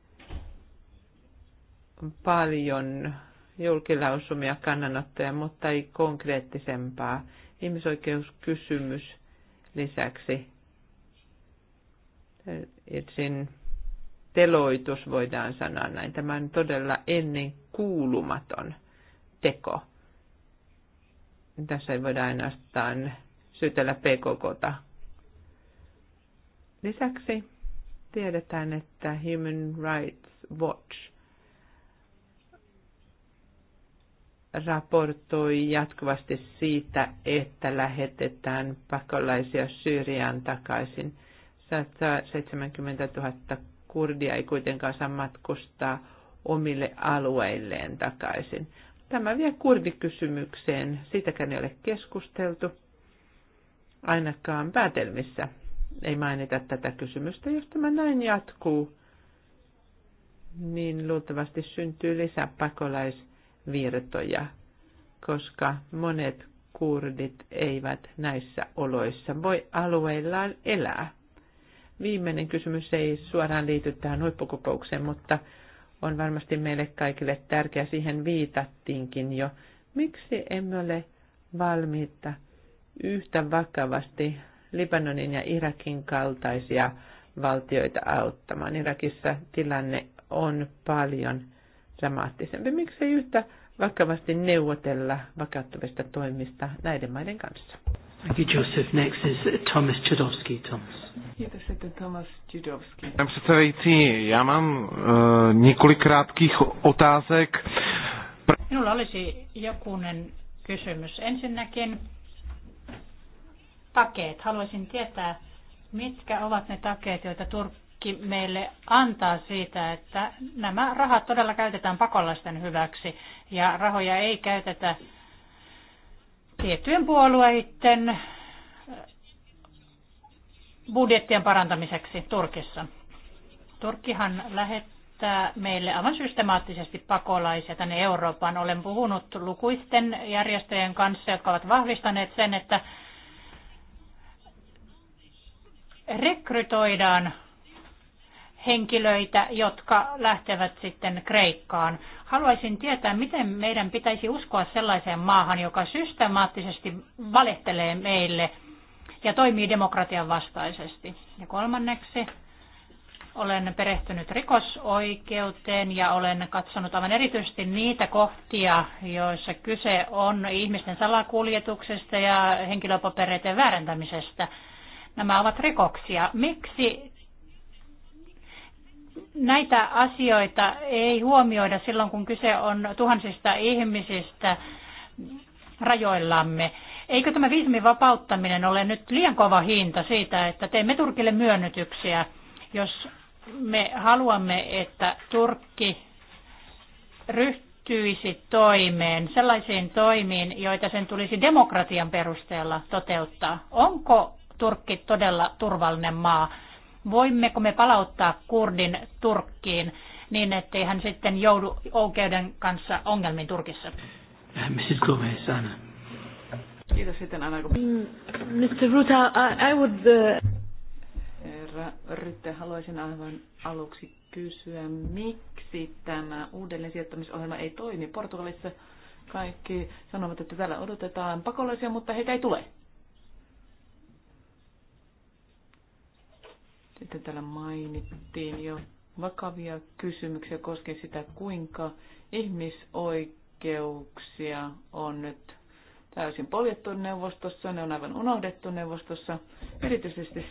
paljon julkilausumia kannanottoja, mutta ei konkreettisempaa. Ihmisoikeuskysymys lisäksi. Itsin teloitus voidaan sanoa näin. Tämä on todella ennen kuulumaton teko. Tässä ei voida ainoastaan syytellä PKKta. Lisäksi tiedetään, että Human Rights Watch raportoi jatkuvasti siitä, että lähetetään pakolaisia Syyriaan takaisin. 170 000 kurdia ei kuitenkaan saa matkustaa omille alueilleen takaisin. Tämä vie kurdikysymykseen, siitäkään ei ole keskusteltu ainakaan päätelmissä ei mainita tätä kysymystä. Jos tämä näin jatkuu, niin luultavasti syntyy lisää pakolaisvirtoja, koska monet kurdit eivät näissä oloissa voi alueillaan elää. Viimeinen kysymys ei suoraan liity tähän huippukokoukseen, mutta on varmasti meille kaikille tärkeä, siihen viitattiinkin jo. Miksi emme ole valmiita yhtä vakavasti Libanonin ja Irakin kaltaisia valtioita auttamaan. Irakissa tilanne on paljon dramaattisempi. Miksei yhtä vakavasti neuvotella vakauttavista toimista näiden maiden kanssa? Thank you, Joseph. Next is Thomas Chudovsky. Thomas. Kiitos, että Thomas Chudovsky. Pane předsedající, já mám uh, několik krátkých otázek. Minulla olisi jokunen kysymys. Ensinnäkin takeet. Haluaisin tietää, mitkä ovat ne takeet, joita Turkki meille antaa siitä, että nämä rahat todella käytetään pakolaisten hyväksi ja rahoja ei käytetä tiettyjen puolueiden äh, budjettien parantamiseksi Turkissa. Turkkihan lähettää meille aivan systemaattisesti pakolaisia tänne Eurooppaan. Olen puhunut lukuisten järjestöjen kanssa, jotka ovat vahvistaneet sen, että rekrytoidaan henkilöitä, jotka lähtevät sitten Kreikkaan. Haluaisin tietää, miten meidän pitäisi uskoa sellaiseen maahan, joka systemaattisesti valehtelee meille ja toimii demokratian vastaisesti. Ja kolmanneksi, olen perehtynyt rikosoikeuteen ja olen katsonut aivan erityisesti niitä kohtia, joissa kyse on ihmisten salakuljetuksesta ja henkilöpapereiden väärentämisestä – Nämä ovat rikoksia. Miksi näitä asioita ei huomioida silloin, kun kyse on tuhansista ihmisistä rajoillamme? Eikö tämä viisumin vapauttaminen ole nyt liian kova hinta siitä, että teemme Turkille myönnytyksiä, jos me haluamme, että Turkki ryhtyisi toimeen, sellaisiin toimiin, joita sen tulisi demokratian perusteella toteuttaa. Onko Turkki todella turvallinen maa? Voimmeko me palauttaa kurdin Turkkiin niin, ettei hän sitten joudu oikeuden kanssa ongelmiin Turkissa? Mrs. Gomez, Kiitos sitten Anna Mr. Mm, Ruta, I would... Uh, Herra Rytte, haluaisin aivan aluksi kysyä, miksi tämä uudelleen sijoittamisohjelma ei toimi Portugalissa? Kaikki sanovat, että täällä odotetaan pakolaisia, mutta heitä ei tule. Sitten täällä mainittiin jo vakavia kysymyksiä koskien sitä, kuinka ihmisoikeuksia on nyt täysin poljettu neuvostossa, ne on aivan unohdettu neuvostossa, erityisesti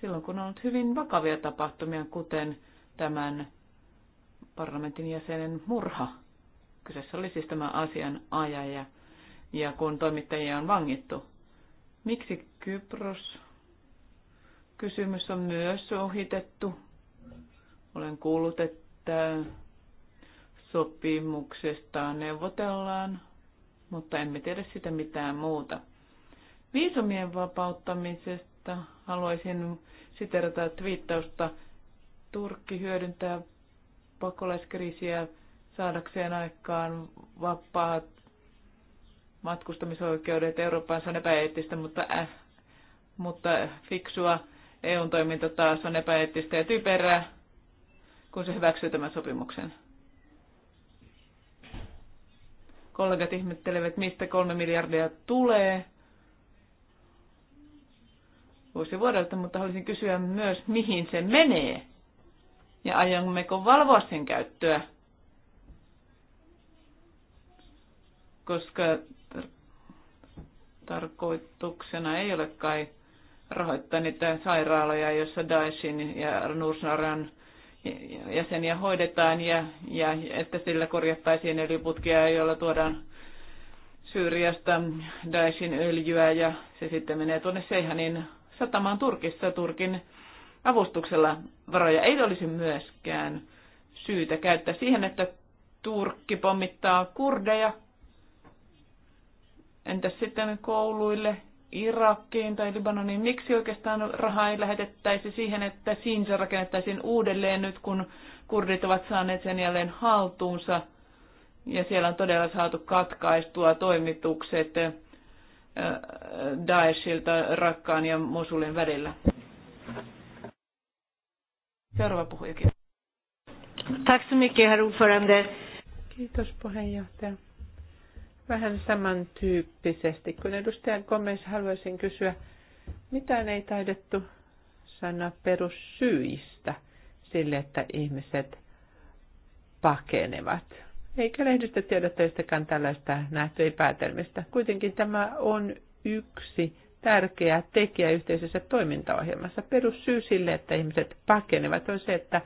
silloin kun on ollut hyvin vakavia tapahtumia, kuten tämän parlamentin jäsenen murha. Kyseessä oli siis tämä asian ajaja ja kun toimittajia on vangittu. Miksi Kypros kysymys on myös ohitettu. Olen kuullut, että sopimuksesta neuvotellaan, mutta emme tiedä sitä mitään muuta. Viisumien vapauttamisesta haluaisin siterata twiittausta. Turkki hyödyntää pakolaiskriisiä saadakseen aikaan vapaat matkustamisoikeudet Euroopan Se on epäeettistä, mutta, äh, mutta fiksua EUn toiminta taas on epäeettistä ja typerää, kun se hyväksyy tämän sopimuksen. Kollegat ihmettelevät, mistä kolme miljardia tulee vuosi vuodelta, mutta haluaisin kysyä myös, mihin se menee. Ja aiommeko valvoa sen käyttöä? Koska tarkoituksena ei ole kai rahoittaa niitä sairaaloja, joissa Daeshin ja Nursnaran jäseniä hoidetaan ja, ja että sillä korjattaisiin öljyputkia, joilla tuodaan Syyriasta Daeshin öljyä ja se sitten menee tuonne Seihanin satamaan Turkissa Turkin avustuksella varoja. Ei olisi myöskään syytä käyttää siihen, että Turkki pommittaa kurdeja. Entäs sitten kouluille Irakkiin tai Libanoniin, miksi oikeastaan rahaa ei lähetettäisi siihen, että Sinja rakennettaisiin uudelleen nyt, kun kurdit ovat saaneet sen jälleen haltuunsa ja siellä on todella saatu katkaistua toimitukset äh, Daeshilta Rakkaan ja Mosulin välillä. Seuraava puhujakin. Tack så mycket, herr ordförande. Kiitos puheenjohtaja vähän samantyyppisesti kuin edustaja Gomez. Haluaisin kysyä, mitä ei taidettu sanoa perussyistä sille, että ihmiset pakenevat. Eikä lehdistötiedotteistakaan tällaista nähtyä päätelmistä. Kuitenkin tämä on yksi tärkeä tekijä yhteisessä toimintaohjelmassa. Perussyy sille, että ihmiset pakenevat, on se, että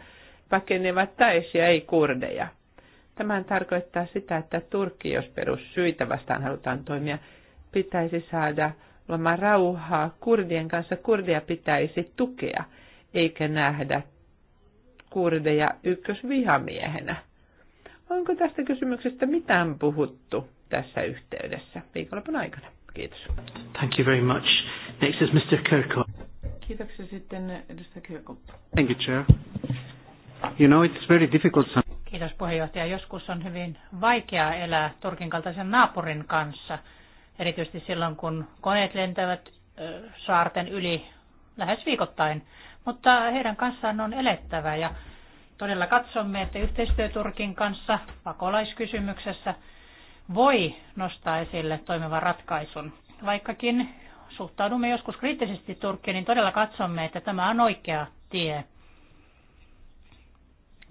pakenevat täisiä, ei kurdeja. Tämä tarkoittaa sitä, että Turkki, jos perussyitä vastaan halutaan toimia, pitäisi saada luomaan rauhaa kurdien kanssa. Kurdia pitäisi tukea, eikä nähdä kurdeja ykkösvihamiehenä. Onko tästä kysymyksestä mitään puhuttu tässä yhteydessä viikonlopun aikana? Kiitos. Thank you very much. Next is Mr. Kirkhope. Kiitoksia sitten edustaja Kirkhope. Thank you, Chair. You know, it's very difficult Kiitos puheenjohtaja. Joskus on hyvin vaikeaa elää Turkin kaltaisen naapurin kanssa, erityisesti silloin kun koneet lentävät saarten yli lähes viikoittain. Mutta heidän kanssaan on elettävä ja todella katsomme, että yhteistyö Turkin kanssa pakolaiskysymyksessä voi nostaa esille toimivan ratkaisun. Vaikkakin suhtaudumme joskus kriittisesti Turkkiin, niin todella katsomme, että tämä on oikea tie.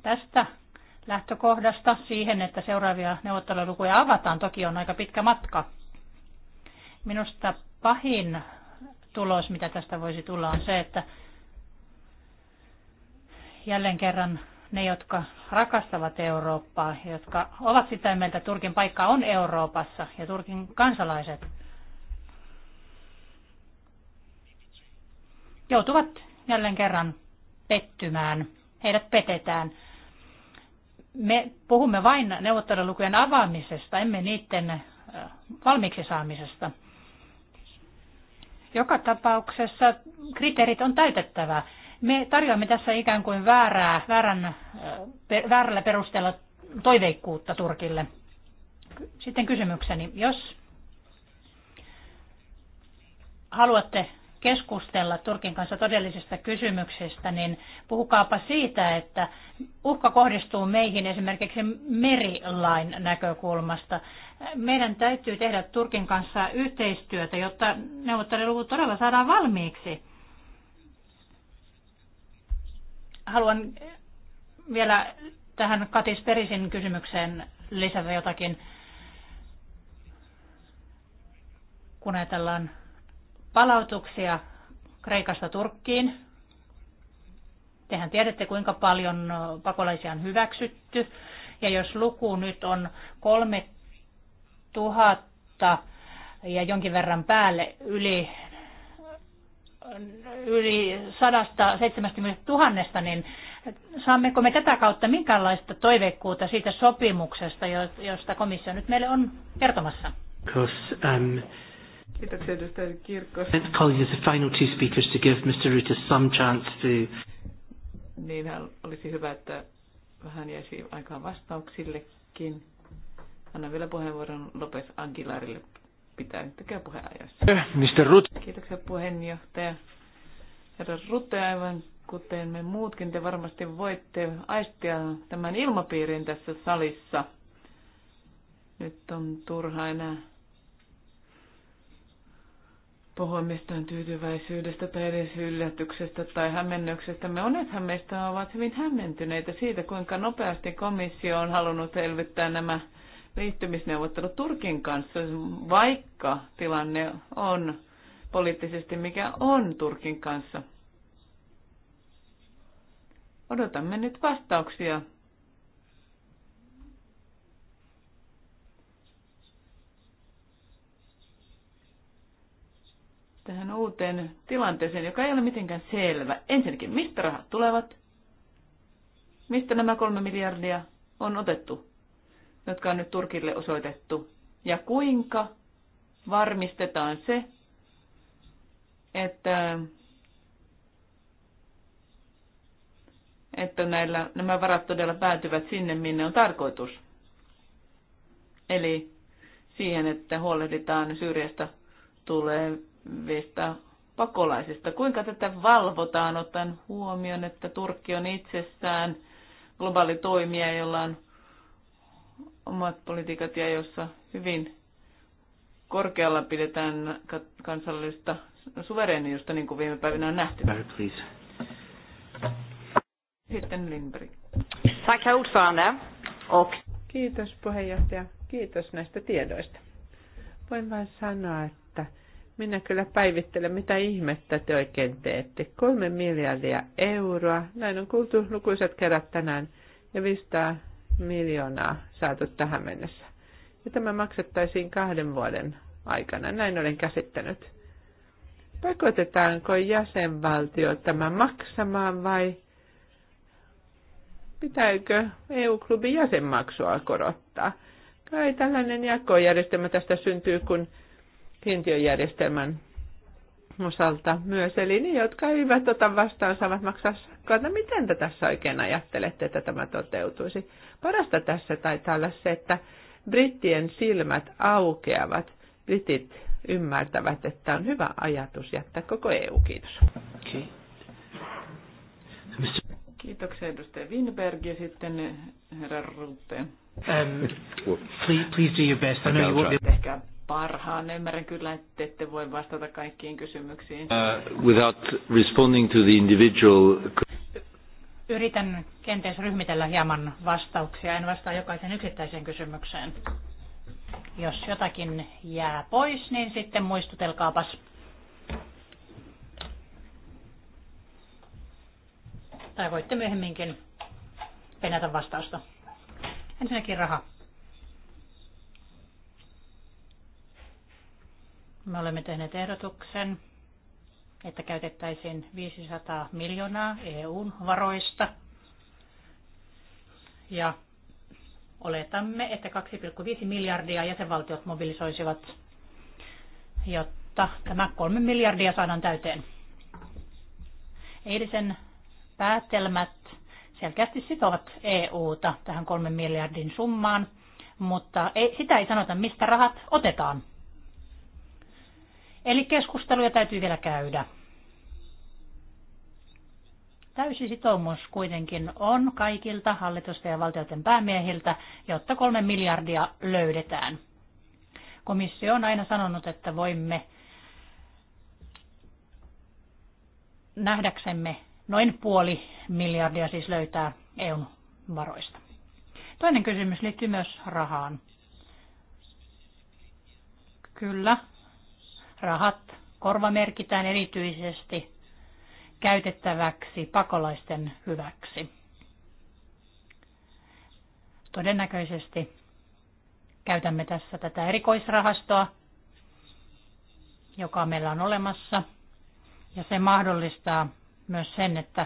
Tästä lähtökohdasta siihen, että seuraavia neuvottelulukuja avataan. Toki on aika pitkä matka. Minusta pahin tulos, mitä tästä voisi tulla, on se, että jälleen kerran ne, jotka rakastavat Eurooppaa, jotka ovat sitä mieltä, että Turkin paikka on Euroopassa ja Turkin kansalaiset, joutuvat jälleen kerran pettymään. Heidät petetään – me puhumme vain neuvottelulukujen avaamisesta, emme niiden äh, valmiiksi saamisesta. Joka tapauksessa kriteerit on täytettävä. Me tarjoamme tässä ikään kuin väärää, väärän, äh, väärällä perusteella toiveikkuutta Turkille. Sitten kysymykseni, jos haluatte keskustella Turkin kanssa todellisista kysymyksistä, niin puhukaapa siitä, että uhka kohdistuu meihin esimerkiksi merilain näkökulmasta. Meidän täytyy tehdä Turkin kanssa yhteistyötä, jotta neuvotteluluvut todella saadaan valmiiksi. Haluan vielä tähän Katis Perisin kysymykseen lisätä jotakin, kun ajatellaan palautuksia Kreikasta Turkkiin. Tehän tiedätte, kuinka paljon pakolaisia on hyväksytty. Ja jos luku nyt on kolme tuhatta ja jonkin verran päälle yli, yli 170 000, niin saammeko me tätä kautta minkälaista toiveikkuutta siitä sopimuksesta, josta komissio nyt meille on kertomassa? Because, um, Kiitoksia edustaja Kirkkos. Colleagues, the final two speakers to give Mr. Ruta some chance to... Niin, olisi hyvä, että vähän jäisi aikaan vastauksillekin. Annan vielä puheenvuoron Lopes Aguilarille Pitää nyt tekee puheenajassa. Eh, Mr. Rut. Kiitoksia puheenjohtaja. Herra Rutte, aivan kuten me muutkin, te varmasti voitte aistia tämän ilmapiirin tässä salissa. Nyt on turha enää puhua mistään tyytyväisyydestä tai edes yllätyksestä tai hämmennyksestä. Me monethan meistä ovat hyvin hämmentyneitä siitä, kuinka nopeasti komissio on halunnut elvyttää nämä liittymisneuvottelut Turkin kanssa, vaikka tilanne on poliittisesti mikä on Turkin kanssa. Odotamme nyt vastauksia tähän uuteen tilanteeseen, joka ei ole mitenkään selvä. Ensinnäkin, mistä rahat tulevat? Mistä nämä kolme miljardia on otettu, jotka on nyt Turkille osoitettu? Ja kuinka varmistetaan se, että, että näillä, nämä varat todella päätyvät sinne, minne on tarkoitus? Eli siihen, että huolehditaan Syyriasta tulee tulevista pakolaisista. Kuinka tätä valvotaan otan huomioon, että Turkki on itsessään globaali toimija, jolla on omat politiikat ja jossa hyvin korkealla pidetään kansallista suvereniusta, niin kuin viime päivinä on nähty. Sitten Lindberg. Tack ordförande. Och... Kiitos puheenjohtaja. Kiitos näistä tiedoista. Voin vain sanoa, että minä kyllä päivittelen, mitä ihmettä te oikein teette. Kolme miljardia euroa, näin on kuultu lukuisat kerrat tänään, ja 500 miljoonaa saatu tähän mennessä. Ja tämä maksettaisiin kahden vuoden aikana, näin olen käsittänyt. Pakotetaanko jäsenvaltio tämä maksamaan vai pitääkö EU-klubin jäsenmaksua korottaa? Kai tällainen jakojärjestelmä tästä syntyy, kun kiintiöjärjestelmän osalta myös. Eli ne, jotka eivät ota vastaan, saavat maksaa sakkoa. No miten te tässä oikein ajattelette, että tämä toteutuisi? Parasta tässä taitaa olla se, että brittien silmät aukeavat. Britit ymmärtävät, että on hyvä ajatus jättää koko EU. Kiitos. Okay. Kiitoksia edustaja Winberg ja sitten eh, herra Rutte. Um, please, please do your best. I know you want be parhaan. Ymmärrän kyllä, että ette voi vastata kaikkiin kysymyksiin. Uh, without responding to the individual... Yritän kenties ryhmitellä hieman vastauksia. En vastaa jokaisen yksittäiseen kysymykseen. Jos jotakin jää pois, niin sitten muistutelkaapas. Tai voitte myöhemminkin penätä vastausta. Ensinnäkin raha. Me olemme tehneet ehdotuksen, että käytettäisiin 500 miljoonaa EUn varoista. Ja oletamme, että 2,5 miljardia jäsenvaltiot mobilisoisivat, jotta tämä 3 miljardia saadaan täyteen. Eilisen päätelmät selkeästi sitovat EUta tähän 3 miljardin summaan, mutta ei, sitä ei sanota, mistä rahat otetaan – Eli keskusteluja täytyy vielä käydä. Täysi sitoumus kuitenkin on kaikilta hallitusten ja valtioiden päämiehiltä, jotta kolme miljardia löydetään. Komissio on aina sanonut, että voimme nähdäksemme noin puoli miljardia siis löytää EUn varoista. Toinen kysymys liittyy myös rahaan. Kyllä, rahat korvamerkitään erityisesti käytettäväksi pakolaisten hyväksi. Todennäköisesti käytämme tässä tätä erikoisrahastoa, joka meillä on olemassa, ja se mahdollistaa myös sen, että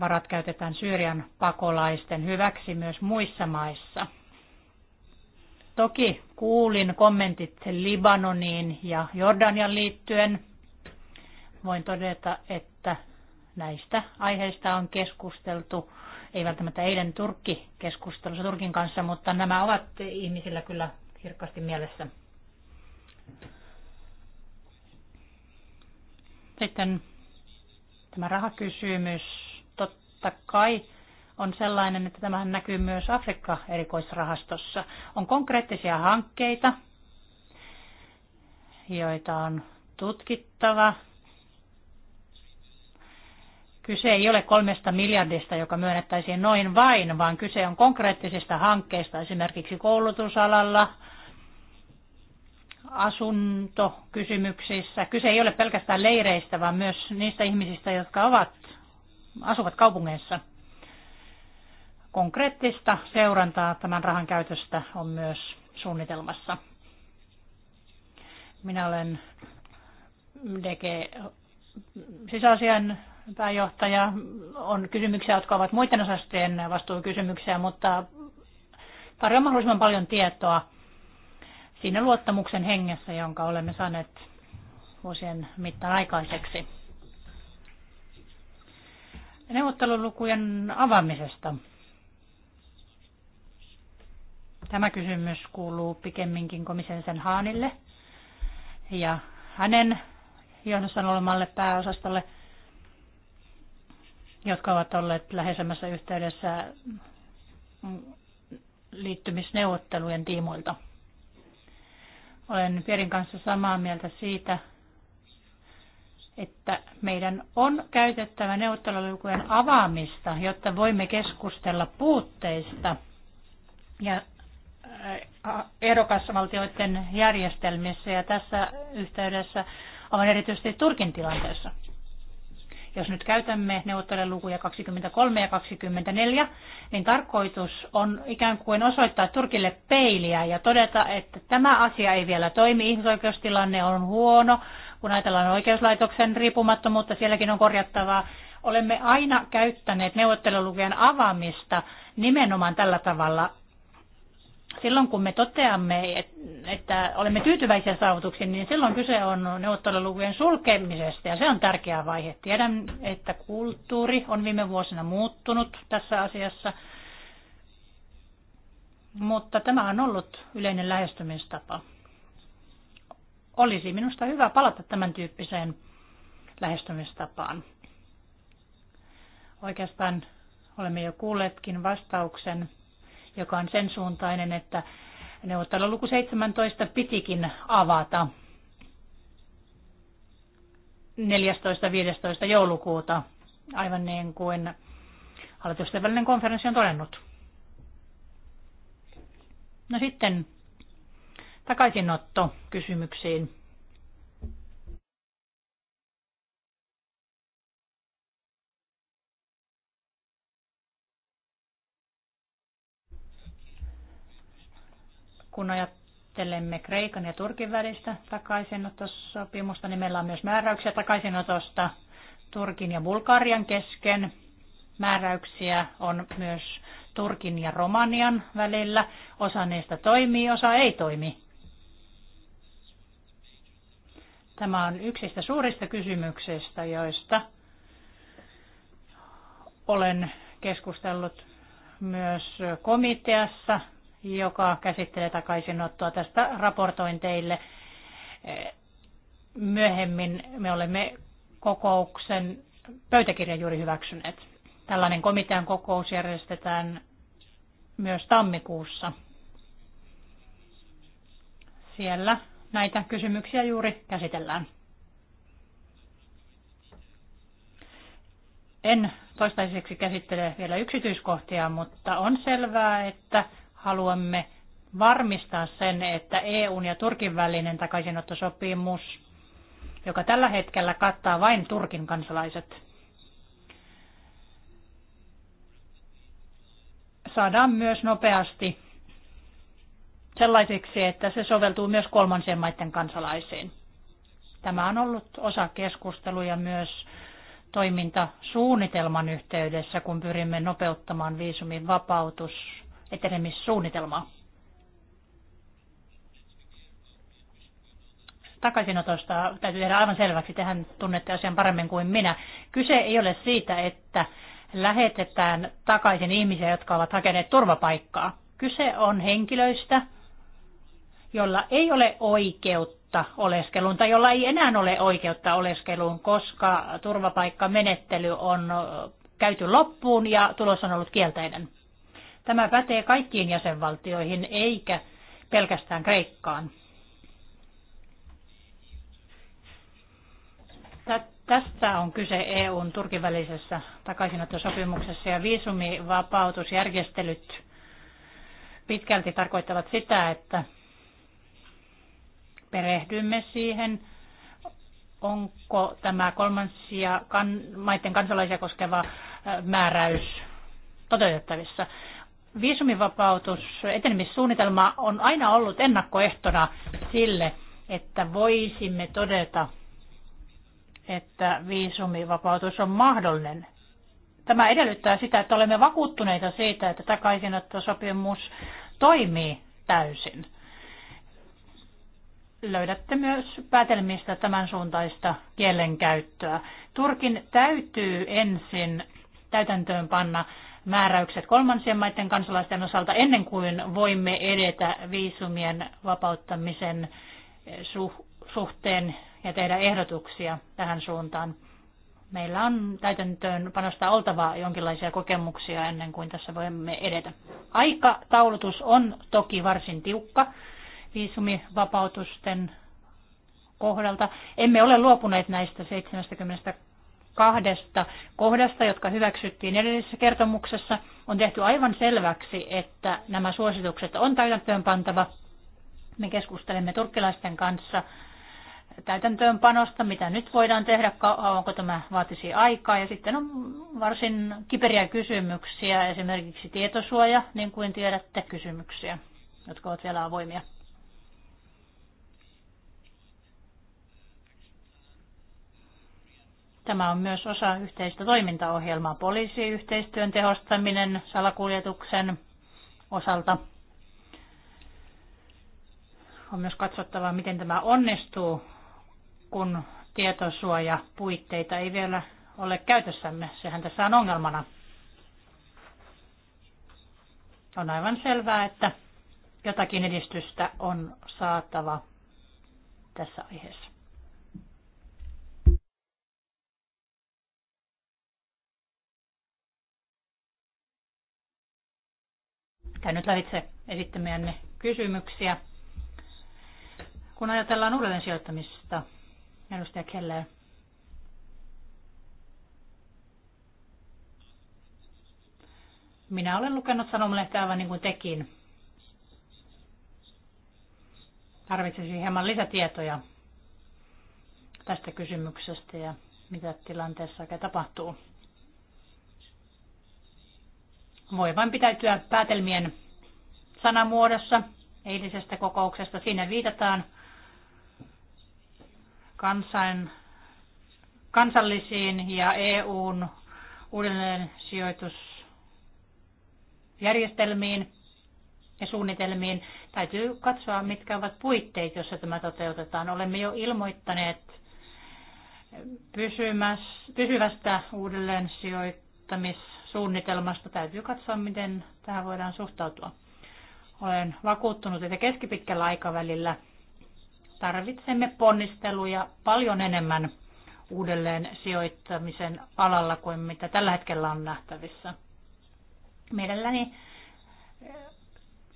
varat käytetään Syyrian pakolaisten hyväksi myös muissa maissa – Toki kuulin kommentit Libanoniin ja Jordanian liittyen. Voin todeta, että näistä aiheista on keskusteltu, ei välttämättä eilen Turkki-keskustelussa Turkin kanssa, mutta nämä ovat ihmisillä kyllä kirkkaasti mielessä. Sitten tämä rahakysymys. Totta kai on sellainen, että tämähän näkyy myös Afrikka-erikoisrahastossa. On konkreettisia hankkeita, joita on tutkittava. Kyse ei ole kolmesta miljardista, joka myönnettäisiin noin vain, vaan kyse on konkreettisista hankkeista esimerkiksi koulutusalalla, asuntokysymyksissä. Kyse ei ole pelkästään leireistä, vaan myös niistä ihmisistä, jotka ovat, asuvat kaupungeissa konkreettista seurantaa tämän rahan käytöstä on myös suunnitelmassa. Minä olen DG sisäasian pääjohtaja. On kysymyksiä, jotka ovat muiden osastojen vastuukysymyksiä, mutta tarjoan mahdollisimman paljon tietoa siinä luottamuksen hengessä, jonka olemme saaneet vuosien mittaan aikaiseksi. Neuvottelulukujen avaamisesta Tämä kysymys kuuluu pikemminkin komisen sen Haanille ja hänen johdossaan olemalle pääosastolle, jotka ovat olleet läheisemmässä yhteydessä liittymisneuvottelujen tiimoilta. Olen Pierin kanssa samaa mieltä siitä, että meidän on käytettävä neuvottelulukujen avaamista, jotta voimme keskustella puutteista ja ehdokasvaltioiden järjestelmissä ja tässä yhteydessä aivan erityisesti Turkin tilanteessa. Jos nyt käytämme neuvottelujen lukuja 23 ja 24, niin tarkoitus on ikään kuin osoittaa Turkille peiliä ja todeta, että tämä asia ei vielä toimi, ihmisoikeustilanne on huono, kun ajatellaan oikeuslaitoksen riippumattomuutta, sielläkin on korjattavaa. Olemme aina käyttäneet neuvottelulukujen avaamista nimenomaan tällä tavalla silloin kun me toteamme, että olemme tyytyväisiä saavutuksiin, niin silloin kyse on neuvottelulukujen sulkemisesta ja se on tärkeä vaihe. Tiedän, että kulttuuri on viime vuosina muuttunut tässä asiassa, mutta tämä on ollut yleinen lähestymistapa. Olisi minusta hyvä palata tämän tyyppiseen lähestymistapaan. Oikeastaan olemme jo kuulleetkin vastauksen joka on sen suuntainen, että neuvotteluluku 17 pitikin avata 14.15. joulukuuta, aivan niin kuin hallitusten välinen konferenssi on todennut. No sitten takaisinotto kysymyksiin. Kun ajattelemme Kreikan ja Turkin välistä takaisinottosopimusta, niin meillä on myös määräyksiä takaisinotosta Turkin ja Bulgarian kesken. Määräyksiä on myös Turkin ja Romanian välillä. Osa niistä toimii, osa ei toimi. Tämä on yksistä suurista kysymyksistä, joista olen keskustellut myös komiteassa joka käsittelee takaisinottoa tästä raportointeille. Myöhemmin me olemme kokouksen pöytäkirjan juuri hyväksyneet. Tällainen komitean kokous järjestetään myös tammikuussa. Siellä näitä kysymyksiä juuri käsitellään. En toistaiseksi käsittele vielä yksityiskohtia, mutta on selvää, että haluamme varmistaa sen, että EUn ja Turkin välinen takaisinottosopimus, joka tällä hetkellä kattaa vain Turkin kansalaiset, saadaan myös nopeasti sellaisiksi, että se soveltuu myös kolmansien maiden kansalaisiin. Tämä on ollut osa keskusteluja myös toimintasuunnitelman yhteydessä, kun pyrimme nopeuttamaan viisumin vapautus etenemissuunnitelmaa. Takaisinotosta täytyy tehdä aivan selväksi, tehän tunnette asian paremmin kuin minä. Kyse ei ole siitä, että lähetetään takaisin ihmisiä, jotka ovat hakeneet turvapaikkaa. Kyse on henkilöistä, jolla ei ole oikeutta oleskeluun tai jolla ei enää ole oikeutta oleskeluun, koska turvapaikkamenettely on käyty loppuun ja tulos on ollut kielteinen. Tämä pätee kaikkiin jäsenvaltioihin eikä pelkästään Kreikkaan. Tästä on kyse EUn Turkin välisessä takaisinottosopimuksessa ja viisumivapautusjärjestelyt pitkälti tarkoittavat sitä, että perehdymme siihen, onko tämä kolmansia kan, maiden kansalaisia koskeva määräys toteutettavissa. Viisumivapautus, etenemissuunnitelma on aina ollut ennakkoehtona sille, että voisimme todeta, että viisumivapautus on mahdollinen. Tämä edellyttää sitä, että olemme vakuuttuneita siitä, että takaisinottosopimus toimii täysin. Löydätte myös päätelmistä tämän suuntaista kielenkäyttöä. Turkin täytyy ensin täytäntöön panna määräykset kolmansien maiden kansalaisten osalta ennen kuin voimme edetä viisumien vapauttamisen eh, suhteen ja tehdä ehdotuksia tähän suuntaan. Meillä on täytäntöön panosta oltava jonkinlaisia kokemuksia ennen kuin tässä voimme edetä. Aikataulutus on toki varsin tiukka viisumivapautusten kohdalta. Emme ole luopuneet näistä 72 kahdesta kohdasta, jotka hyväksyttiin edellisessä kertomuksessa, on tehty aivan selväksi, että nämä suositukset on täytäntöönpantava. Me keskustelemme turkkilaisten kanssa täytäntöönpanosta, mitä nyt voidaan tehdä, onko tämä vaatisi aikaa. Ja sitten on varsin kiperiä kysymyksiä, esimerkiksi tietosuoja, niin kuin tiedätte, kysymyksiä, jotka ovat vielä avoimia. Tämä on myös osa yhteistä toimintaohjelmaa, poliisiyhteistyön tehostaminen salakuljetuksen osalta. On myös katsottava, miten tämä onnistuu, kun tietosuojapuitteita ei vielä ole käytössämme. Sehän tässä on ongelmana. On aivan selvää, että jotakin edistystä on saatava tässä aiheessa. käynyt lävitse esittämiänne kysymyksiä. Kun ajatellaan uudelleen sijoittamista, edustaja Keller, Minä olen lukenut sanomalehtä aivan niin kuin tekin. Tarvitsisi hieman lisätietoja tästä kysymyksestä ja mitä tilanteessa oikein tapahtuu. Voi vain pitäytyä päätelmien sanamuodossa eilisestä kokouksesta. Siinä viitataan kansain, kansallisiin ja EUn uudelleen sijoitusjärjestelmiin ja suunnitelmiin. Täytyy katsoa, mitkä ovat puitteet, joissa tämä toteutetaan. Olemme jo ilmoittaneet pysymäs, pysyvästä uudelleen sijoittamis suunnitelmasta. Täytyy katsoa, miten tähän voidaan suhtautua. Olen vakuuttunut, että keskipitkällä aikavälillä tarvitsemme ponnisteluja paljon enemmän uudelleen sijoittamisen alalla kuin mitä tällä hetkellä on nähtävissä. Mielelläni eh,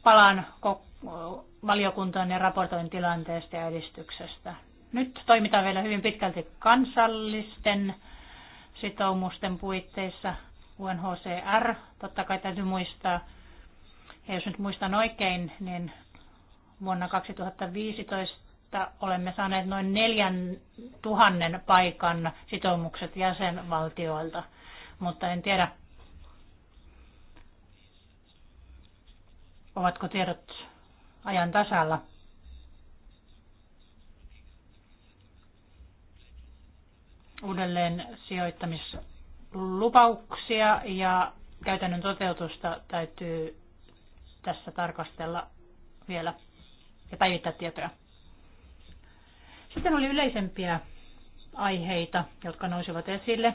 palaan valiokuntaan ja raportoin tilanteesta ja edistyksestä. Nyt toimitaan vielä hyvin pitkälti kansallisten sitoumusten puitteissa. UNHCR, totta kai täytyy muistaa. Ja jos nyt muistan oikein, niin vuonna 2015 olemme saaneet noin neljän tuhannen paikan sitoumukset jäsenvaltioilta, mutta en tiedä, ovatko tiedot ajan tasalla. Uudelleen sijoittamissa lupauksia ja käytännön toteutusta täytyy tässä tarkastella vielä ja päivittää tietoja. Sitten oli yleisempiä aiheita, jotka nousivat esille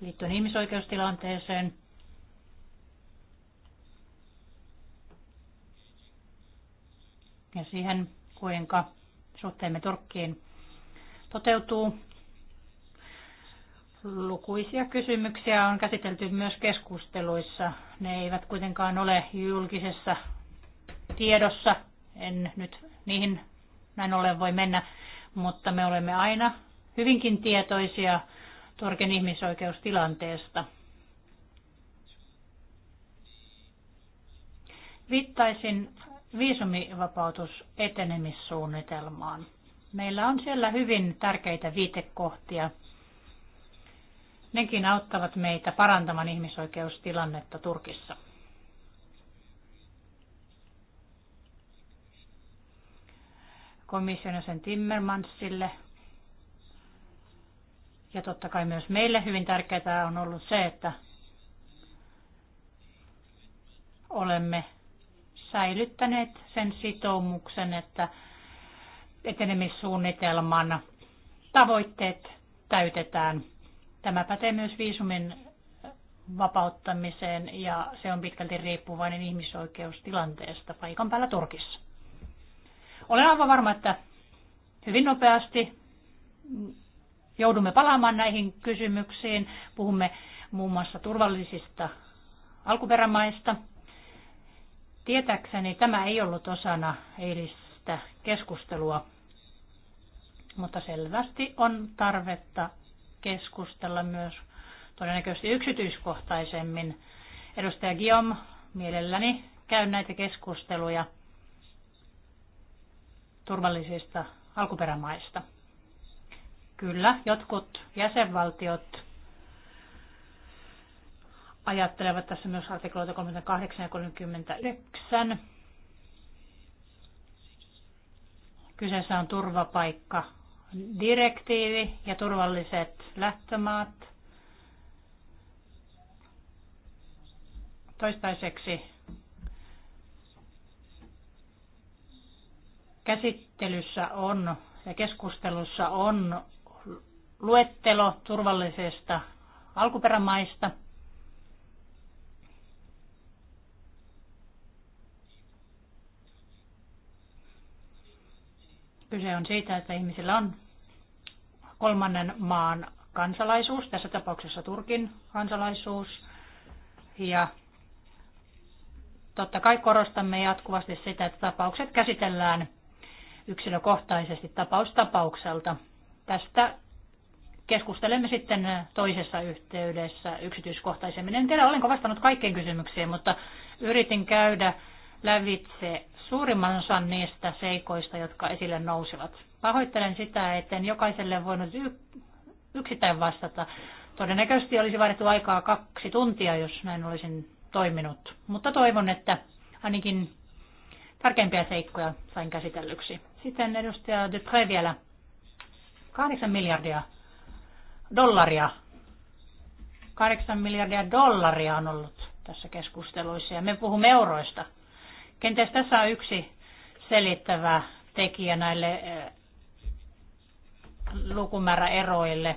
liittyen ihmisoikeustilanteeseen. Ja siihen, kuinka suhteemme Turkkiin toteutuu Lukuisia kysymyksiä on käsitelty myös keskusteluissa. Ne eivät kuitenkaan ole julkisessa tiedossa. En nyt niihin näin ollen voi mennä, mutta me olemme aina hyvinkin tietoisia Torken ihmisoikeustilanteesta. Viittaisin viisumivapautus etenemissuunnitelmaan. Meillä on siellä hyvin tärkeitä viitekohtia Nekin auttavat meitä parantamaan ihmisoikeustilannetta Turkissa. Komission sen Timmermansille ja totta kai myös meille hyvin tärkeää on ollut se, että olemme säilyttäneet sen sitoumuksen, että etenemissuunnitelman tavoitteet täytetään – Tämä pätee myös viisumin vapauttamiseen ja se on pitkälti riippuvainen ihmisoikeustilanteesta paikan päällä Turkissa. Olen aivan varma, että hyvin nopeasti joudumme palaamaan näihin kysymyksiin. Puhumme muun muassa turvallisista alkuperämaista. Tietääkseni tämä ei ollut osana eilistä keskustelua, mutta selvästi on tarvetta keskustella myös todennäköisesti yksityiskohtaisemmin. Edustaja Giom, mielelläni käy näitä keskusteluja turvallisista alkuperämaista. Kyllä, jotkut jäsenvaltiot ajattelevat tässä myös artikloita 38 ja 39. Kyseessä on turvapaikka direktiivi ja turvalliset lähtömaat. Toistaiseksi käsittelyssä on ja keskustelussa on luettelo turvallisista alkuperämaista – Kyse on siitä, että ihmisillä on kolmannen maan kansalaisuus, tässä tapauksessa Turkin kansalaisuus. Ja totta kai korostamme jatkuvasti sitä, että tapaukset käsitellään yksilökohtaisesti tapaustapaukselta. tapaukselta. Tästä keskustelemme sitten toisessa yhteydessä yksityiskohtaisemmin. En tiedä, olenko vastannut kaikkien kysymyksiin, mutta yritin käydä lävitse suurimman osan niistä seikoista, jotka esille nousivat. Pahoittelen sitä, etten jokaiselle voinut yksittäin vastata. Todennäköisesti olisi vaadittu aikaa kaksi tuntia, jos näin olisin toiminut. Mutta toivon, että ainakin tärkeimpiä seikkoja sain käsitellyksi. Sitten edustaja Dupré vielä. 8 miljardia dollaria. 8 miljardia dollaria on ollut tässä keskusteluissa ja me puhumme euroista – Kenties tässä on yksi selittävä tekijä näille eh, lukumääräeroille,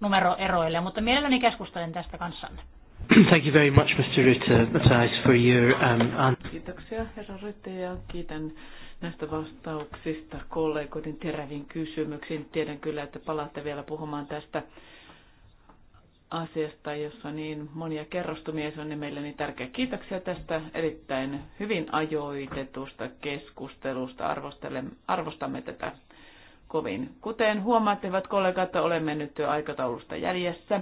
numeroeroille, mutta mielelläni keskustelen tästä kanssanne. Thank you very much, Mr. Rutte, for your... Um, answer. Kiitoksia, herra Ritter, ja kiitän näistä vastauksista kollegoiden teräviin kysymyksiin. Tiedän kyllä, että palaatte vielä puhumaan tästä asiasta, jossa niin monia kerrostumia, on niin meille niin tärkeä. Kiitoksia tästä erittäin hyvin ajoitetusta keskustelusta. Arvostamme tätä kovin. Kuten huomaatte, hyvät kollegat, olemme nyt jo aikataulusta jäljessä.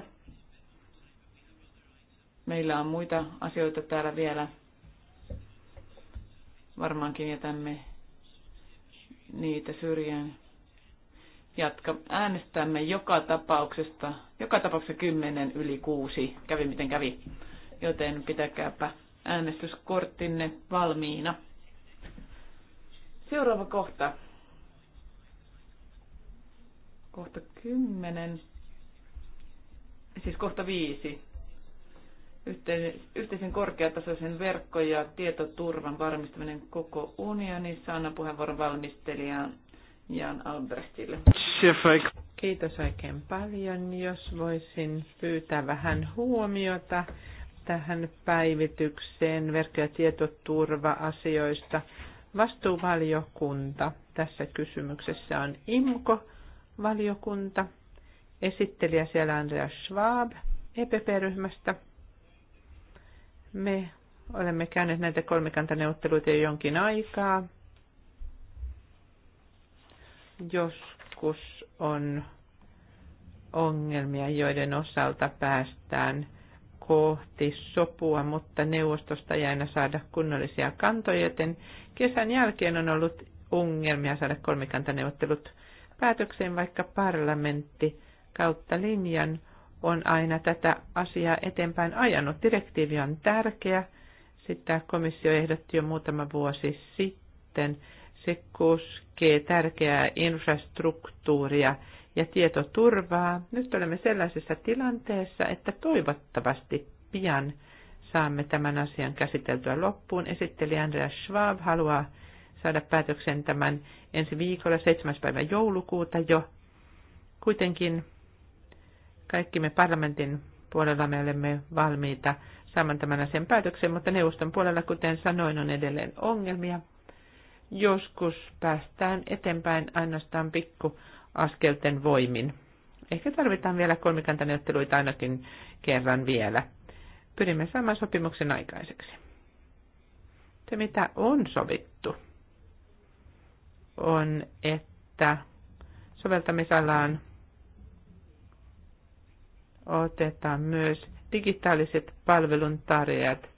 Meillä on muita asioita täällä vielä. Varmaankin jätämme niitä syrjään jatka. Äänestämme joka tapauksesta, joka tapauksessa 10 yli 6, kävi miten kävi. Joten pitäkääpä äänestyskorttinne valmiina. Seuraava kohta. Kohta 10. Siis kohta 5. Yhteisen korkeatasoisen verkko- ja tietoturvan varmistaminen koko unionissa. Anna puheenvuoron valmistelijan Jan Albrechtille. Kiitos oikein paljon. Jos voisin pyytää vähän huomiota tähän päivitykseen verkko- ja tietoturva-asioista. Vastuuvaliokunta tässä kysymyksessä on IMKO-valiokunta. Esittelijä siellä Andreas Schwab EPP-ryhmästä. Me olemme käyneet näitä kolmikantaneuvotteluita jo jonkin aikaa joskus on ongelmia, joiden osalta päästään kohti sopua, mutta neuvostosta ei aina saada kunnollisia kantoja, joten kesän jälkeen on ollut ongelmia saada kolmikantaneuvottelut päätökseen, vaikka parlamentti kautta linjan on aina tätä asiaa eteenpäin ajanut. Direktiivi on tärkeä, sitä komissio ehdotti jo muutama vuosi sitten, se koskee tärkeää infrastruktuuria ja tietoturvaa. Nyt olemme sellaisessa tilanteessa, että toivottavasti pian saamme tämän asian käsiteltyä loppuun. Esitteli Andreas Schwab haluaa saada päätöksen tämän ensi viikolla 7. päivä joulukuuta jo. Kuitenkin kaikki me parlamentin puolella me olemme valmiita saamaan tämän asian päätöksen, mutta neuvoston puolella, kuten sanoin, on edelleen ongelmia joskus päästään eteenpäin ainoastaan pikku askelten voimin. Ehkä tarvitaan vielä kolmikantaneotteluita ainakin kerran vielä. Pyrimme saamaan sopimuksen aikaiseksi. Se, mitä on sovittu, on, että soveltamisalaan otetaan myös digitaaliset palveluntarjoajat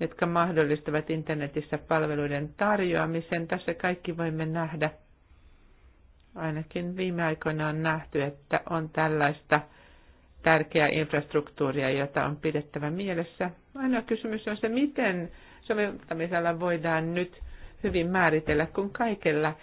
jotka mahdollistavat internetissä palveluiden tarjoamisen. Tässä kaikki voimme nähdä, ainakin viime aikoina on nähty, että on tällaista tärkeää infrastruktuuria, jota on pidettävä mielessä. Ainoa kysymys on se, miten soveltamisella voidaan nyt hyvin määritellä, kun kaikella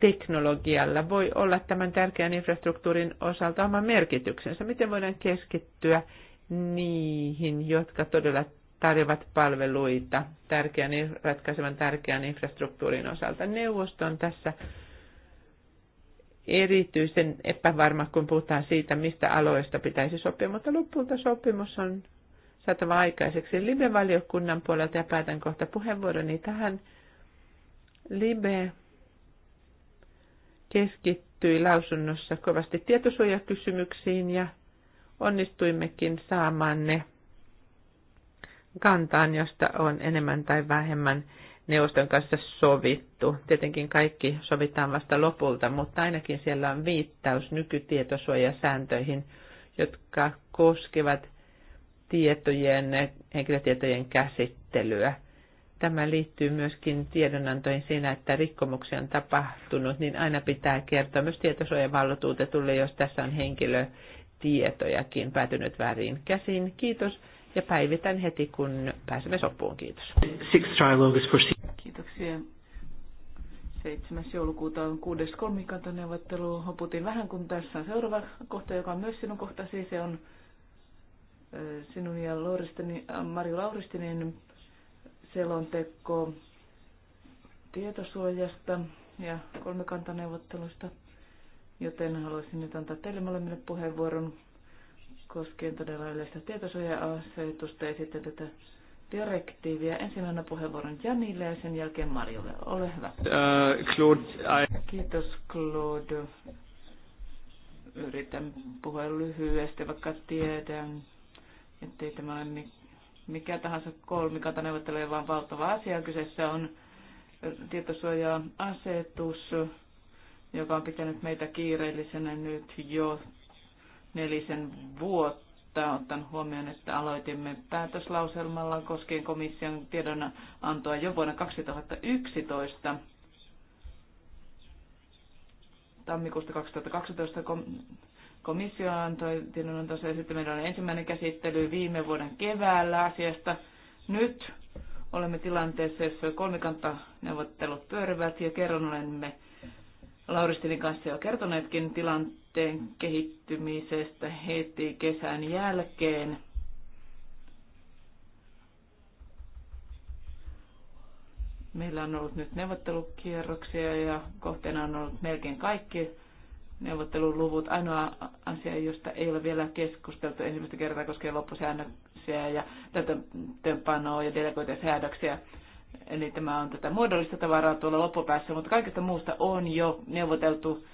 teknologialla voi olla tämän tärkeän infrastruktuurin osalta oma merkityksensä. Miten voidaan keskittyä niihin, jotka todella tarjoavat palveluita tärkeän, ratkaisevan tärkeän infrastruktuurin osalta. Neuvosto on tässä erityisen epävarma, kun puhutaan siitä, mistä aloista pitäisi sopia, mutta lopulta sopimus on saatava aikaiseksi Libe-valiokunnan puolelta ja päätän kohta puheenvuoroni tähän. Libe keskittyi lausunnossa kovasti tietosuojakysymyksiin ja onnistuimmekin saamaan ne kantaan, josta on enemmän tai vähemmän neuvoston kanssa sovittu. Tietenkin kaikki sovitaan vasta lopulta, mutta ainakin siellä on viittaus nykytietosuojasääntöihin, jotka koskevat tietojen, henkilötietojen käsittelyä. Tämä liittyy myöskin tiedonantoihin siinä, että rikkomuksia on tapahtunut, niin aina pitää kertoa myös tietosuojavallotuutetulle, jos tässä on henkilötietojakin päätynyt väärin käsiin. Kiitos ja päivitän heti, kun pääsemme sopuun. Kiitos. Kiitoksia. 7. joulukuuta on kuudes kolmikantaneuvottelu. Hoputin vähän, kun tässä on seuraava kohta, joka on myös sinun kohtasi. Se on sinun ja Lauristini, Mari Lauristinin selonteko tietosuojasta ja kolmikantaneuvottelusta, joten haluaisin nyt antaa teille molemmille puheenvuoron koskien todella yleistä tietosuoja-asetusta ja sitten tätä direktiiviä. Ensimmäinen puheenvuoron Janille ja sen jälkeen Marjolle. Ole hyvä. Uh, Claude, I... Kiitos Claude. Yritän puhua lyhyesti, vaikka tiedän, ettei tämä ole mikä tahansa neuvottelee, vaan valtava asia. Kyseessä on tietosuoja-asetus, joka on pitänyt meitä kiireellisenä nyt jo nelisen vuotta, otan huomioon, että aloitimme päätöslauselmalla koskien komission tiedonantoa jo vuonna 2011. Tammikuusta 2012 komissio antoi tiedonantonsa ja sitten meillä on ensimmäinen käsittely viime vuoden keväällä asiasta. Nyt olemme tilanteessa, jossa kolmikantaneuvottelut pyörivät ja kerron olemme Lauristinin kanssa jo kertoneetkin tilanteen kehittymisestä heti kesän jälkeen. Meillä on ollut nyt neuvottelukierroksia ja kohteena on ollut melkein kaikki neuvotteluluvut. Ainoa asia, josta ei ole vielä keskusteltu ensimmäistä kertaa, koskee loppusäännöksiä ja täytäntöönpanoa ja delegoituja säädöksiä Eli tämä on tätä muodollista tavaraa tuolla loppupäässä, mutta kaikesta muusta on jo neuvoteltu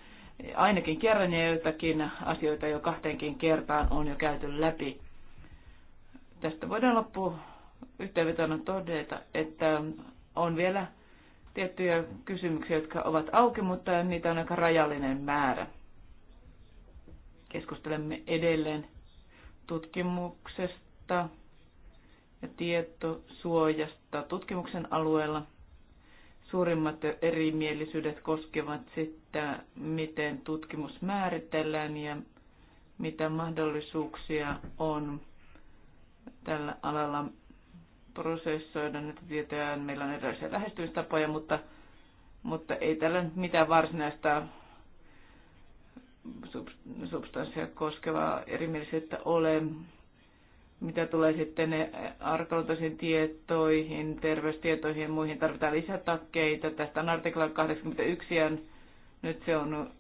ainakin kerran ja joitakin asioita jo kahteenkin kertaan on jo käyty läpi. Tästä voidaan loppu yhteenvetona todeta, että on vielä tiettyjä kysymyksiä, jotka ovat auki, mutta niitä on aika rajallinen määrä. Keskustelemme edelleen tutkimuksesta, ja tietosuojasta tutkimuksen alueella. Suurimmat erimielisyydet koskevat sitä, miten tutkimus määritellään ja mitä mahdollisuuksia on tällä alalla prosessoida näitä tietoja. Meillä on erilaisia lähestymistapoja, mutta, mutta ei tällä nyt mitään varsinaista substanssia koskevaa erimielisyyttä ole. Mitä tulee sitten arkaluutaisiin tietoihin, terveystietoihin ja muihin, tarvitaan lisätakkeita. Tästä on artikla 81 ja nyt se on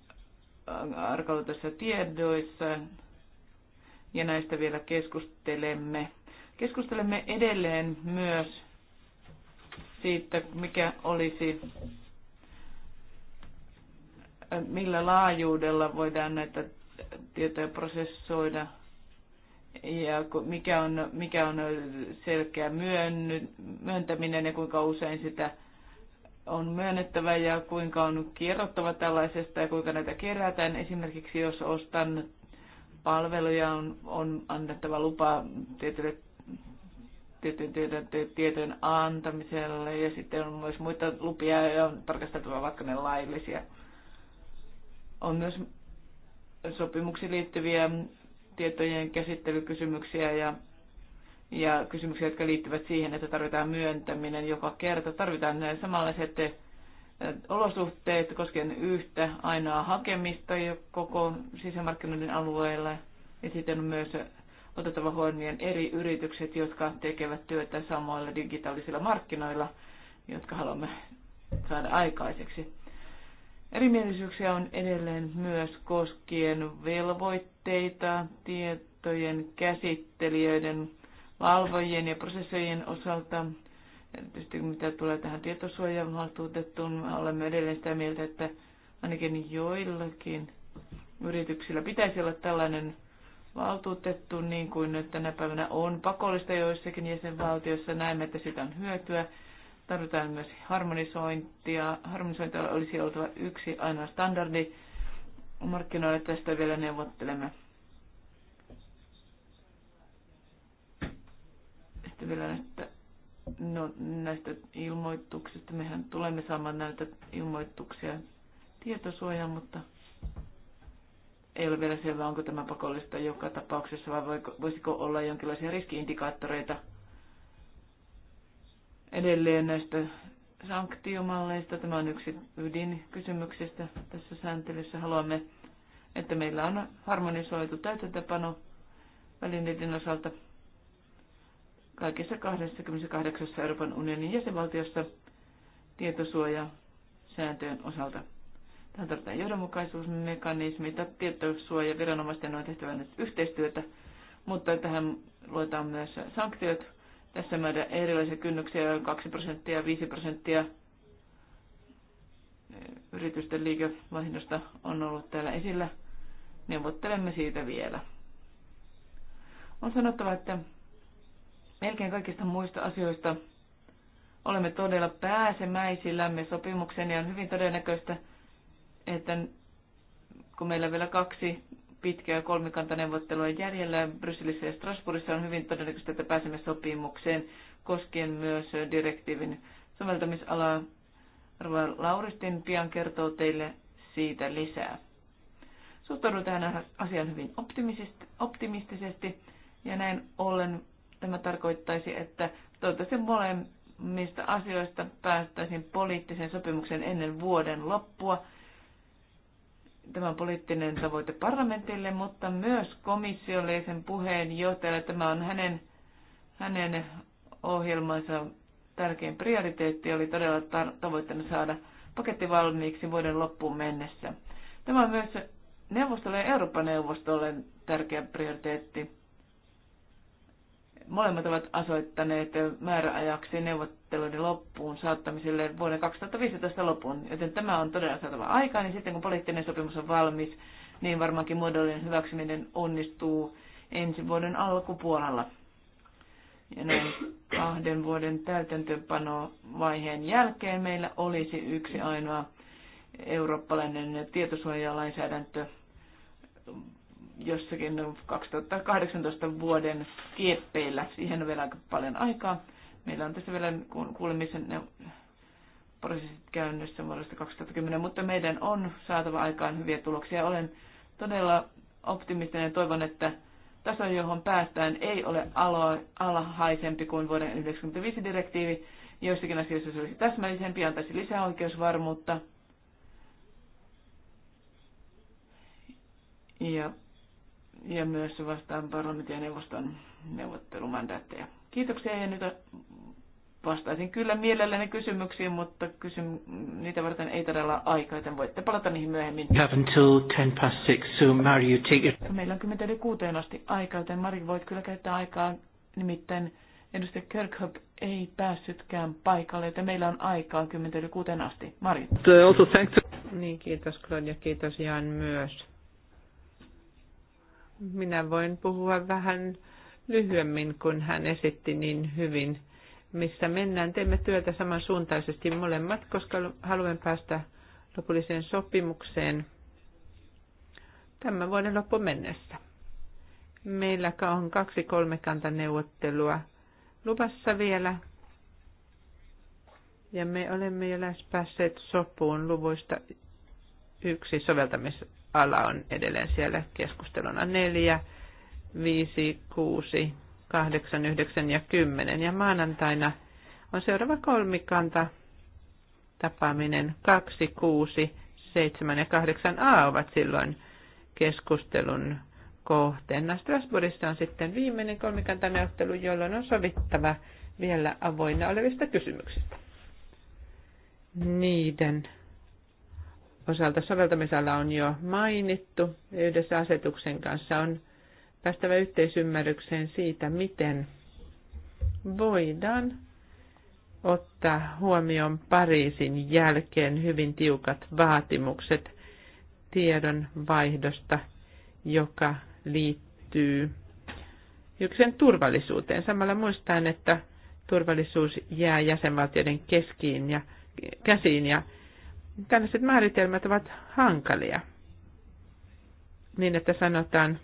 arkaluutaisissa tiedoissa ja näistä vielä keskustelemme. Keskustelemme edelleen myös siitä, mikä olisi, millä laajuudella voidaan näitä tietoja prosessoida – ja mikä on, mikä on selkeä myönny, myöntäminen ja kuinka usein sitä on myönnettävä ja kuinka on kierrottava tällaisesta ja kuinka näitä kerätään. Esimerkiksi jos ostan palveluja, on, on annettava lupa tietylle tietyn tietojen antamiselle ja sitten on myös muita lupia ja on tarkasteltava vaikka ne laillisia. On myös sopimuksiin liittyviä tietojen käsittelykysymyksiä ja, ja kysymyksiä, jotka liittyvät siihen, että tarvitaan myöntäminen joka kerta. Tarvitaan äh, samanlaiset äh, olosuhteet koskien yhtä ainoa hakemista koko sisämarkkinoiden alueella ja sitten on myös otettava huomioon eri yritykset, jotka tekevät työtä samoilla digitaalisilla markkinoilla, jotka haluamme saada aikaiseksi. Erimielisyyksiä on edelleen myös koskien velvoitteita tietojen käsittelijöiden, valvojien ja prosessojen osalta. Tietysti mitä tulee tähän tietosuojavaltuutettuun, olemme edelleen sitä mieltä, että ainakin joillakin yrityksillä pitäisi olla tällainen valtuutettu, niin kuin nyt tänä päivänä on pakollista joissakin jäsenvaltioissa. Näemme, että sitä on hyötyä Tarvitaan myös harmonisointia. Harmonisointia olisi oltava yksi ainoa standardi. Markkinoille tästä vielä neuvottelemme. Sitten vielä näistä, no, näistä ilmoituksista. Mehän tulemme saamaan näitä ilmoituksia tietosuojaan, mutta ei ole vielä selvää, onko tämä pakollista joka tapauksessa vai voisiko olla jonkinlaisia riskiindikaattoreita – edelleen näistä sanktiomalleista. Tämä on yksi ydinkysymyksistä tässä sääntelyssä. Haluamme, että meillä on harmonisoitu täytäntöpano välineiden osalta kaikissa 28 Euroopan unionin jäsenvaltiossa sääntöjen osalta. Tähän tarvitaan johdonmukaisuusmekanismi. viranomaisten on tehtävä nyt yhteistyötä, mutta tähän luetaan myös sanktiot tässä määrä erilaisia kynnyksiä, 2 prosenttia, 5 prosenttia yritysten liikevaihdosta on ollut täällä esillä. Neuvottelemme siitä vielä. On sanottava, että melkein kaikista muista asioista olemme todella pääsemäisillämme sopimukseen ja on hyvin todennäköistä, että kun meillä vielä kaksi pitkää kolmikantaneuvottelua järjellä. Brysselissä ja Strasbourgissa on hyvin todennäköistä, että pääsemme sopimukseen koskien myös direktiivin soveltamisalaa. Arvoa Lauristin pian kertoo teille siitä lisää. Suhtaudun tähän asiaan hyvin optimistisesti ja näin ollen tämä tarkoittaisi, että toivottavasti molemmista asioista päästäisiin poliittiseen sopimukseen ennen vuoden loppua – Tämä poliittinen tavoite parlamentille, mutta myös komissiolle ja sen puheenjohtajalle. Tämä on hänen, hänen ohjelmansa tärkein prioriteetti, oli todella tavoitteena saada paketti valmiiksi vuoden loppuun mennessä. Tämä on myös neuvostolle ja Euroopan neuvostolle tärkeä prioriteetti Molemmat ovat asoittaneet määräajaksi neuvotteluiden loppuun saattamiselle vuoden 2015 loppuun, joten tämä on todella saatava aikaa, niin sitten kun poliittinen sopimus on valmis, niin varmaankin muodollinen hyväksyminen onnistuu ensi vuoden alkupuolella. Ja näin kahden vuoden täytäntöönpanovaiheen jälkeen meillä olisi yksi ainoa eurooppalainen tietosuojalainsäädäntö jossakin 2018 vuoden kieppeillä. Siihen on vielä aika paljon aikaa. Meillä on tässä vielä kuulemisen prosessit käynnissä vuodesta 2010, mutta meidän on saatava aikaan hyviä tuloksia. Olen todella optimistinen ja toivon, että taso, johon päästään, ei ole alhaisempi kuin vuoden 1995 direktiivi. Joissakin asioissa se olisi täsmällisempi, antaisi lisää oikeusvarmuutta. Ja ja myös vastaan parlamentin ja neuvoston neuvottelumandaatteja. Kiitoksia ja nyt vastaisin kyllä mielelläni kysymyksiin, mutta kysym- niitä varten ei todella aikaa, joten voitte palata niihin myöhemmin. have until past six, so take it. Meillä on kymmentä yli kuuteen asti aikaa, joten Mari voit kyllä käyttää aikaa, nimittäin edustaja Kirkhope ei päässytkään paikalle, joten meillä on aikaa kymmentä yli kuuteen asti. Mari. Also Niin, kiitos Claudia, kiitos Jan myös minä voin puhua vähän lyhyemmin, kun hän esitti niin hyvin, missä mennään. Teemme työtä samansuuntaisesti molemmat, koska haluan päästä lopulliseen sopimukseen tämän vuoden loppu mennessä. Meillä on kaksi kolmekantaneuvottelua luvassa vielä. Ja me olemme jo lähes päässeet sopuun luvuista yksi soveltamisesta ala on edelleen siellä keskusteluna 4, 5, 6, 8, 9 ja 10. Ja maanantaina on seuraava kolmikanta tapaaminen 2, 6, 7 ja 8 A ovat silloin keskustelun kohteena. Strasbourgissa on sitten viimeinen kolmikantaneuvottelu, jolloin on sovittava vielä avoinna olevista kysymyksistä. Niiden osalta soveltamisala on jo mainittu. Yhdessä asetuksen kanssa on päästävä yhteisymmärrykseen siitä, miten voidaan ottaa huomioon Pariisin jälkeen hyvin tiukat vaatimukset tiedon vaihdosta, joka liittyy yksen turvallisuuteen. Samalla muistaen, että turvallisuus jää jäsenvaltioiden keskiin ja, käsiin ja tällaiset määritelmät ovat hankalia. Niin, että sanotaan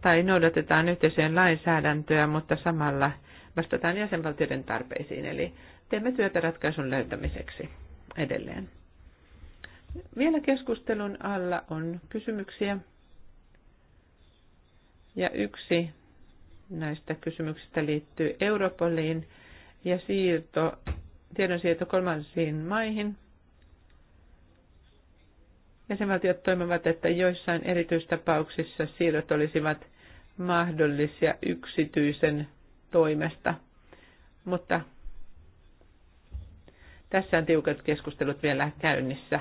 tai noudatetaan yhteisöjen lainsäädäntöä, mutta samalla vastataan jäsenvaltioiden tarpeisiin. Eli teemme työtä ratkaisun löytämiseksi edelleen. Vielä keskustelun alla on kysymyksiä. Ja yksi näistä kysymyksistä liittyy Europoliin ja siirto tiedonsiirto kolmansiin maihin. Jäsenvaltiot toimivat, että joissain erityistapauksissa siirrot olisivat mahdollisia yksityisen toimesta, mutta tässä on tiukat keskustelut vielä käynnissä.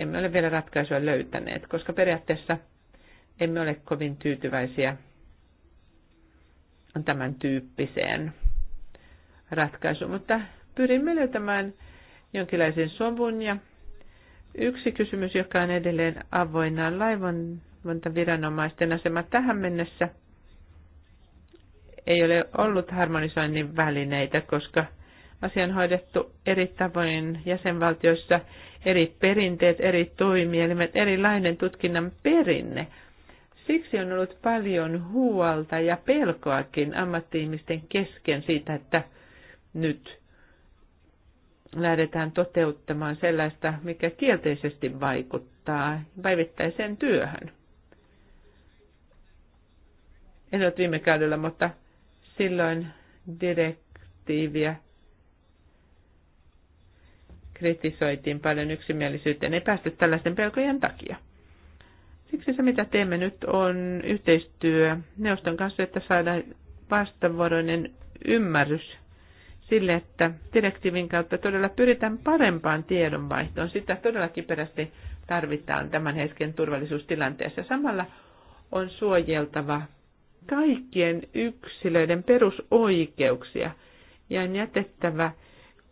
Emme ole vielä ratkaisua löytäneet, koska periaatteessa emme ole kovin tyytyväisiä tämän tyyppiseen ratkaisu, mutta pyrimme löytämään jonkinlaisen sovun ja yksi kysymys, joka on edelleen avoinna, on viranomaisten asema tähän mennessä. Ei ole ollut harmonisoinnin välineitä, koska asia on hoidettu eri tavoin jäsenvaltioissa, eri perinteet, eri toimielimet, erilainen tutkinnan perinne. Siksi on ollut paljon huolta ja pelkoakin ammattiimisten kesken siitä, että nyt lähdetään toteuttamaan sellaista, mikä kielteisesti vaikuttaa päivittäiseen työhön. En ole viime kaudella, mutta silloin direktiiviä kritisoitiin paljon yksimielisyyteen. Ei päästy tällaisten pelkojen takia. Siksi se, mitä teemme nyt, on yhteistyö neuvoston kanssa, että saadaan vastavuoroinen ymmärrys – sille, että direktiivin kautta todella pyritään parempaan tiedonvaihtoon. Sitä todella kiperästi tarvitaan tämän hetken turvallisuustilanteessa. Samalla on suojeltava kaikkien yksilöiden perusoikeuksia ja on jätettävä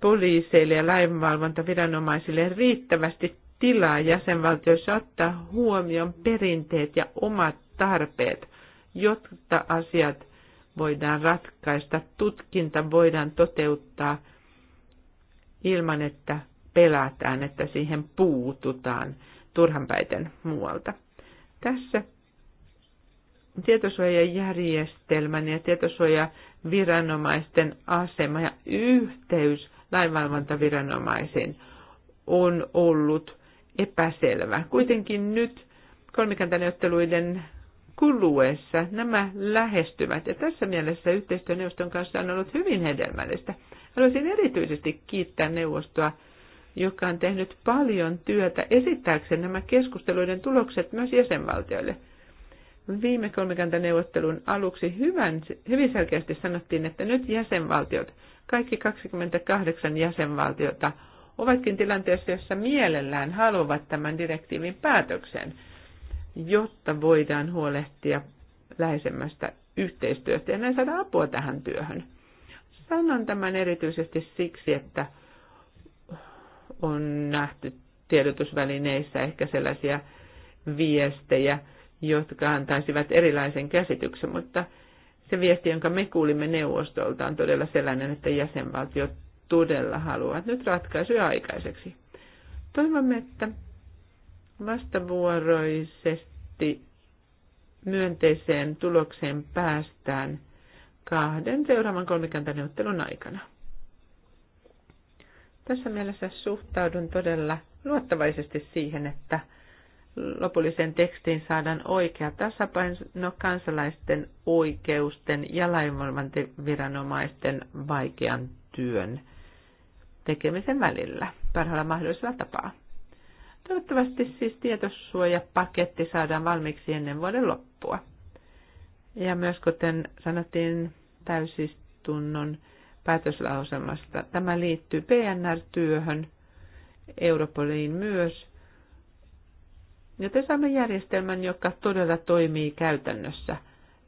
poliiseille ja lainvalvontaviranomaisille riittävästi tilaa jäsenvaltioissa ottaa huomioon perinteet ja omat tarpeet, jotta asiat voidaan ratkaista, tutkinta voidaan toteuttaa ilman, että pelätään, että siihen puututaan turhanpäiten muualta. Tässä tietosuojajärjestelmän ja tietosuojaviranomaisten asema ja yhteys lainvalvontaviranomaisiin on ollut epäselvä. Kuitenkin nyt kolmikantaneuvotteluiden kuluessa nämä lähestyvät. Ja tässä mielessä yhteistyöneuvoston kanssa on ollut hyvin hedelmällistä. Haluaisin erityisesti kiittää neuvostoa, joka on tehnyt paljon työtä esittääkseen nämä keskusteluiden tulokset myös jäsenvaltioille. Viime kolmikantaneuvottelun aluksi hyvän, hyvin selkeästi sanottiin, että nyt jäsenvaltiot, kaikki 28 jäsenvaltiota, ovatkin tilanteessa, jossa mielellään haluavat tämän direktiivin päätöksen – jotta voidaan huolehtia läheisemmästä yhteistyöstä ja näin saada apua tähän työhön. Sanon tämän erityisesti siksi, että on nähty tiedotusvälineissä ehkä sellaisia viestejä, jotka antaisivat erilaisen käsityksen, mutta se viesti, jonka me kuulimme neuvostolta, on todella sellainen, että jäsenvaltiot todella haluavat nyt ratkaisuja aikaiseksi. Toivomme, että vastavuoroisesti myönteiseen tulokseen päästään kahden seuraavan kolmikantaneuvottelun aikana. Tässä mielessä suhtaudun todella luottavaisesti siihen, että lopulliseen tekstiin saadaan oikea tasapaino kansalaisten oikeusten ja lainvalvontaviranomaisten vaikean työn tekemisen välillä parhaalla mahdollisella tapaa. Toivottavasti siis tietosuojapaketti saadaan valmiiksi ennen vuoden loppua. Ja myös kuten sanottiin täysistunnon päätöslauselmasta, tämä liittyy PNR-työhön, Europoliin myös. Joten saamme järjestelmän, joka todella toimii käytännössä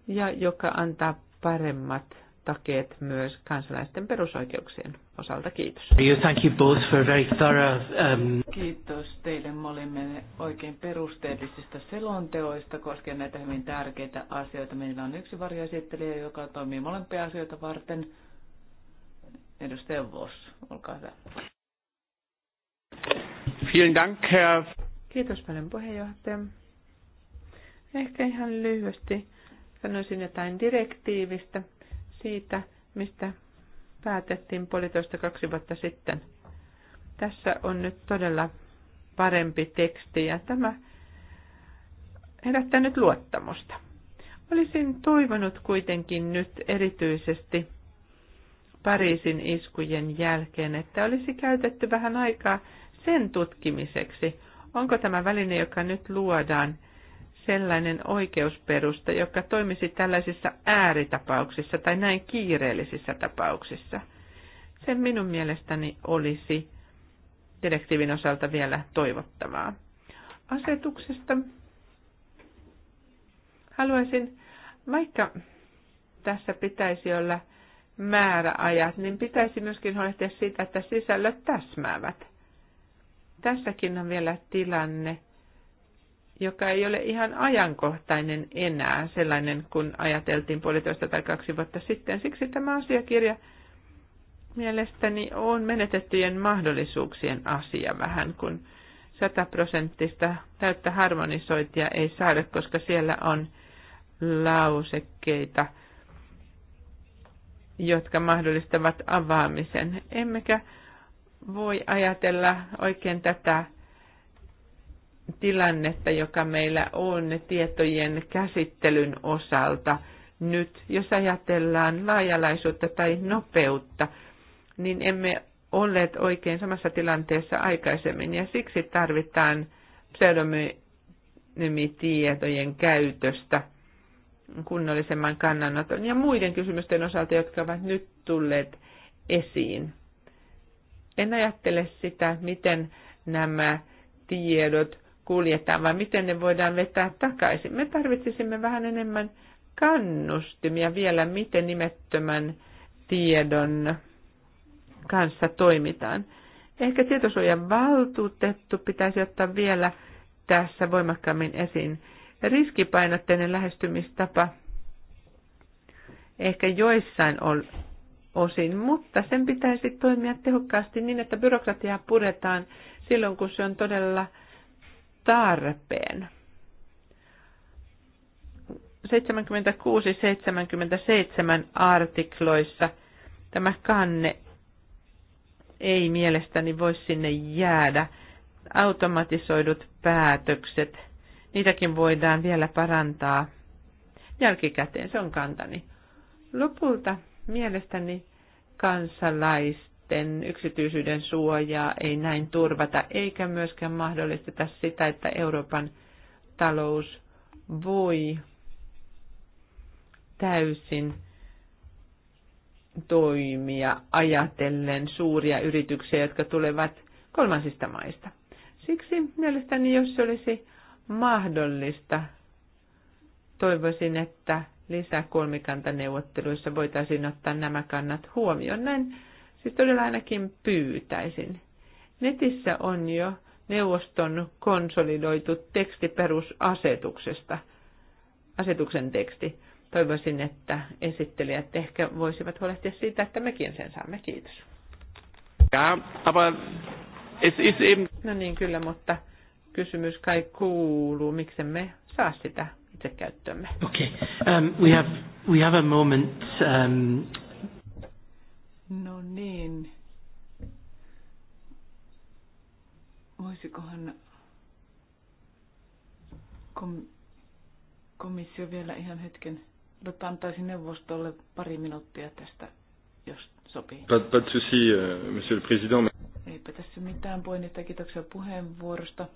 ja joka antaa paremmat takeet myös kansalaisten perusoikeuksien osalta. Kiitos. Thank you both for very thorough, um... Kiitos teille molemmille oikein perusteellisista selonteoista koskien näitä hyvin tärkeitä asioita. Meillä on yksi varjoesittelijä, joka toimii molempia asioita varten. Edustaja Vos, olkaa hyvä. Dank, Herr... Kiitos paljon puheenjohtaja. Ehkä ihan lyhyesti sanoisin jotain direktiivistä siitä, mistä päätettiin puolitoista kaksi vuotta sitten. Tässä on nyt todella parempi teksti ja tämä herättää nyt luottamusta. Olisin toivonut kuitenkin nyt erityisesti Pariisin iskujen jälkeen, että olisi käytetty vähän aikaa sen tutkimiseksi, onko tämä väline, joka nyt luodaan, sellainen oikeusperusta, joka toimisi tällaisissa ääritapauksissa tai näin kiireellisissä tapauksissa. Se minun mielestäni olisi direktiivin osalta vielä toivottavaa. Asetuksesta haluaisin, vaikka tässä pitäisi olla määräajat, niin pitäisi myöskin huolehtia siitä, että sisällöt täsmäävät. Tässäkin on vielä tilanne – joka ei ole ihan ajankohtainen enää sellainen, kun ajateltiin puolitoista tai kaksi vuotta sitten. Siksi tämä asiakirja mielestäni on menetettyjen mahdollisuuksien asia vähän, kun sataprosenttista täyttä harmonisointia ei saada, koska siellä on lausekkeita, jotka mahdollistavat avaamisen. Emmekä voi ajatella oikein tätä tilannetta, joka meillä on tietojen käsittelyn osalta nyt, jos ajatellaan laajalaisuutta tai nopeutta, niin emme olleet oikein samassa tilanteessa aikaisemmin ja siksi tarvitaan pseudonymitietojen käytöstä kunnollisemman kannanoton ja muiden kysymysten osalta, jotka ovat nyt tulleet esiin. En ajattele sitä, miten nämä tiedot kuljetaan vai miten ne voidaan vetää takaisin. Me tarvitsisimme vähän enemmän kannustimia vielä, miten nimettömän tiedon kanssa toimitaan. Ehkä tietosuojan valtuutettu pitäisi ottaa vielä tässä voimakkaammin esiin. Riskipainotteinen lähestymistapa ehkä joissain on osin, mutta sen pitäisi toimia tehokkaasti niin, että byrokratiaa puretaan silloin, kun se on todella – tarpeen. 76-77 artikloissa tämä kanne ei mielestäni voi sinne jäädä. Automatisoidut päätökset, niitäkin voidaan vielä parantaa jälkikäteen, se on kantani. Lopulta mielestäni kansalaista ihmisten yksityisyyden suojaa ei näin turvata, eikä myöskään mahdollisteta sitä, että Euroopan talous voi täysin toimia ajatellen suuria yrityksiä, jotka tulevat kolmansista maista. Siksi mielestäni, jos se olisi mahdollista, toivoisin, että lisää kolmikantaneuvotteluissa voitaisiin ottaa nämä kannat huomioon. Näin Siis todella ainakin pyytäisin. Netissä on jo neuvoston konsolidoitu teksti perusasetuksesta, asetuksen teksti. Toivoisin, että esittelijät ehkä voisivat huolehtia siitä, että mekin sen saamme. Kiitos. Ja, aber es ist eben... No niin, kyllä, mutta kysymys kai kuuluu, miksemme saa sitä itse käyttöömme. Okay. Um, we have, we have a moment um, No niin. Voisikohan kom- komissio vielä ihan hetken, mutta antaisin neuvostolle pari minuuttia tästä, jos sopii. Pas, pas de souci, euh, monsieur le président. Eipä tässä mitään poinnetta. kiitoksia puheenvuorosta.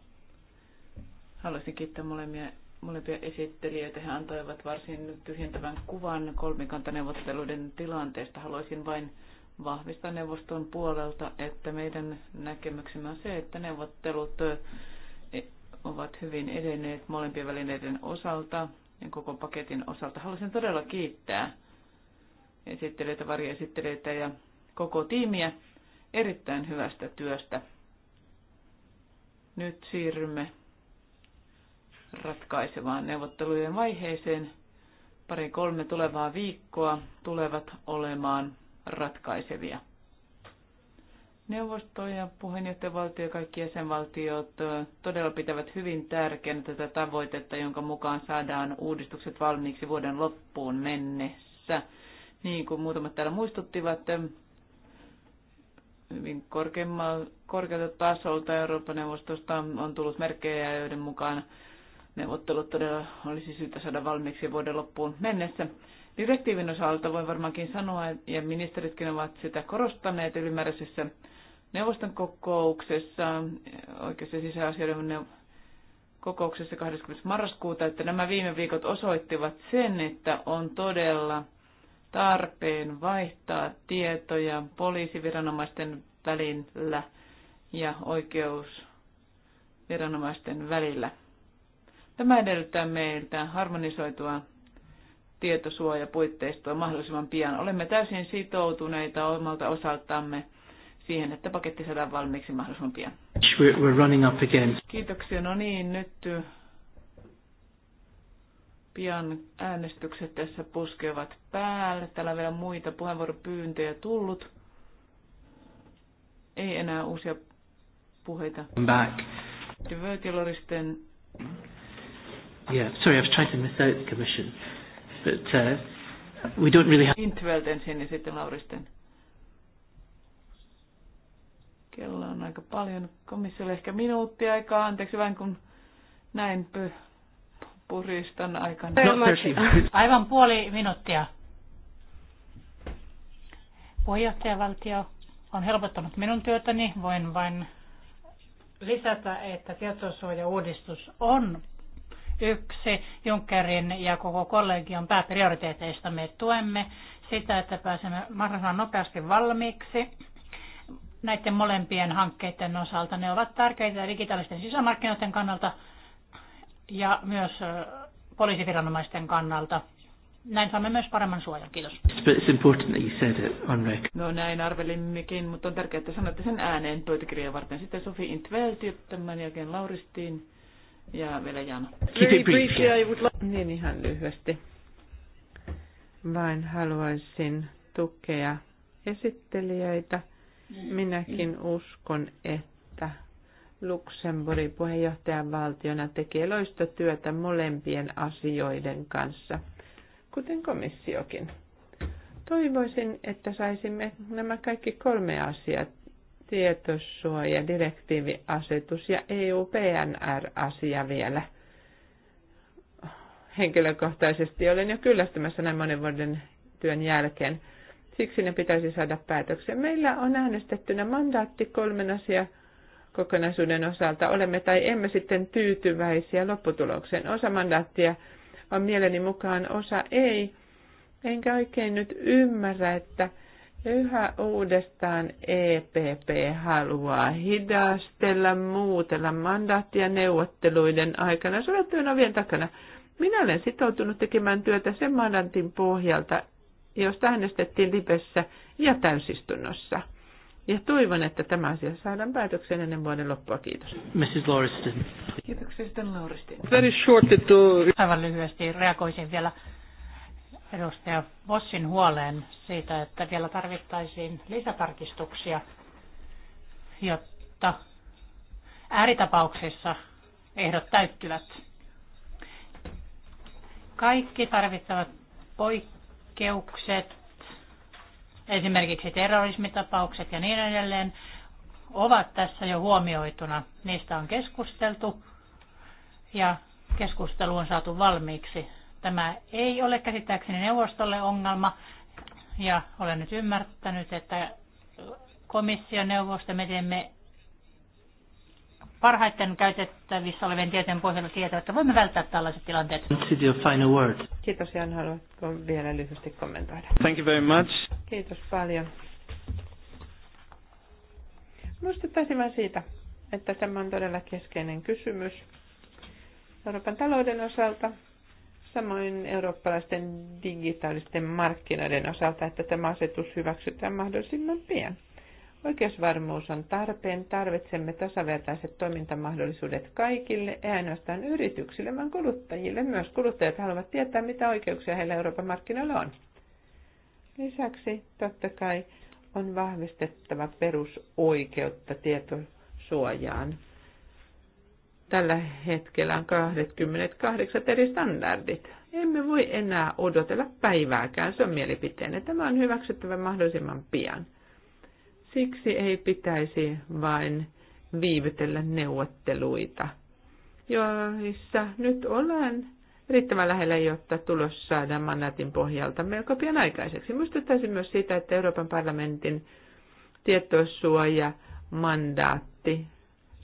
Haluaisin kiittää molemmia molempia esittelijöitä. He antoivat varsin tyhjentävän kuvan kolmikantaneuvotteluiden tilanteesta. Haluaisin vain vahvista neuvoston puolelta, että meidän näkemyksemme on se, että neuvottelut e, ovat hyvin edenneet molempien välineiden osalta ja koko paketin osalta. Haluaisin todella kiittää esittelijöitä, varjoesittelijöitä ja koko tiimiä erittäin hyvästä työstä. Nyt siirrymme ratkaisevaan neuvottelujen vaiheeseen. Pari kolme tulevaa viikkoa tulevat olemaan ratkaisevia. Neuvosto ja puheenjohtajavaltio ja kaikki jäsenvaltiot todella pitävät hyvin tärkeänä tätä tavoitetta, jonka mukaan saadaan uudistukset valmiiksi vuoden loppuun mennessä. Niin kuin muutamat täällä muistuttivat, hyvin korkealta tasolta Euroopan neuvostosta on tullut merkkejä, joiden mukaan neuvottelut todella olisi syytä saada valmiiksi vuoden loppuun mennessä. Direktiivin osalta voi varmaankin sanoa, ja ministeritkin ovat sitä korostaneet ylimääräisessä neuvoston kokouksessa, oikeus- ja sisäasioiden kokouksessa 20. marraskuuta, että nämä viime viikot osoittivat sen, että on todella tarpeen vaihtaa tietoja poliisiviranomaisten välillä ja oikeusviranomaisten välillä. Tämä edellyttää meiltä harmonisoitua tietosuojapuitteistoa mahdollisimman pian. Olemme täysin sitoutuneita omalta osaltamme siihen, että paketti saadaan valmiiksi mahdollisimman pian. We're running up again. Kiitoksia. No niin, nyt pian äänestykset tässä puskevat päälle. Täällä on vielä muita puheenvuoropyyntöjä tullut. Ei enää uusia puheita. I'm back. Yeah, sorry, I've tried to miss out the commission. But uh, we don't really have... Intveld ensin ja sitten Lauristen. Kello on aika paljon. Komissiolle ehkä minuutti aikaa. Anteeksi vain kun näin py puristan aikana. Aivan puoli minuuttia. Puheenjohtajavaltio on helpottanut minun työtäni. Voin vain lisätä, että tietosuojauudistus on yksi Junckerin ja koko kollegion pääprioriteeteista. Me tuemme sitä, että pääsemme mahdollisimman nopeasti valmiiksi näiden molempien hankkeiden osalta. Ne ovat tärkeitä digitaalisten sisämarkkinoiden kannalta ja myös poliisiviranomaisten kannalta. Näin saamme myös paremman suojan. Kiitos. No näin arvelimmekin, mutta on tärkeää, että sanotte sen ääneen pöytäkirjan varten. Sitten Sofi Intveld, tämän jälkeen Lauristiin ja vielä Jana. Niin ihan lyhyesti. Vain haluaisin tukea esittelijöitä. Minäkin uskon, että Luxemburgin puheenjohtajan valtiona tekee loistotyötä molempien asioiden kanssa, kuten komissiokin. Toivoisin, että saisimme nämä kaikki kolme asiat Tietosuoja direktiiviasetus ja EU-PNR-asia vielä. Henkilökohtaisesti olen jo kyllästymässä näin monen vuoden työn jälkeen. Siksi ne pitäisi saada päätökseen. Meillä on äänestettynä mandaatti kolmen asia kokonaisuuden osalta. Olemme tai emme sitten tyytyväisiä lopputulokseen. Osa mandaattia on mieleni mukaan, osa ei. Enkä oikein nyt ymmärrä, että Yhä uudestaan EPP haluaa hidastella, muutella mandaattia neuvotteluiden aikana suljettujen ovien takana. Minä olen sitoutunut tekemään työtä sen mandantin pohjalta, josta äänestettiin lipessä ja täysistunnossa. Ja toivon, että tämä asia saadaan päätökseen ennen vuoden loppua. Kiitos. Mrs. Lauriston. Kiitoksia sitten Lauriston. Very short to... Aivan lyhyesti reagoisin vielä edustaja Vossin huoleen siitä, että vielä tarvittaisiin lisätarkistuksia, jotta ääritapauksissa ehdot täyttyvät. Kaikki tarvittavat poikkeukset, esimerkiksi terrorismitapaukset ja niin edelleen, ovat tässä jo huomioituna. Niistä on keskusteltu ja keskustelu on saatu valmiiksi Tämä ei ole käsittääkseni neuvostolle ongelma ja olen nyt ymmärtänyt, että komission neuvosto me teemme parhaiten käytettävissä olevien tietojen pohjalta tietoa, että voimme välttää tällaiset tilanteet. Kiitos Jan, haluatko vielä lyhyesti kommentoida? Thank you very much. Kiitos paljon. Muistuttaisin vain siitä, että tämä on todella keskeinen kysymys Euroopan talouden osalta, samoin eurooppalaisten digitaalisten markkinoiden osalta, että tämä asetus hyväksytään mahdollisimman pian. Oikeusvarmuus on tarpeen. Tarvitsemme tasavertaiset toimintamahdollisuudet kaikille, ei ainoastaan yrityksille, vaan kuluttajille. Myös kuluttajat haluavat tietää, mitä oikeuksia heillä Euroopan markkinoilla on. Lisäksi totta kai on vahvistettava perusoikeutta tietosuojaan Tällä hetkellä on 28 eri standardit. Emme voi enää odotella päivääkään, se on että Tämä on hyväksyttävä mahdollisimman pian. Siksi ei pitäisi vain viivytellä neuvotteluita, joissa nyt ollaan riittävän lähellä, jotta tulos saadaan mandaatin pohjalta melko pian aikaiseksi. Muistuttaisin myös siitä, että Euroopan parlamentin tietosuoja mandaatti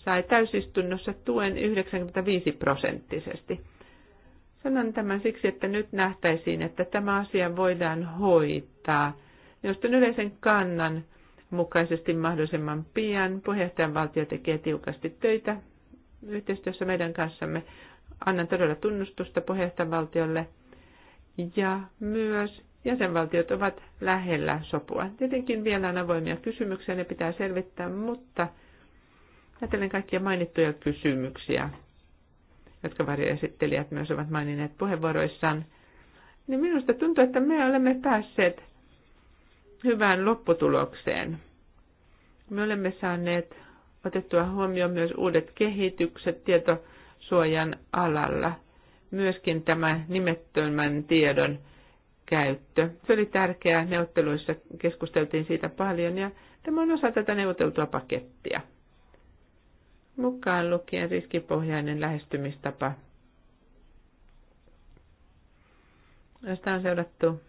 sai täysistunnossa tuen 95 prosenttisesti. Sanon tämän siksi, että nyt nähtäisiin, että tämä asia voidaan hoitaa neuvoston yleisen kannan mukaisesti mahdollisimman pian. Puheenjohtajan valtio tekee tiukasti töitä yhteistyössä meidän kanssamme. Annan todella tunnustusta puheenjohtajan valtiolle. Ja myös jäsenvaltiot ovat lähellä sopua. Tietenkin vielä on avoimia kysymyksiä, ne pitää selvittää, mutta – Ajattelen kaikkia mainittuja kysymyksiä, jotka varjoesittelijät myös ovat maininneet puheenvuoroissaan, niin minusta tuntuu, että me olemme päässeet hyvään lopputulokseen. Me olemme saaneet otettua huomioon myös uudet kehitykset tietosuojan alalla, myöskin tämä nimettömän tiedon käyttö. Se oli tärkeää, neuvotteluissa keskusteltiin siitä paljon ja tämä on osa tätä neuvoteltua pakettia mukaan lukien riskipohjainen lähestymistapa. Tästä on seurattu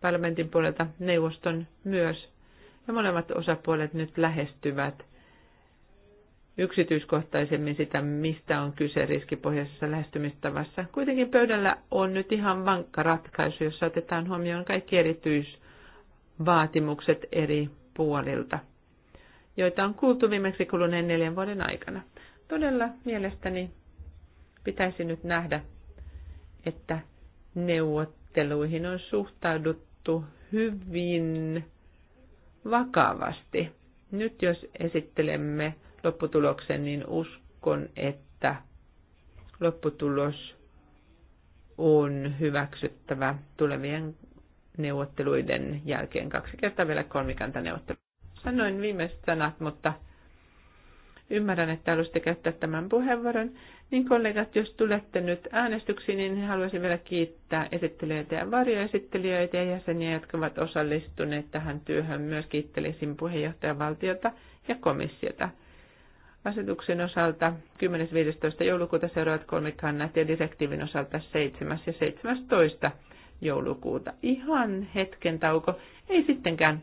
parlamentin puolelta neuvoston myös, ja molemmat osapuolet nyt lähestyvät yksityiskohtaisemmin sitä, mistä on kyse riskipohjaisessa lähestymistavassa. Kuitenkin pöydällä on nyt ihan vankka ratkaisu, jossa otetaan huomioon kaikki erityisvaatimukset eri puolilta joita on kuultu viimeksi kuluneen neljän vuoden aikana. Todella mielestäni pitäisi nyt nähdä, että neuvotteluihin on suhtauduttu hyvin vakavasti. Nyt jos esittelemme lopputuloksen, niin uskon, että lopputulos on hyväksyttävä tulevien neuvotteluiden jälkeen kaksi kertaa vielä kolmikantaneuvottelu sanoin viimeiset sanat, mutta ymmärrän, että haluaisitte käyttää tämän puheenvuoron. Niin kollegat, jos tulette nyt äänestyksiin, niin haluaisin vielä kiittää esittelijöitä ja varjoesittelijöitä ja jäseniä, jotka ovat osallistuneet tähän työhön. Myös kiittelisin puheenjohtajavaltiota ja komissiota. Asetuksen osalta 10.15. joulukuuta seuraavat kolmikannat ja direktiivin osalta 7. ja 17. joulukuuta. Ihan hetken tauko, ei sittenkään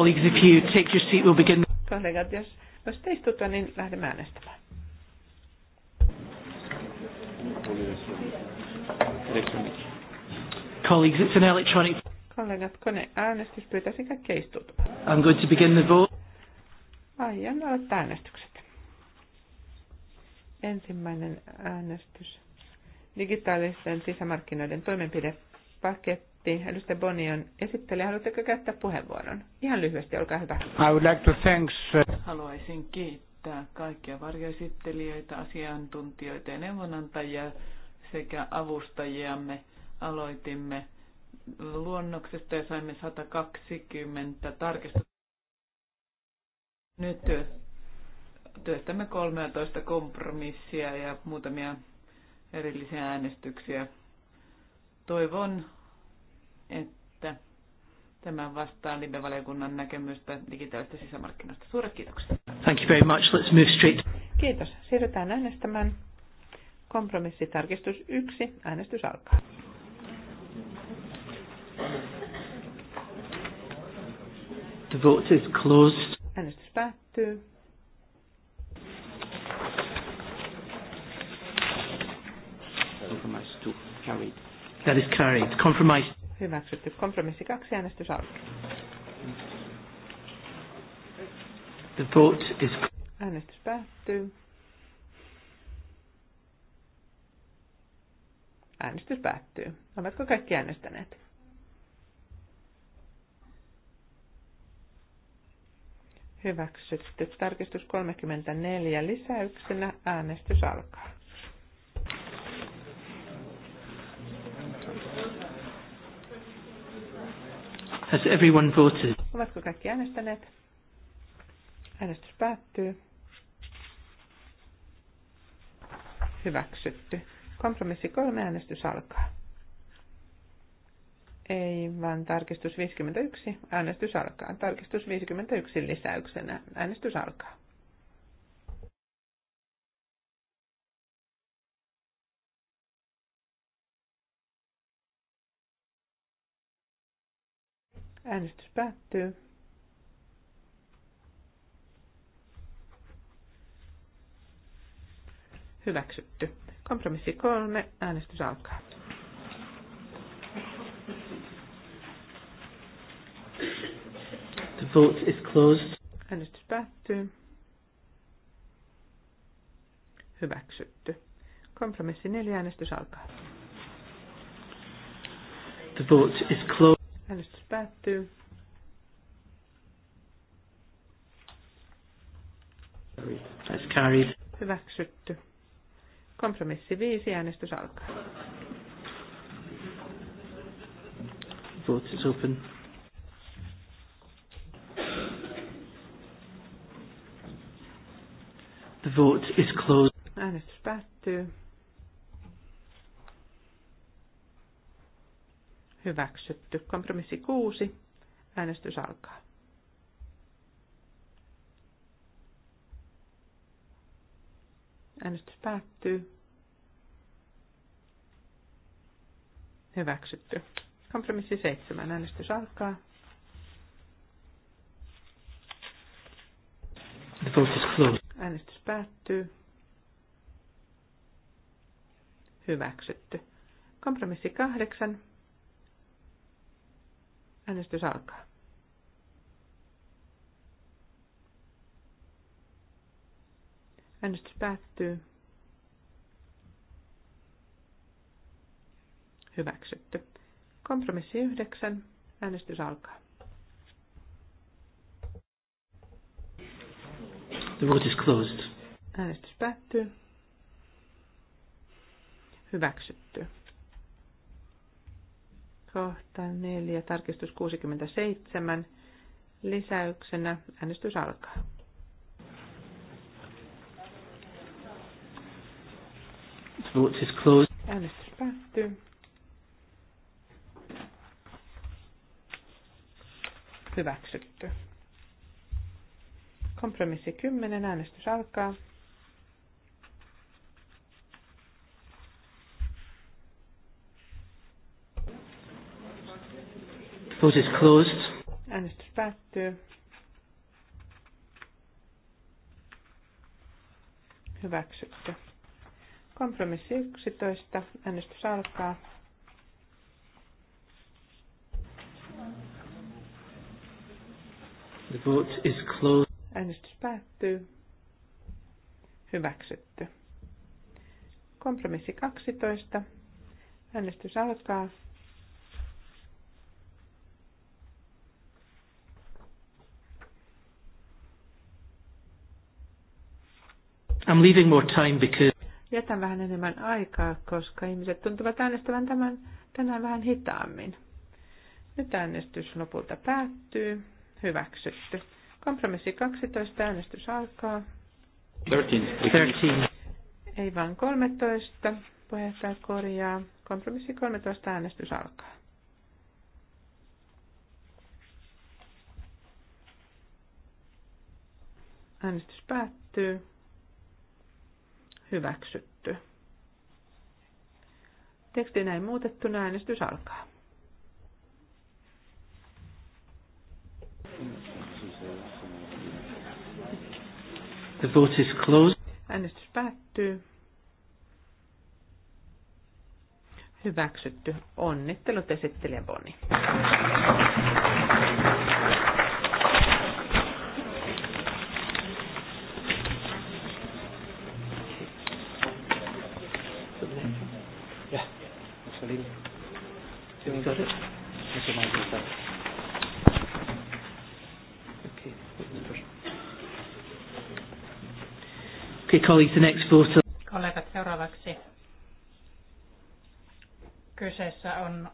colleagues, if you take your seat, we'll begin. Kollegat, jos, istutte, niin lähdemme äänestämään. Colleagues, it's an electronic... Kollegat, kone äänestys pyytäisin kaikki istuutumaan. I'm going to begin the vote. Aion aloittaa äänestykset. Ensimmäinen äänestys. Digitaalisten sisämarkkinoiden toimenpidepaketti minuutti. Edustaja Bonion on esittelijä. Haluatteko käyttää puheenvuoron? Ihan lyhyesti, olkaa hyvä. I would like to thanks. Uh, Haluaisin kiittää kaikkia varjoesittelijöitä, asiantuntijoita ja neuvonantajia sekä avustajiamme. Aloitimme luonnoksesta ja saimme 120 tarkistusta. Nyt työstämme 13 kompromissia ja muutamia erillisiä äänestyksiä. Toivon että tämä vastaa Libe-valiokunnan näkemystä digitaalista sisämarkkinoista. Suuret kiitokset. Thank you very much. Let's move straight. Kiitos. Siirrytään äänestämään. Kompromissitarkistus 1. Äänestys alkaa. The vote is closed. Äänestys päättyy. Compromise to carried. That is carried. Compromise Hyväksytty. Kompromissi kaksi äänestys alkaa. The vote is... Äänestys päättyy. Äänestys päättyy. Oletko kaikki äänestäneet? Hyväksytty. Tarkistus 34 lisäyksenä. Äänestys alkaa. Has everyone voted? Ovatko kaikki äänestäneet? Äänestys päättyy. Hyväksytty. Kompromissi kolme äänestys alkaa. Ei, vaan tarkistus 51. Äänestys alkaa. Tarkistus 51 lisäyksenä. Äänestys alkaa. Äänestys päättyy. Hyväksytty. Kompromissi kolme. Äänestys alkaa. The vote is closed. Äänestys päättyy. Hyväksytty. Kompromissi neljä. Äänestys alkaa. The vote is closed. Äänestys päättyy. Hyväksytty. Kompromissi 5. Äänestys alkaa. Vote is open. The vote is closed. Äänestys päättyy. Hyväksytty. Kompromissi 6. Äänestys alkaa. Äänestys päättyy. Hyväksytty. Kompromissi 7. Äänestys alkaa. Äänestys päättyy. Hyväksytty. Kompromissi 8. Äänestys alkaa. Äänestys päättyy. Hyväksytty. Kompromissi 9. Äänestys alkaa. The vote is closed. Äänestys päättyy. Hyväksytty kohta 4, tarkistus 67. Lisäyksenä äänestys alkaa. Äänestys päättyy. Hyväksytty. Kompromissi 10. Äänestys alkaa. Vote is closed. Äänestys päättyy. Hyväksytty. Kompromissi 11. Äänestys alkaa. The vote is closed. Äänestys päättyy. Hyväksytty. Kompromissi 12. Äänestys alkaa. I'm leaving more time because... Jätän vähän enemmän aikaa, koska ihmiset tuntuvat äänestävän tämän tänään vähän hitaammin. Nyt äänestys lopulta päättyy. Hyväksytty. Kompromissi 12, äänestys alkaa. 13. 13. Ei vaan 13, puheenjohtaja korjaa. Kompromissi 13, äänestys alkaa. Äänestys päättyy hyväksytty. Teksti näin muutettuna äänestys alkaa. The vote is closed. Äänestys päättyy. Hyväksytty. Onnittelut esittelijä Boni. got it. Thank you, Michael. Okay. Okay, colleagues, the next vote. Kollegat, seuraavaksi. Kyseessä on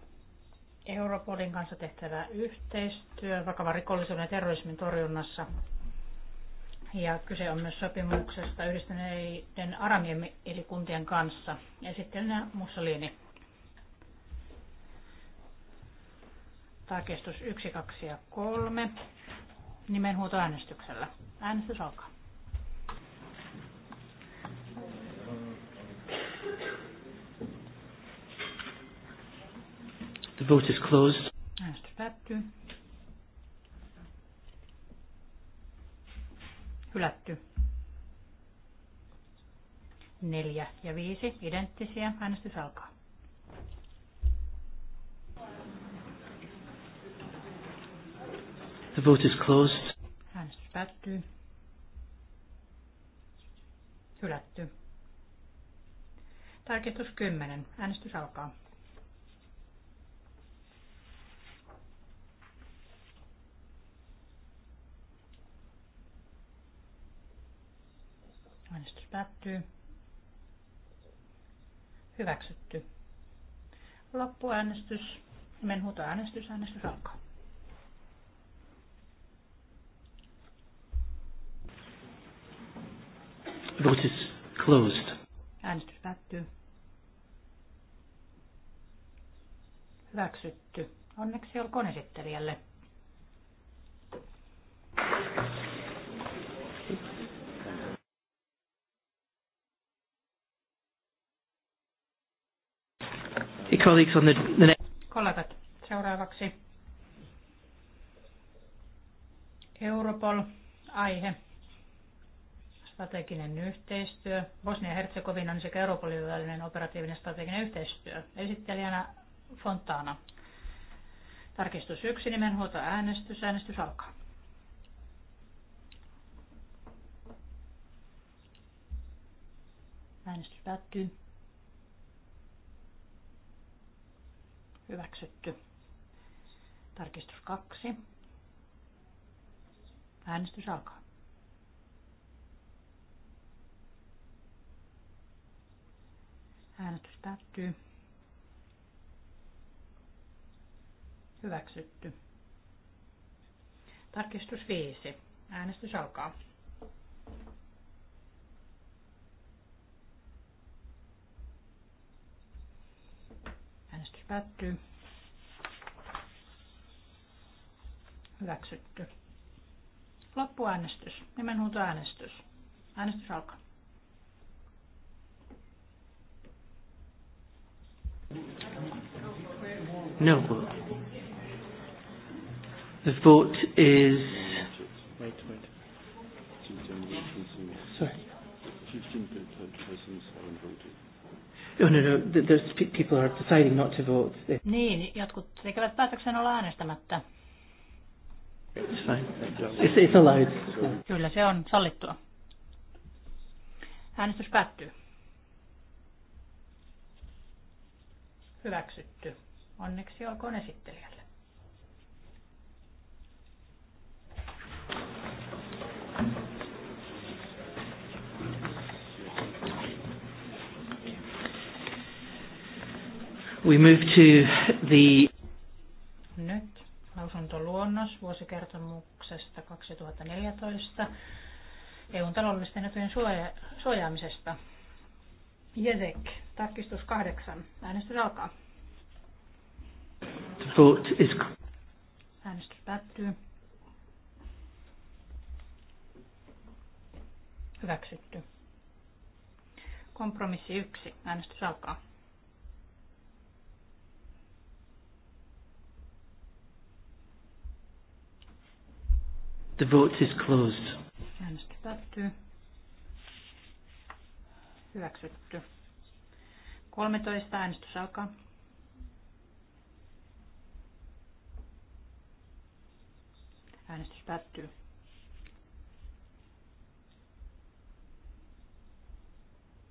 Europolin kanssa tehtävä yhteistyö vakavan rikollisuuden ja terrorismin torjunnassa. Ja kyse on myös sopimuksesta yhdistyneiden aramien eli kuntien kanssa. Esittelynä Mussolini. Tarkistus 1, 2 ja 3 nimenhuuto äänestyksellä. Äänestys alkaa. The vote is closed. Äänestys päättyy. Hylätty. Neljä ja viisi identtisiä. Äänestys alkaa. The vote is closed. Äänestys päättyy. Hylätty. Tarkistus 10. Äänestys alkaa. Äänestys päättyy. Hyväksytty. Loppuäänestys. äänestys. Äänestys alkaa. Vote is closed. Äänestys päättyy. Hyväksytty. Onneksi olkoon esittelijälle. colleagues on Kollegat, seuraavaksi. Europol, aihe strateginen yhteistyö, bosnia Herzegovina sekä Euroopan välinen operatiivinen strateginen yhteistyö. Esittelijänä Fontana. Tarkistus yksi nimenhuolto äänestys. Äänestys alkaa. Äänestys päättyy. Hyväksytty. Tarkistus 2. Äänestys alkaa. Äänestys päättyy. Hyväksytty. Tarkistus 5. Äänestys alkaa. Äänestys päättyy. Hyväksytty. Loppuäänestys. Nimenhuutoäänestys. Äänestys alkaa. No. The vote is. Wait, wait. Sorry. Oh No, no, no. There's people are deciding not to vote. Niin, jotkut tekevät päätöksen olla äänestämättä. It's fine. It's, it's allowed. Kyllä, se on sallittua. Äänestys päättyy. Hyväksytty. Onneksi olkoon esittelijälle. We move to the... Nyt lausuntoluonnos vuosikertomuksesta 2014 EUn taloudellisten etujen suoja- suojaamisesta. Jesek, tarkistus kahdeksan. Äänestys alkaa. Vote is... Äänestys päättyy. Hyväksytty. Kompromissi yksi. Äänestys alkaa. The vote is closed. Äänestys päättyy. Hyväksytty. 13. Äänestys alkaa. Äänestys päättyy.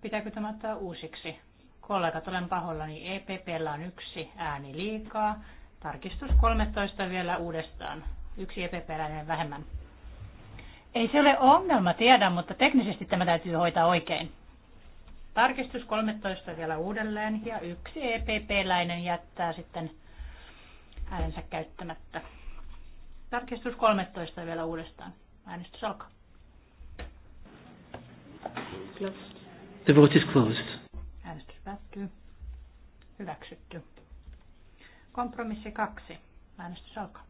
Pitääkö tämä ottaa uusiksi? Kollegat, olen pahoillani. EPPllä on yksi ääni liikaa. Tarkistus 13 vielä uudestaan. Yksi epp vähemmän. Ei se ole ongelma, tiedän, mutta teknisesti tämä täytyy hoitaa oikein. Tarkistus 13 vielä uudelleen ja yksi EPP-läinen jättää sitten äänensä käyttämättä. Tarkistus 13 vielä uudestaan. Äänestys alkaa. The vote is closed. Äänestys päättyy. Hyväksytty. Kompromissi 2. Äänestys alkaa.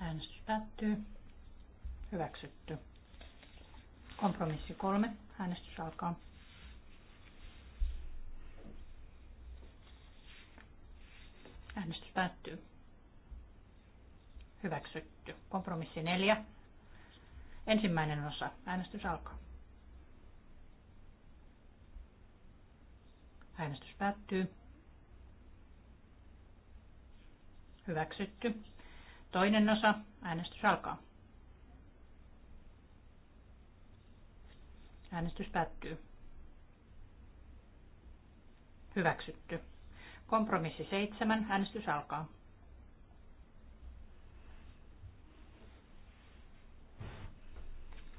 Äänestys päättyy. Hyväksytty. Kompromissi kolme. Äänestys alkaa. Äänestys päättyy. Hyväksytty. Kompromissi neljä. Ensimmäinen osa. Äänestys alkaa. Äänestys päättyy. Hyväksytty. Toinen osa. Äänestys alkaa. Äänestys päättyy. Hyväksytty. Kompromissi 7. Äänestys alkaa.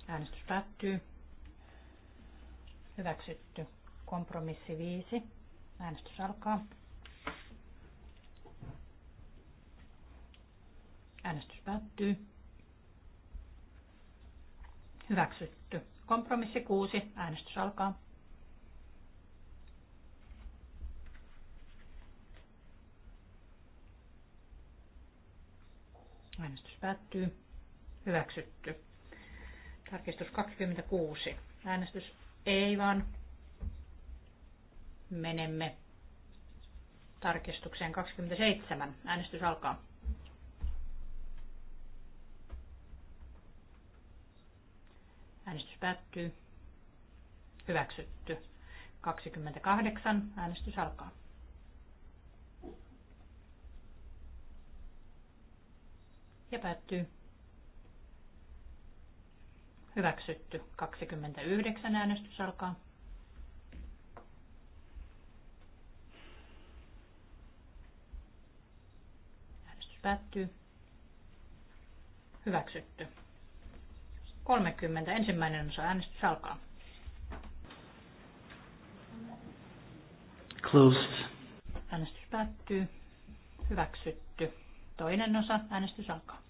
Äänestys päättyy. Hyväksytty. Kompromissi 5. Äänestys alkaa. Äänestys päättyy. Hyväksytty. Kompromissi 6. Äänestys alkaa. Äänestys päättyy. Hyväksytty. Tarkistus 26. Äänestys ei vaan. Menemme tarkistukseen 27. Äänestys alkaa. Äänestys päättyy. Hyväksytty. 28. Äänestys alkaa. Ja päättyy. Hyväksytty. 29. Äänestys alkaa. Äänestys päättyy. Hyväksytty. 30. Ensimmäinen osa äänestys alkaa. Closed. Äänestys päättyy. Hyväksytty. Toinen osa. Äänestys alkaa.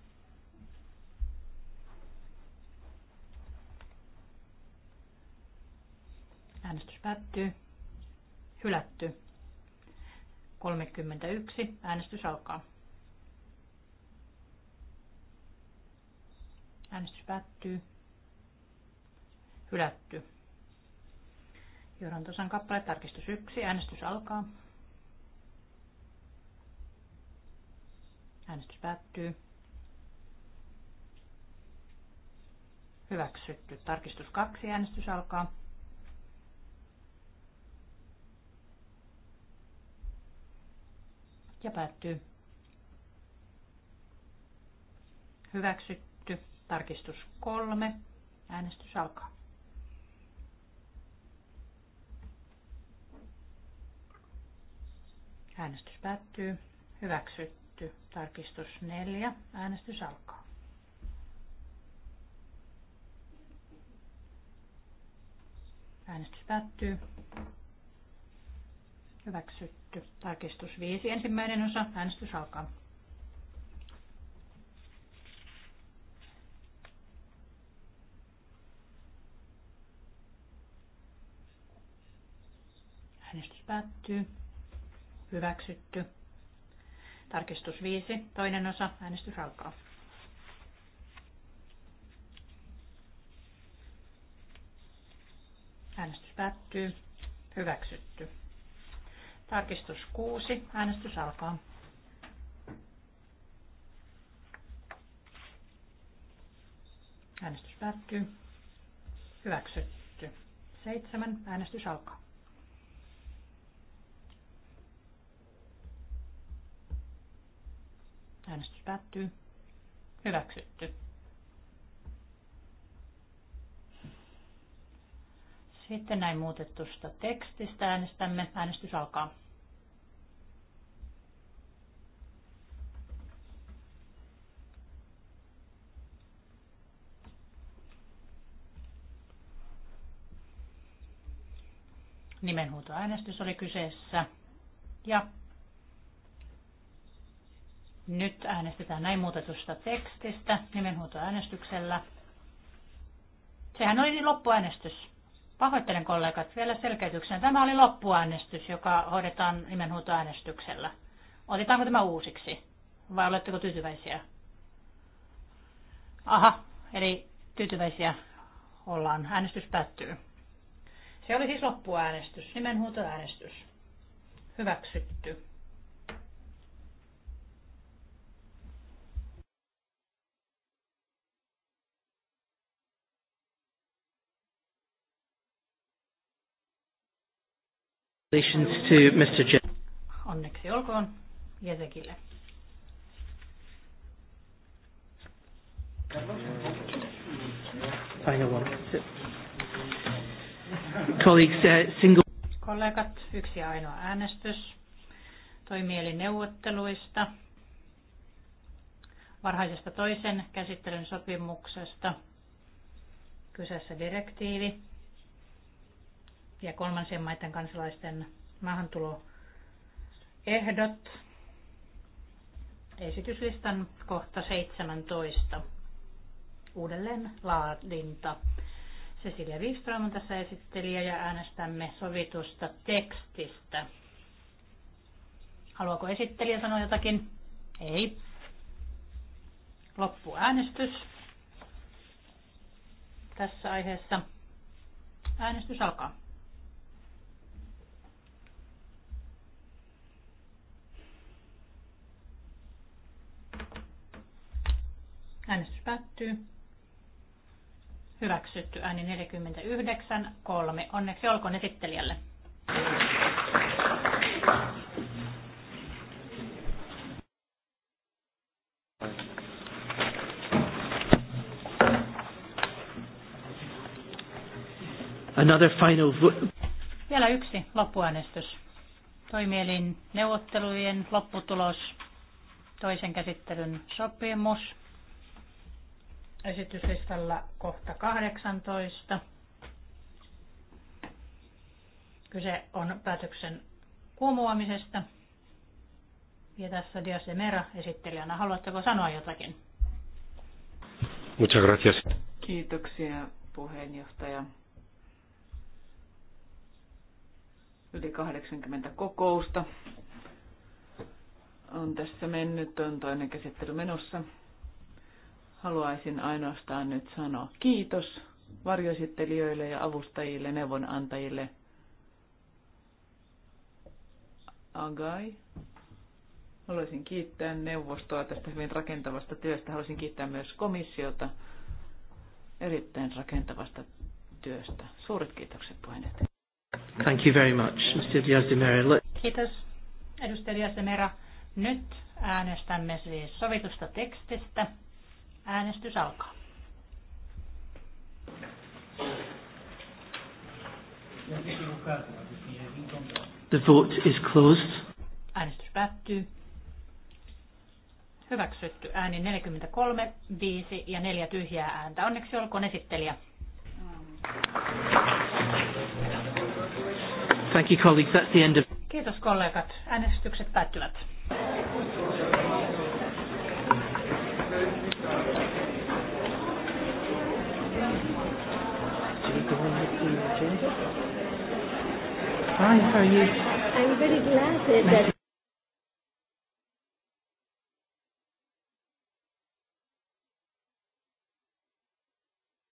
Äänestys päättyy. Hylätty. 31. Äänestys alkaa. Äänestys päättyy. Hylätty. tasan kappale tarkistus 1. Äänestys alkaa. Äänestys päättyy. Hyväksytty. Tarkistus 2. Äänestys alkaa. Ja päättyy. Hyväksytty Tarkistus kolme. Äänestys alkaa. Äänestys päättyy. Hyväksytty. Tarkistus neljä. Äänestys alkaa. Äänestys päättyy. Hyväksytty. Tarkistus 5. Ensimmäinen osa. Äänestys alkaa. Äänestys päättyy. Hyväksytty. Tarkistus 5. Toinen osa. Äänestys alkaa. Äänestys päättyy. Hyväksytty. Tarkistus 6. Äänestys alkaa. Äänestys päättyy. Hyväksytty. 7. Äänestys alkaa. Äänestys päättyy. Hyväksytty. Sitten näin muutetusta tekstistä äänestämme. Äänestys alkaa. Nimenhuutoäänestys oli kyseessä ja nyt äänestetään näin muutetusta tekstistä nimenhuutoäänestyksellä. Sehän oli loppuäänestys. Pahoittelen kollegat vielä selkeytyksenä. Tämä oli loppuäänestys, joka hoidetaan nimenhuutoäänestyksellä. Otetaanko tämä uusiksi? Vai oletteko tyytyväisiä? Aha, eli tyytyväisiä ollaan. Äänestys päättyy. Se oli siis loppuäänestys, nimenhuutoäänestys. Hyväksytty. Congratulations to Mr. Onneksi olkoon Jesekille. Final one. Colleagues, uh, single... Kollegat, yksi ainoa äänestys toimielineuvotteluista, varhaisesta toisen käsittelyn sopimuksesta, kyseessä direktiivi ja kolmansien maiden kansalaisten maahantuloehdot. Esityslistan kohta 17. Uudelleen laadinta. Cecilia Wikström on tässä esittelijä ja äänestämme sovitusta tekstistä. Haluaako esittelijä sanoa jotakin? Ei. loppu äänestys tässä aiheessa. Äänestys alkaa. Äänestys päättyy. Hyväksytty ääni 49, 3. Onneksi olkoon esittelijälle. Another final Vielä yksi loppuäänestys. Toimielin neuvottelujen lopputulos, toisen käsittelyn sopimus. Esityslistalla kohta 18. Kyse on päätöksen kumoamisesta. Ja tässä Dias de Mera esittelijänä. Haluatteko sanoa jotakin? Muchas gracias. Kiitoksia puheenjohtaja. Yli 80 kokousta on tässä mennyt, on toinen käsittely menossa. Haluaisin ainoastaan nyt sanoa kiitos varjoesittelijöille ja avustajille, neuvonantajille. Agai. Haluaisin kiittää neuvostoa tästä hyvin rakentavasta työstä. Haluaisin kiittää myös komissiota erittäin rakentavasta työstä. Suuret kiitokset puheenjohtaja. Thank you very much, Mr. Diaz de Mera. Kiitos, edustaja Diaz de Mera. Nyt äänestämme siis sovitusta tekstistä. Äänestys alkaa. The vote is closed. Äänestys päättyy. Hyväksytty ääni 43, 5 ja 4 tyhjää ääntä. Onneksi olkoon esittelijä. Thank you, colleagues. That's the end of... Kiitos kollegat. Äänestykset päättyvät. Hi, how are you? I'm very glad that